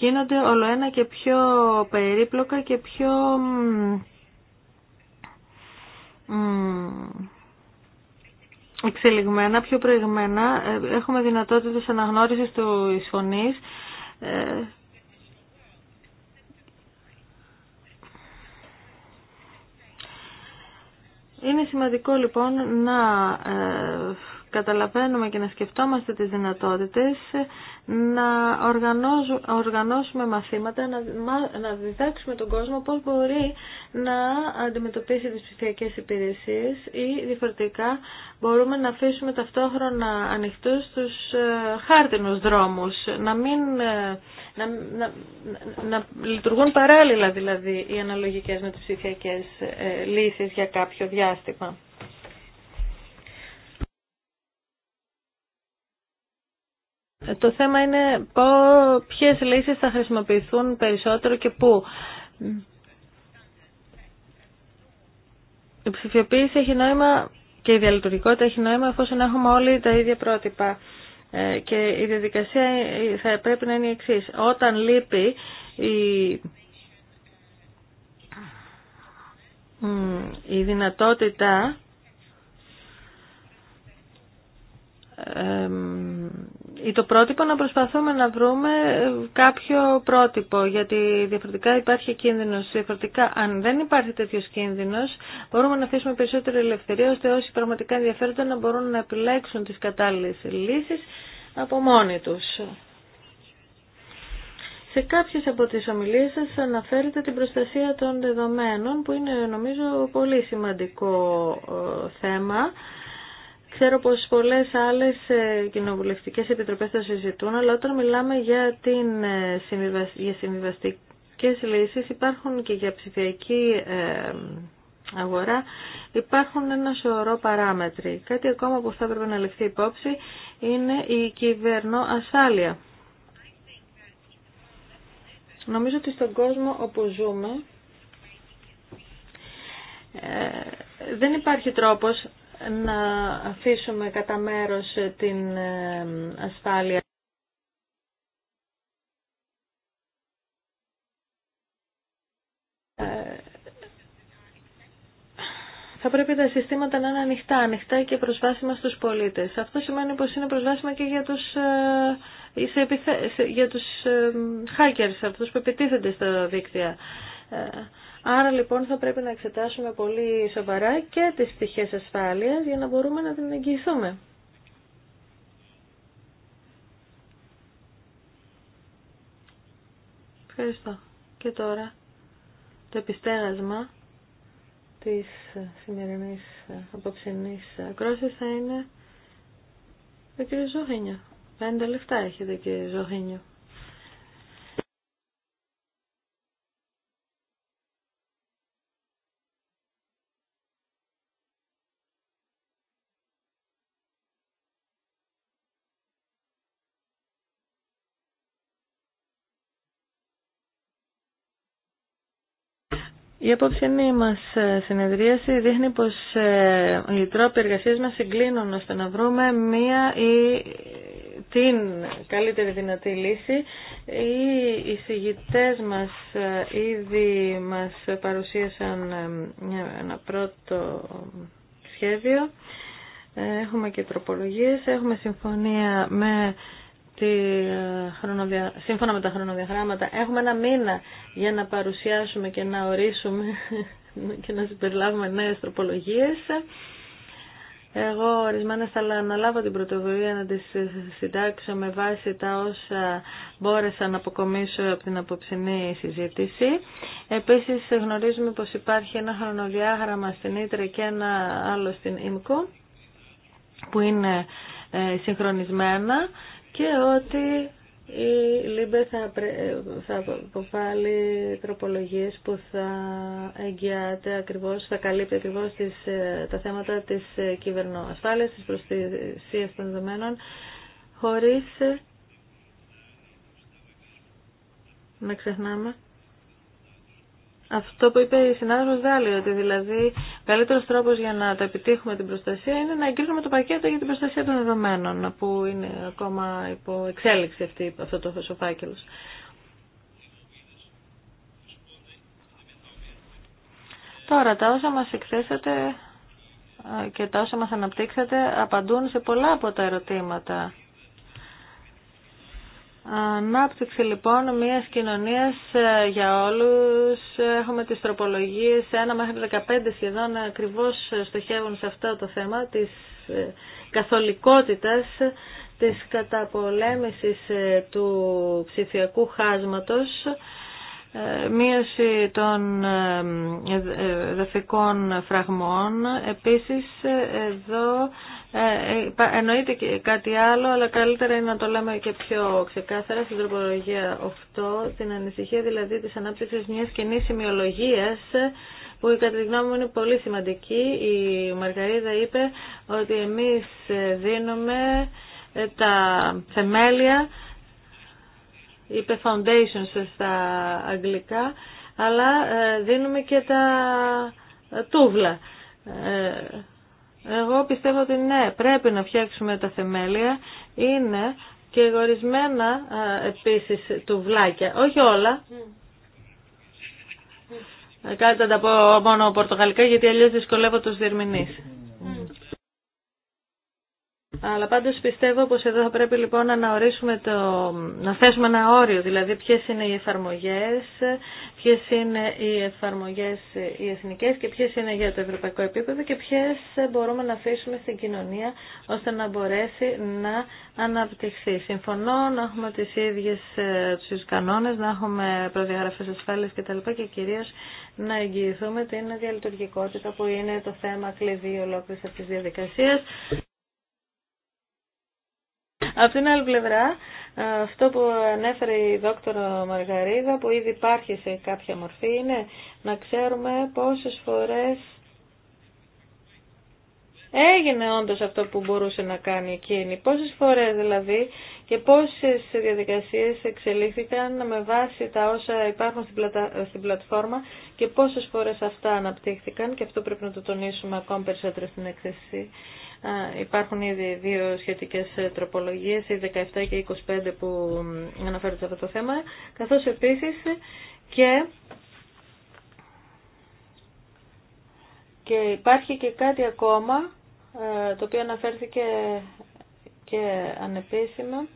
γίνονται όλο ένα και πιο περίπλοκα και πιο εξελιγμένα, πιο προηγμένα. Ε, έχουμε δυνατότητες αναγνώρισης του εισφωνής. Ε, Είναι σημαντικό λοιπόν να ε, καταλαβαίνουμε και να σκεφτόμαστε τις δυνατότητες να οργανώσουμε μαθήματα, να, διδάξουμε τον κόσμο πώς μπορεί να αντιμετωπίσει τις ψηφιακές υπηρεσίες ή διαφορετικά μπορούμε να αφήσουμε ταυτόχρονα ανοιχτούς τους ε, χάρτινους δρόμους, να μην ε, να, να, να λειτουργούν παράλληλα δηλαδή οι αναλογικές με τις ψηφιακές ε, λύσεις για κάποιο διάστημα. Το θέμα είναι ποιε λύσει θα χρησιμοποιηθούν περισσότερο και πού. Η ψηφιοποίηση έχει νόημα και η διαλειτουργικότητα έχει νόημα εφόσον έχουμε όλοι τα ίδια πρότυπα. Ε, και η διαδικασία θα πρέπει να είναι η εξή. Όταν λείπει η, η δυνατότητα ε, ή το πρότυπο να προσπαθούμε να βρούμε ε, κάποιο πρότυπο γιατί διαφορετικά υπάρχει κίνδυνος διαφορετικά αν δεν υπάρχει τέτοιος κίνδυνος μπορούμε να αφήσουμε περισσότερη ελευθερία ώστε όσοι πραγματικά ενδιαφέρονται να μπορούν να επιλέξουν τις κατάλληλες λύσεις από μόνοι τους. Σε κάποιες από τις ομιλίες σας αναφέρετε την προστασία των δεδομένων που είναι νομίζω πολύ σημαντικό ε, θέμα Ξέρω πως πολλές άλλες ε, κοινοβουλευτικές επιτροπές το συζητούν, αλλά όταν μιλάμε για, την ε, για συμβιβαστικές λύσεις υπάρχουν και για ψηφιακή ε, αγορά υπάρχουν ένα σωρό παράμετροι. Κάτι ακόμα που θα έπρεπε να ληφθεί υπόψη είναι η κυβερνοασφάλεια. Νομίζω ότι στον κόσμο όπου ζούμε δεν υπάρχει τρόπος να αφήσουμε κατά μέρος την ε, ασφάλεια. Ε, θα πρέπει τα συστήματα να είναι ανοιχτά, ανοιχτά και προσβάσιμα στους πολίτες. Αυτό σημαίνει πως είναι προσβάσιμα και για τους, ε, για τους hackers, αυτούς που επιτίθενται στα δίκτυα. Άρα λοιπόν θα πρέπει να εξετάσουμε πολύ σοβαρά και τις πτυχές ασφάλειας για να μπορούμε να την εγγυηθούμε. Ευχαριστώ. Και τώρα το επιστέγασμα της σημερινής απόψινής ακρόσης θα είναι ο κ. Ζωχίνιο. Πέντε λεφτά έχετε κ. Ζωχίνιο. Η απόψινή μας ε, συνεδρίαση δείχνει πως ε, οι τρόποι εργασία μας συγκλίνουν ώστε να βρούμε μία ή την καλύτερη δυνατή λύση. Οι εισηγητές μας ε, ήδη μας παρουσίασαν ένα πρώτο σχέδιο. Έχουμε και τροπολογίες, έχουμε συμφωνία με ε, σύμφωνα με τα χρονοδιαγράμματα έχουμε ένα μήνα για να παρουσιάσουμε και να ορίσουμε (laughs) και να συμπεριλάβουμε νέες τροπολογίες. Εγώ ορισμένα θα αναλάβω την πρωτοβουλία να τις συντάξω με βάση τα όσα μπόρεσα να αποκομίσω από την απόψινή συζήτηση. Επίσης γνωρίζουμε πως υπάρχει ένα χρονοδιάγραμμα στην Ήτρε και ένα άλλο στην ΙΜΚΟ που είναι ε, συγχρονισμένα και ότι η ΛΥΜΠΕ θα, ε, θα αποβάλει τροπολογίες που θα εγγυάται ακριβώς, θα καλύπτει ακριβώς τις, ε, τα θέματα της ε, κυβερνοασφάλειας, της προστασίας των δεδομένων, χωρίς να ξεχνάμε αυτό που είπε η συνάδελφο Δάλη, ότι δηλαδή καλύτερο τρόπο για να τα επιτύχουμε την προστασία είναι να εγκρίνουμε το πακέτο για την προστασία των δεδομένων, που είναι ακόμα υπό εξέλιξη αυτή, αυτό το φάκελο. Τώρα, τα όσα μας εκθέσατε ε, και τα όσα μας αναπτύξατε απαντούν σε πολλά από τα ερωτήματα Ανάπτυξη λοιπόν μία κοινωνία ε, για όλους. Έχουμε τι τροπολογίε 1 μέχρι 15 σχεδόν ακριβώς στοχεύουν σε αυτό το θέμα της ε, καθολικότητας της καταπολέμησης ε, του ψηφιακού χάσματος, μείωση των δεφικών φραγμών. Επίσης εδώ ε, εννοείται και κάτι άλλο, αλλά καλύτερα είναι να το λέμε και πιο ξεκάθαρα στην τροπολογία 8, την ανησυχία δηλαδή της ανάπτυξης μιας κοινή σημειολογίας που κατά τη γνώμη μου είναι πολύ σημαντική. Η Μαργαρίδα είπε ότι εμείς δίνουμε ε, τα θεμέλια, είπε foundations στα αγγλικά, αλλά ε, δίνουμε και τα τούβλα. Εγώ πιστεύω ότι ναι, πρέπει να φτιάξουμε τα θεμέλια. Είναι και ορισμένα επίσης βλάκια. Όχι όλα. Mm. Ε, κάτι θα τα πω μόνο πορτογαλικά γιατί αλλιώς δυσκολεύω τους διερμηνείς. Αλλά πάντως πιστεύω πω εδώ θα πρέπει λοιπόν να ορίσουμε το, να θέσουμε ένα όριο, δηλαδή ποιε είναι οι εφαρμογέ, ποιε είναι οι εφαρμογέ, οι εθνικέ και ποιε είναι για το ευρωπαϊκό επίπεδο και ποιε μπορούμε να αφήσουμε στην κοινωνία ώστε να μπορέσει να αναπτυχθεί. Συμφωνώ να έχουμε τι ίδιε του κανόνε, να έχουμε προδιαγραφέ ασφάλεια κτλ. και κυρίως να εγγυηθούμε την διαλειτουργικότητα που είναι το θέμα κλειδί ολόκληρη αυτής της διαδικασίας. Από την άλλη πλευρά, αυτό που ανέφερε η δόκτωρο Μαργαρίδα, που ήδη υπάρχει σε κάποια μορφή, είναι να ξέρουμε πόσες φορές έγινε όντως αυτό που μπορούσε να κάνει εκείνη. Πόσες φορές δηλαδή και πόσες διαδικασίες εξελίχθηκαν με βάση τα όσα υπάρχουν στην, πλατφόρμα και πόσες φορές αυτά αναπτύχθηκαν και αυτό πρέπει να το τονίσουμε ακόμη περισσότερο στην έκθεση Υπάρχουν ήδη δύο σχετικές ε, τροπολογίες, οι 17 και 25 που αναφέρονται σε αυτό το θέμα, καθώς επίσης και υπάρχει και κάτι ακόμα ε, το οποίο αναφέρθηκε και ανεπίσημα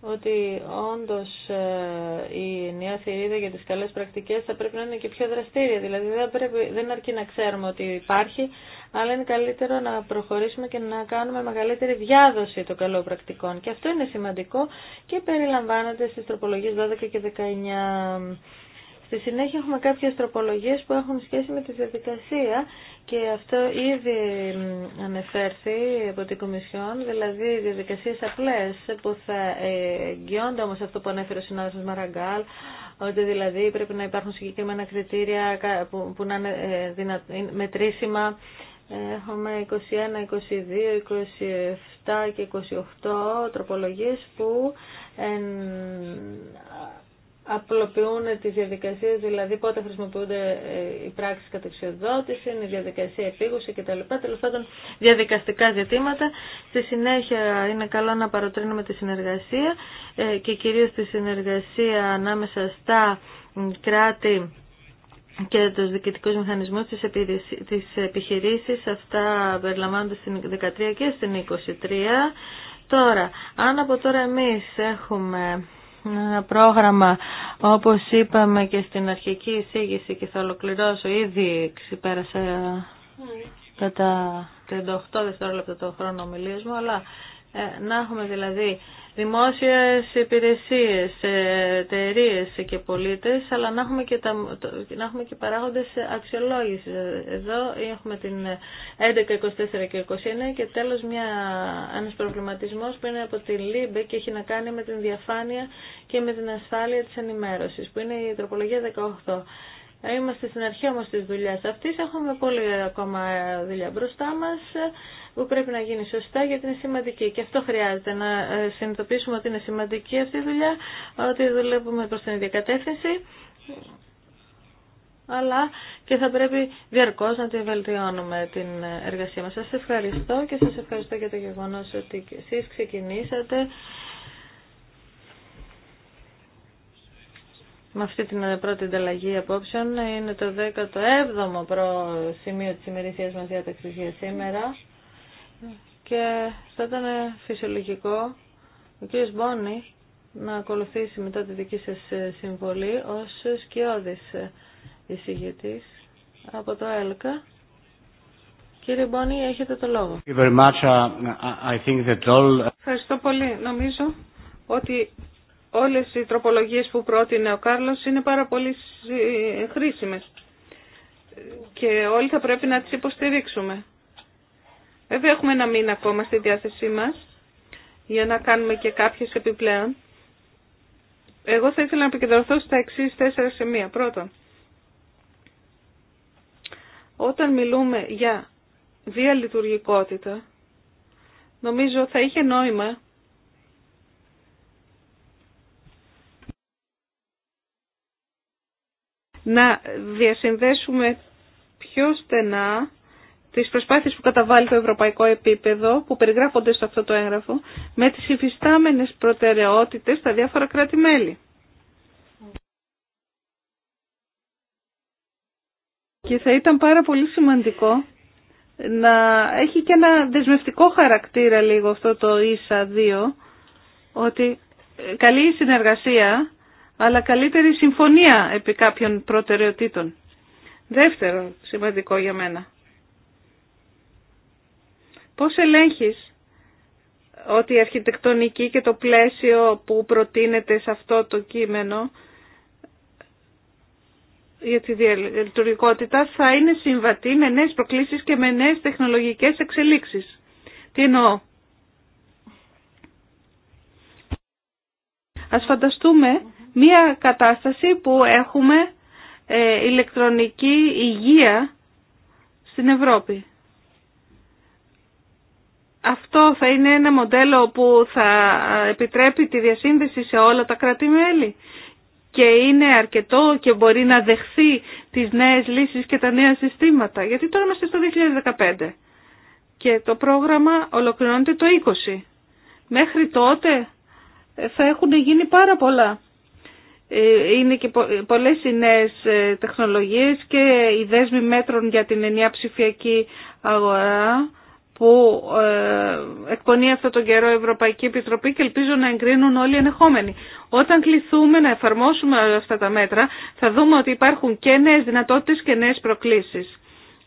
ότι όντως ε, η νέα θηρίδα για τις καλές πρακτικές θα πρέπει να είναι και πιο δραστήρια. Δηλαδή δεν, πρέπει, δεν αρκεί να ξέρουμε ότι υπάρχει, αλλά είναι καλύτερο να προχωρήσουμε και να κάνουμε μεγαλύτερη διάδοση των καλών πρακτικών. Και αυτό είναι σημαντικό και περιλαμβάνεται στις τροπολογίες 12 και 19. Στη συνέχεια έχουμε κάποιες τροπολογίες που έχουν σχέση με τη διαδικασία και αυτό ήδη ανεφέρθη από την Κομισιόν, δηλαδή διαδικασίες απλές που θα εγγυώνται όμως αυτό που ανέφερε ο συνάδελφος Μαραγκάλ, ότι δηλαδή πρέπει να υπάρχουν συγκεκριμένα κριτήρια που να είναι μετρήσιμα Έχουμε 21, 22, 27 και 28 τροπολογίες που εν, απλοποιούν τις διαδικασίες, δηλαδή πότε χρησιμοποιούνται ε, οι πράξεις κατεξιοδότηση, η διαδικασία επίγουση κτλ. Τέλο πάντων διαδικαστικά ζητήματα. Στη συνέχεια είναι καλό να παροτρύνουμε τη συνεργασία ε, και κυρίως τη συνεργασία ανάμεσα στα κράτη και τους διοικητικούς μηχανισμούς της, της επιχειρήσης. Αυτά περιλαμβάνονται στην 13 και στην 23. Τώρα, αν από τώρα εμείς έχουμε ένα πρόγραμμα όπως είπαμε και στην αρχική εισήγηση και θα ολοκληρώσω ήδη ξεπέρασα ναι. κατά 38 δευτερόλεπτα το χρόνο ομιλίες μου αλλά ε, να έχουμε δηλαδή δημόσιες υπηρεσίες, ε, εταιρείε και πολίτες, αλλά να έχουμε και, τα, να έχουμε και παράγοντες αξιολόγηση. Εδώ έχουμε την 11, 24 και 29 και τέλος μια, ένας προβληματισμός που είναι από τη ΛΥΜΠΕ και έχει να κάνει με την διαφάνεια και με την ασφάλεια της ενημέρωσης, που είναι η τροπολογία 18. Ε, είμαστε στην αρχή όμως της δουλειάς αυτής, έχουμε πολύ ακόμα δουλειά μπροστά μας που πρέπει να γίνει σωστά γιατί είναι σημαντική. Και αυτό χρειάζεται να ε, συνειδητοποιήσουμε ότι είναι σημαντική αυτή η δουλειά, ότι δουλεύουμε προς την ίδια κατεύθυνση αλλά και θα πρέπει διαρκώς να τη βελτιώνουμε την εργασία μας. Σας ευχαριστώ και σας ευχαριστώ για το γεγονός ότι εσείς ξεκινήσατε με αυτή την πρώτη ανταλλαγή απόψεων. Είναι το 17ο προ σημείο της ημερησία μας διάταξης για σήμερα και θα ήταν φυσιολογικό ο κ. Μπόνι να ακολουθήσει μετά τη δική σας συμβολή ως σκιώδης εισηγητής από το ΕΛΚΑ. Κύριε Μπόνι, έχετε το λόγο. Uh, uh, Ευχαριστώ πολύ. Νομίζω ότι όλες οι τροπολογίες που πρότεινε ο Κάρλος είναι πάρα πολύ χρήσιμες και όλοι θα πρέπει να τις υποστηρίξουμε. Βέβαια έχουμε ένα μήνα ακόμα στη διάθεσή μας για να κάνουμε και κάποιες επιπλέον. Εγώ θα ήθελα να επικεντρωθώ στα εξή τέσσερα σημεία. Πρώτον, όταν μιλούμε για διαλειτουργικότητα, νομίζω θα είχε νόημα να διασυνδέσουμε πιο στενά τις προσπάθειες που καταβάλει το ευρωπαϊκό επίπεδο, που περιγράφονται σε αυτό το έγγραφο, με τις υφιστάμενες προτεραιότητες στα διάφορα κράτη-μέλη. Και θα ήταν πάρα πολύ σημαντικό να έχει και ένα δεσμευτικό χαρακτήρα λίγο αυτό το ίσα 2, ότι ε, καλή συνεργασία, αλλά καλύτερη συμφωνία επί κάποιων προτεραιοτήτων. Δεύτερο σημαντικό για μένα. Πώς ελέγχεις ότι η αρχιτεκτονική και το πλαίσιο που προτείνεται σε αυτό το κείμενο για τη διαλειτουργικότητα θα είναι συμβατή με νέες προκλήσεις και με νέες τεχνολογικές εξελίξεις. Τι εννοώ. Ας φανταστούμε μία κατάσταση που έχουμε ε, ηλεκτρονική υγεία στην Ευρώπη αυτό θα είναι ένα μοντέλο που θα επιτρέπει τη διασύνδεση σε όλα τα κρατη και είναι αρκετό και μπορεί να δεχθεί τις νέες λύσεις και τα νέα συστήματα. Γιατί τώρα είμαστε στο 2015 και το πρόγραμμα ολοκληρώνεται το 20. Μέχρι τότε ε, θα έχουν γίνει πάρα πολλά. Ε, είναι και πολλές οι νέες ε, τεχνολογίες και οι δέσμοι μέτρων για την ενιαία ψηφιακή αγορά που ε, εκπονεί αυτό τον καιρό η Ευρωπαϊκή Επιτροπή και ελπίζω να εγκρίνουν όλοι οι ενεχόμενοι. Όταν κληθούμε να εφαρμόσουμε αυτά τα μέτρα θα δούμε ότι υπάρχουν και νέες δυνατότητες και νέες προκλήσεις.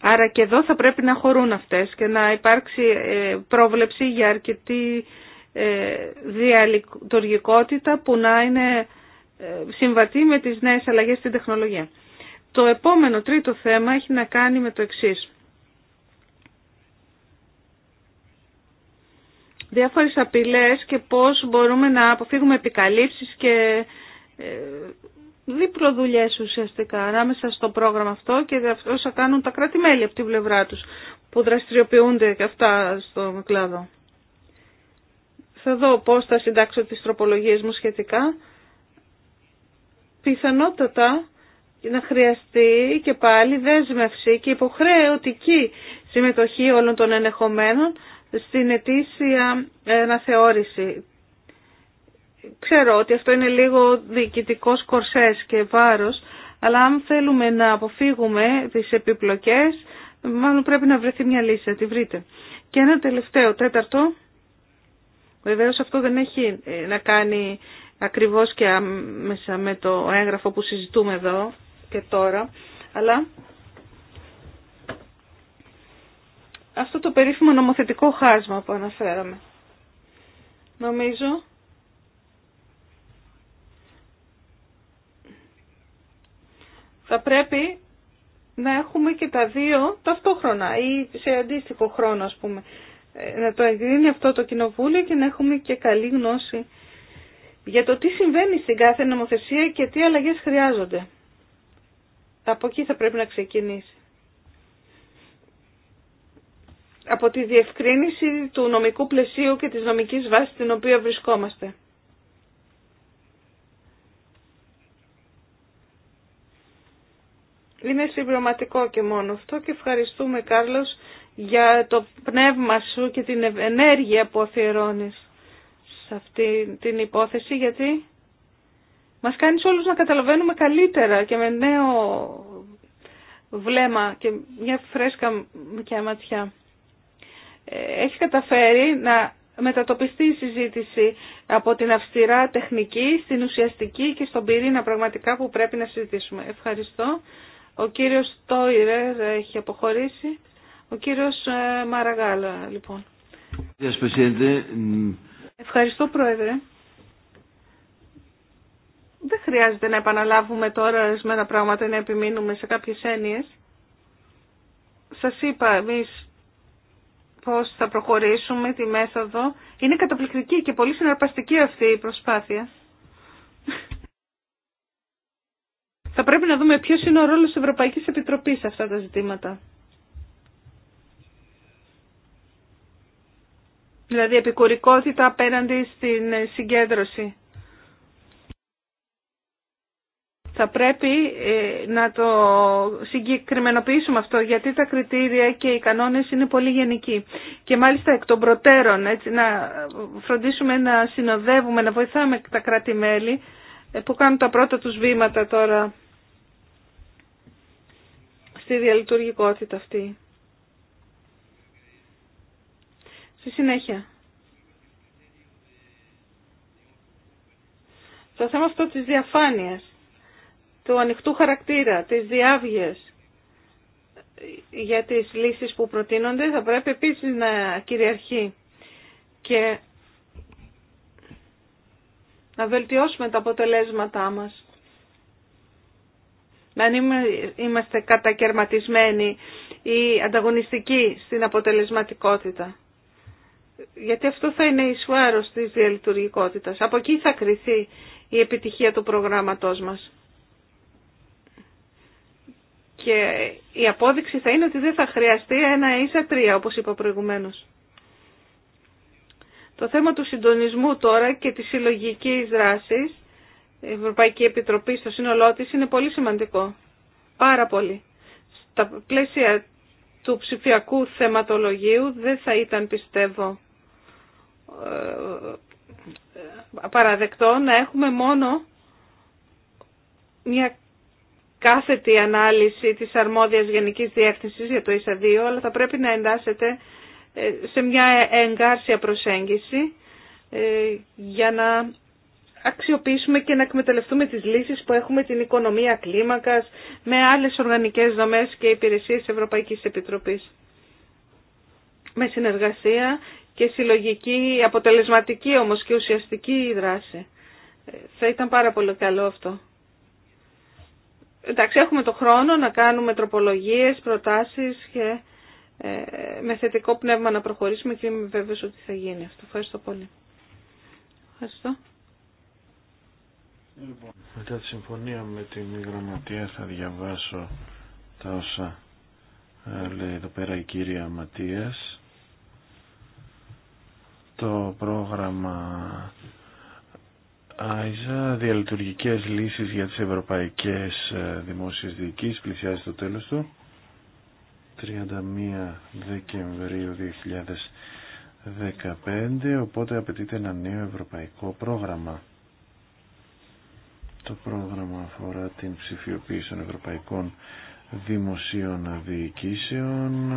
Άρα και εδώ θα πρέπει να χωρούν αυτές και να υπάρξει ε, πρόβλεψη για αρκετή ε, διαλειτουργικότητα που να είναι συμβατή με τις νέες αλλαγές στην τεχνολογία. Το επόμενο τρίτο θέμα έχει να κάνει με το εξής. διάφορες απειλές και πώς μπορούμε να αποφύγουμε επικαλύψεις και ε, δίπλο δουλειέ ουσιαστικά ανάμεσα στο πρόγραμμα αυτό και όσα κάνουν τα κράτη-μέλη από την πλευρά τους που δραστηριοποιούνται και αυτά στο κλάδο. Θα δω πώς θα συντάξω τις τροπολογίες μου σχετικά. Πιθανότατα να χρειαστεί και πάλι δέσμευση και υποχρεωτική συμμετοχή όλων των ενεχομένων στην ετήσια αναθεώρηση. Ξέρω ότι αυτό είναι λίγο διοικητικό κορσές και βάρος, αλλά αν θέλουμε να αποφύγουμε τις επιπλοκές, μάλλον πρέπει να βρεθεί μια λύση, να τη βρείτε. Και ένα τελευταίο, τέταρτο, βεβαίως αυτό δεν έχει να κάνει ακριβώς και άμεσα με το έγγραφο που συζητούμε εδώ και τώρα, αλλά αυτό το περίφημο νομοθετικό χάσμα που αναφέραμε. Νομίζω θα πρέπει να έχουμε και τα δύο ταυτόχρονα ή σε αντίστοιχο χρόνο ας πούμε. Ε, να το εγκρίνει αυτό το κοινοβούλιο και να έχουμε και καλή γνώση για το τι συμβαίνει στην κάθε νομοθεσία και τι αλλαγές χρειάζονται. Από εκεί θα πρέπει να ξεκινήσει. από τη διευκρίνηση του νομικού πλαισίου και της νομικής βάσης στην οποία βρισκόμαστε. Είναι συμπληρωματικό και μόνο αυτό και ευχαριστούμε Κάρλος για το πνεύμα σου και την ενέργεια που αφιερώνεις σε αυτή την υπόθεση γιατί μας κάνεις όλους να καταλαβαίνουμε καλύτερα και με νέο βλέμμα και μια φρέσκα και ματιά έχει καταφέρει να μετατοπιστεί η συζήτηση από την αυστηρά τεχνική στην ουσιαστική και στον πυρήνα πραγματικά που πρέπει να συζητήσουμε. Ευχαριστώ. Ο κύριος Τόιρε έχει αποχωρήσει. Ο κύριος ε, Μαραγάλα, λοιπόν. Ευχαριστώ, Πρόεδρε. Δεν χρειάζεται να επαναλάβουμε τώρα ορισμένα πράγματα να επιμείνουμε σε κάποιες έννοιες. Σας είπα εμείς πώς θα προχωρήσουμε τη μέθοδο. Είναι καταπληκτική και πολύ συναρπαστική αυτή η προσπάθεια. θα πρέπει να δούμε ποιος είναι ο ρόλος της Ευρωπαϊκής Επιτροπής σε αυτά τα ζητήματα. Δηλαδή επικουρικότητα απέναντι στην συγκέντρωση θα πρέπει ε, να το συγκεκριμενοποιήσουμε αυτό γιατί τα κριτήρια και οι κανόνες είναι πολύ γενικοί και μάλιστα εκ των προτέρων έτσι, να φροντίσουμε να συνοδεύουμε, να βοηθάμε τα κράτη-μέλη ε, που κάνουν τα πρώτα τους βήματα τώρα στη διαλειτουργικότητα αυτή. Στη συνέχεια. Το θέμα αυτό της διαφάνειας του ανοιχτού χαρακτήρα, της διάβγειας για τις λύσεις που προτείνονται θα πρέπει επίσης να κυριαρχεί και να βελτιώσουμε τα αποτελέσματά μας. Να είμαστε κατακαιρματισμένοι ή ανταγωνιστικοί στην αποτελεσματικότητα. Γιατί αυτό θα είναι η εις της διαλειτουργικότητας. Από εκεί θα κριθεί η επιτυχία του προγράμματός μας. Και η απόδειξη θα είναι ότι δεν θα χρειαστεί ένα ίσα τρία, όπως είπα προηγουμένως. Το θέμα του συντονισμού τώρα και της συλλογική δράσης, η Ευρωπαϊκή Επιτροπή στο σύνολό της είναι πολύ σημαντικό. Πάρα πολύ. Στα πλαίσια του ψηφιακού θεματολογίου δεν θα ήταν, πιστεύω, ε, παραδεκτό να έχουμε μόνο μια κάθετη ανάλυση της αρμόδιας γενικής διεύθυνσης για το ΙΣΑ αλλά θα πρέπει να εντάσσεται ε, σε μια εγκάρσια προσέγγιση ε, για να αξιοποιήσουμε και να εκμεταλλευτούμε τις λύσεις που έχουμε την οικονομία κλίμακας με άλλες οργανικές δομές και υπηρεσίες Ευρωπαϊκής Επιτροπής. Με συνεργασία και συλλογική, αποτελεσματική όμως και ουσιαστική δράση. Ε, θα ήταν πάρα πολύ καλό αυτό εντάξει, έχουμε το χρόνο να κάνουμε τροπολογίες, προτάσεις και ε, με θετικό πνεύμα να προχωρήσουμε και είμαι βέβαιος ότι θα γίνει αυτό. Ευχαριστώ πολύ. Ευχαριστώ. Λοιπόν, μετά τη συμφωνία με την γραμματεία θα διαβάσω τα όσα ε, λέει εδώ πέρα η κυρία Ματίας. Το πρόγραμμα ΆΙΖΑ, διαλειτουργικές λύσεις για τις ευρωπαϊκές ε, δημόσιες διοικήσεις, πλησιάζει το τέλος του. 31 Δεκεμβρίου 2015, οπότε απαιτείται ένα νέο ευρωπαϊκό πρόγραμμα. Το πρόγραμμα αφορά την ψηφιοποίηση των ευρωπαϊκών δημοσίων διοικήσεων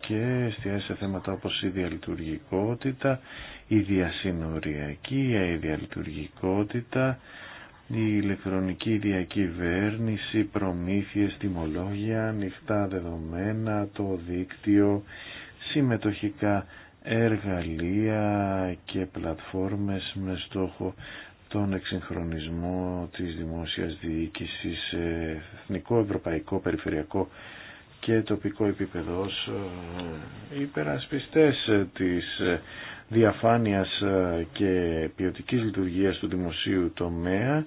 και εστιάζει σε θέματα όπως η διαλειτουργικότητα, η διασυνοριακή, η διαλειτουργικότητα, η ηλεκτρονική διακυβέρνηση, προμήθειες, τιμολόγια, ανοιχτά δεδομένα, το δίκτυο, συμμετοχικά εργαλεία και πλατφόρμες με στόχο τον εξυγχρονισμό της δημόσιας διοίκησης σε εθνικό, ευρωπαϊκό, περιφερειακό και τοπικό επίπεδο ως ε, υπερασπιστές της διαφάνειας και ποιοτικής λειτουργίας του δημοσίου τομέα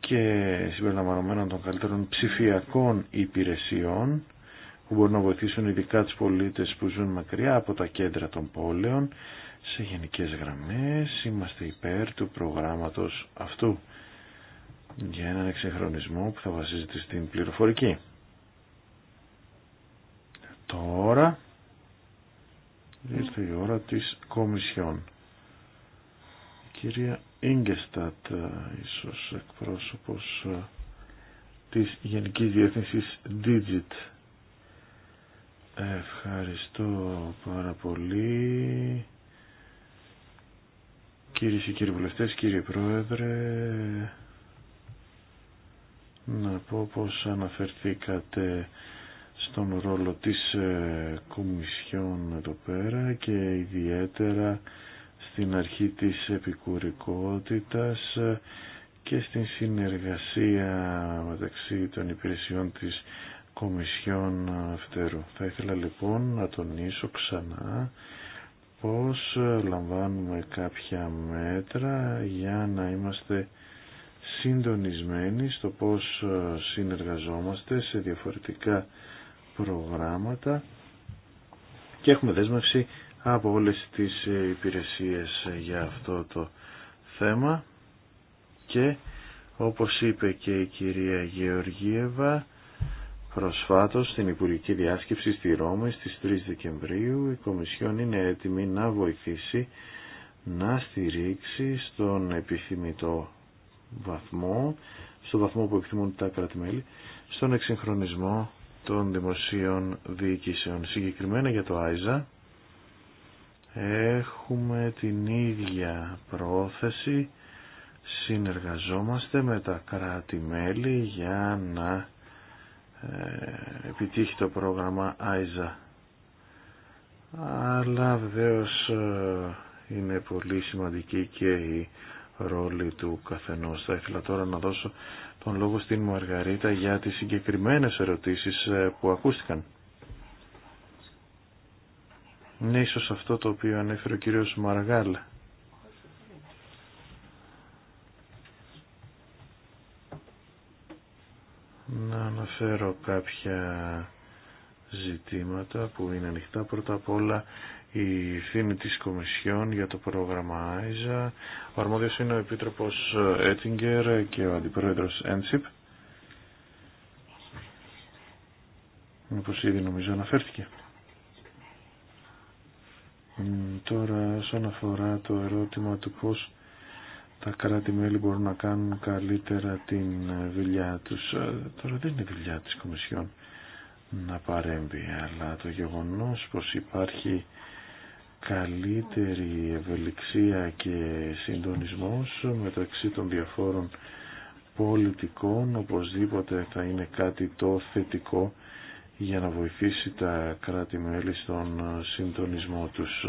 και συμπεριλαμβανομένων των καλύτερων ψηφιακών υπηρεσιών που μπορούν να βοηθήσουν ειδικά τους πολίτες που ζουν μακριά από τα κέντρα των πόλεων σε γενικές γραμμές είμαστε υπέρ του προγράμματος αυτού για έναν εξεχρονισμό που θα βασίζεται στην πληροφορική. Τώρα ήρθε η ώρα της Κομισιόν. Η κυρία Ίγκεστατ, ίσως εκπρόσωπος ε, της Γενικής Διεύθυνσης Digit. Ευχαριστώ πάρα πολύ. Κύριε και κύριοι βουλευτές, κύριε Πρόεδρε, να πω πως αναφερθήκατε στον ρόλο της ε, Κομισιόν εδώ πέρα και ιδιαίτερα στην αρχή της επικουρικότητας ε, και στην συνεργασία μεταξύ των υπηρεσιών της Κομισιόν Φτερού. Θα ήθελα λοιπόν να τονίσω ξανά πως ε, λαμβάνουμε κάποια μέτρα για να είμαστε συντονισμένοι στο πως ε, συνεργαζόμαστε σε διαφορετικά προγράμματα και έχουμε δέσμευση από όλες τις ε, υπηρεσίες για αυτό το θέμα και όπως είπε και η κυρία Γεωργίευα Προσφάτως στην Υπουργική Διάσκεψη στη Ρώμη στις 3 Δεκεμβρίου η Κομισιόν είναι έτοιμη να βοηθήσει να στηρίξει στον επιθυμητό βαθμό, στο βαθμό που επιθυμούν τα κρατημέλη, στον εξυγχρονισμό των δημοσίων διοικήσεων. Συγκεκριμένα για το ΆΙΖΑ έχουμε την ίδια πρόθεση, συνεργαζόμαστε με τα κρατη για να ε, επιτύχει το πρόγραμμα ΆΙΖΑ. Αλλά βεβαίω ε, είναι πολύ σημαντική και η ρόλη του καθενός. Θα ήθελα τώρα να δώσω τον λόγο στην Μαργαρίτα για τις συγκεκριμένες ερωτήσεις ε, που ακούστηκαν. Ναι, ίσως αυτό το οποίο ανέφερε ο κύριος Μαργάλ να αναφέρω κάποια ζητήματα που είναι ανοιχτά. Πρώτα απ' όλα η φήμη της Κομισιόν για το πρόγραμμα ΆΙΖΑ. Ο αρμόδιος είναι ο Επίτροπος Έτιγκερ και ο Αντιπρόεδρος Έντσιπ. Όπως ήδη νομίζω αναφέρθηκε. Τώρα, όσον αφορά το ερώτημα του πώς τα κράτη-μέλη μπορούν να κάνουν καλύτερα την δουλειά τους. Ε, τώρα δεν είναι δουλειά της Κομισιόν να παρέμβει, αλλά το γεγονός πως υπάρχει καλύτερη ευελιξία και συντονισμός μεταξύ των διαφόρων πολιτικών οπωσδήποτε θα είναι κάτι το θετικό για να βοηθήσει τα κράτη-μέλη στον συντονισμό τους.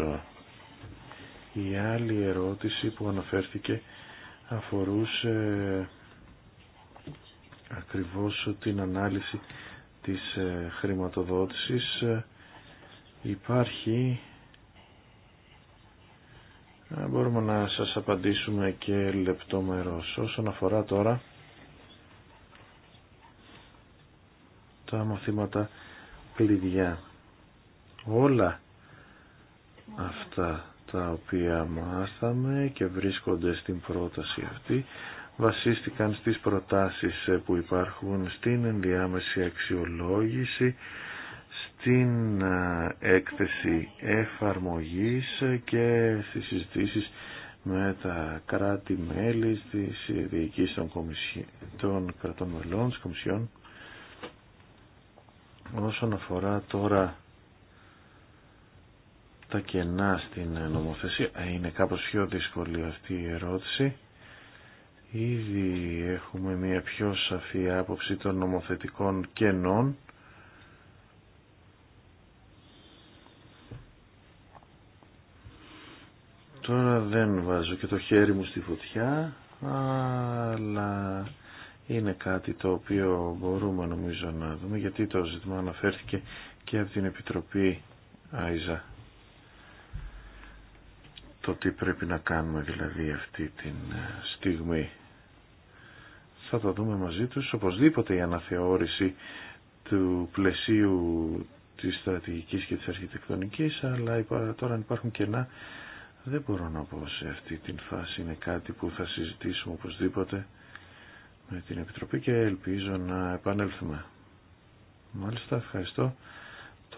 Η άλλη ερώτηση που αναφέρθηκε αφορούσε ακριβώς την ανάλυση της ε, χρηματοδότησης. Υπάρχει ε, μπορούμε να σας απαντήσουμε και λεπτό Όσον αφορά τώρα τα μαθήματα κλειδιά. Όλα αυτά τα οποία μάθαμε και βρίσκονται στην πρόταση αυτή βασίστηκαν στις προτάσεις που υπάρχουν στην ενδιάμεση αξιολόγηση, στην έκθεση εφαρμογής και στις συζητήσεις με τα κράτη-μέλη της διοικής των, των κρατών μελών, της Κομισιόν. Όσον αφορά τώρα τα κενά στην νομοθεσία. Ε, είναι κάπως πιο δύσκολη αυτή η ερώτηση. Ήδη έχουμε μια πιο σαφή άποψη των νομοθετικών κενών. Τώρα δεν βάζω και το χέρι μου στη φωτιά, αλλά είναι κάτι το οποίο μπορούμε νομίζω να δούμε, γιατί το ζήτημα αναφέρθηκε και από την Επιτροπή Άιζα το τι πρέπει να κάνουμε δηλαδή αυτή τη ε, στιγμή. Θα το δούμε μαζί τους. Οπωσδήποτε η αναθεώρηση του πλαισίου της στρατηγικής και της αρχιτεκτονικής, αλλά τώρα αν υπάρχουν κενά δεν μπορώ να πω σε αυτή την φάση. Είναι κάτι που θα συζητήσουμε οπωσδήποτε με την Επιτροπή και ελπίζω να επανέλθουμε. Μάλιστα, ευχαριστώ.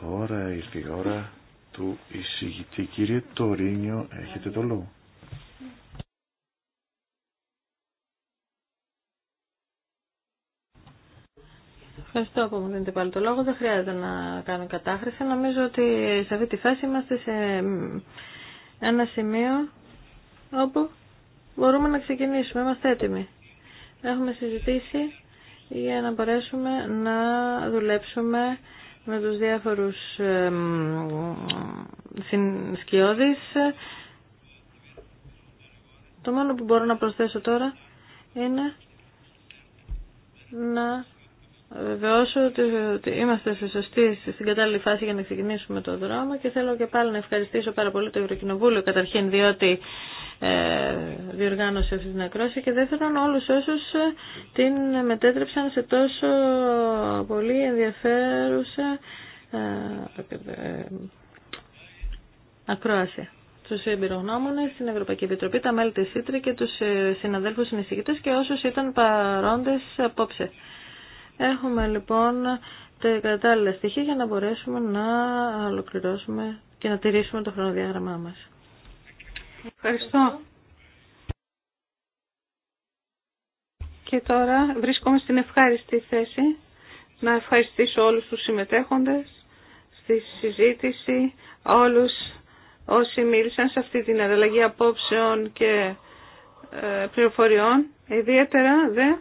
Τώρα ήρθε η ώρα του εισηγητή. Κύριε Τωρίνιο, έχετε το λόγο. Ευχαριστώ που μου δίνετε πάλι το λόγο. Δεν χρειάζεται να κάνω κατάχρηση. Νομίζω ότι σε αυτή τη φάση είμαστε σε ένα σημείο όπου μπορούμε να ξεκινήσουμε. Είμαστε έτοιμοι. Έχουμε συζητήσει για να μπορέσουμε να δουλέψουμε με τους διάφορους σκιώδεις. Το μόνο που μπορώ να προσθέσω τώρα είναι να βεβαιώσω ότι είμαστε σε σωστή, στην κατάλληλη φάση για να ξεκινήσουμε το δρόμο και θέλω και πάλι να ευχαριστήσω πάρα πολύ το Ευρωκοινοβούλιο καταρχήν διότι ε, διοργάνωσε αυτή την ακρόαση και δεύτερον όλους όσους ε, την μετέτρεψαν σε τόσο πολύ ενδιαφέρουσα ε, ακρόαση του εμπειρογνώμονε, την Ευρωπαϊκή Επιτροπή, τα μέλη τη ΣΥΤΡΙ και του συναδέλφου συνεισηγητέ και όσου ήταν παρόντε απόψε. Έχουμε λοιπόν τα κατάλληλα στοιχεία για να μπορέσουμε να ολοκληρώσουμε και να τηρήσουμε το χρονοδιάγραμμά μας. Ευχαριστώ. Και τώρα βρίσκομαι στην ευχάριστη θέση να ευχαριστήσω όλους τους συμμετέχοντες στη συζήτηση, όλους όσοι μίλησαν σε αυτή την ανταλλαγή απόψεων και ε, πληροφοριών. Ιδιαίτερα δε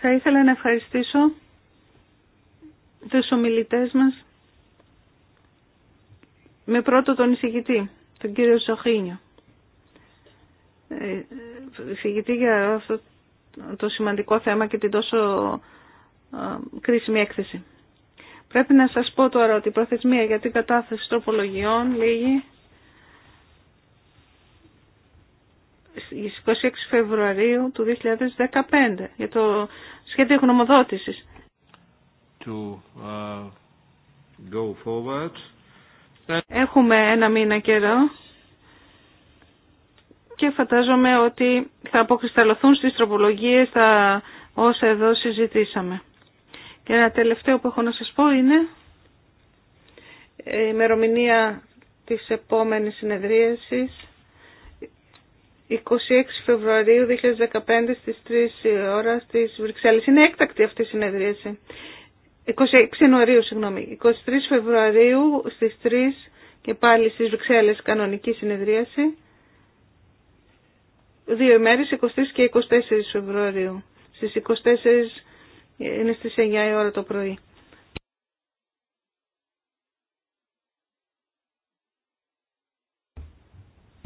θα ήθελα να ευχαριστήσω τους ομιλητές μας με πρώτο τον εισηγητή τον κύριο Ε, Φυγητή για αυτό το σημαντικό θέμα και την τόσο ε, κρίσιμη έκθεση. Πρέπει να σας πω τώρα ότι η προθεσμία για την κατάθεση τροπολογιών λίγη στις 26 Φεβρουαρίου του 2015 για το σχέδιο γνωμοδότησης. To, uh, go forward. Έχουμε ένα μήνα καιρό και φαντάζομαι ότι θα αποκρισταλωθούν στις τροπολογίες τα όσα εδώ συζητήσαμε. Και ένα τελευταίο που έχω να σας πω είναι η ημερομηνία της επόμενης συνεδρίασης 26 Φεβρουαρίου 2015 στις 3 ώρα στις Βρυξέλλες. Είναι έκτακτη αυτή η συνεδρίαση. 26 Ιανουαρίου, συγγνώμη, 23 Φεβρουαρίου στις 3 και πάλι στις Βρυξέλλες κανονική συνεδρίαση. Δύο ημέρες, 23 και 24 Φεβρουαρίου. Στις 24 είναι στις 9 η ώρα το πρωί.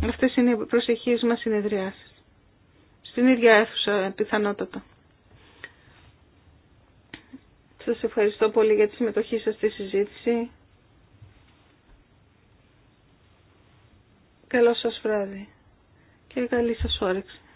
Αυτές είναι οι προσεχείς μας συνεδριάσεις. Στην ίδια αίθουσα πιθανότατα. Σας ευχαριστώ πολύ για τη συμμετοχή σας στη συζήτηση. Καλό σας βράδυ και καλή σας όρεξη.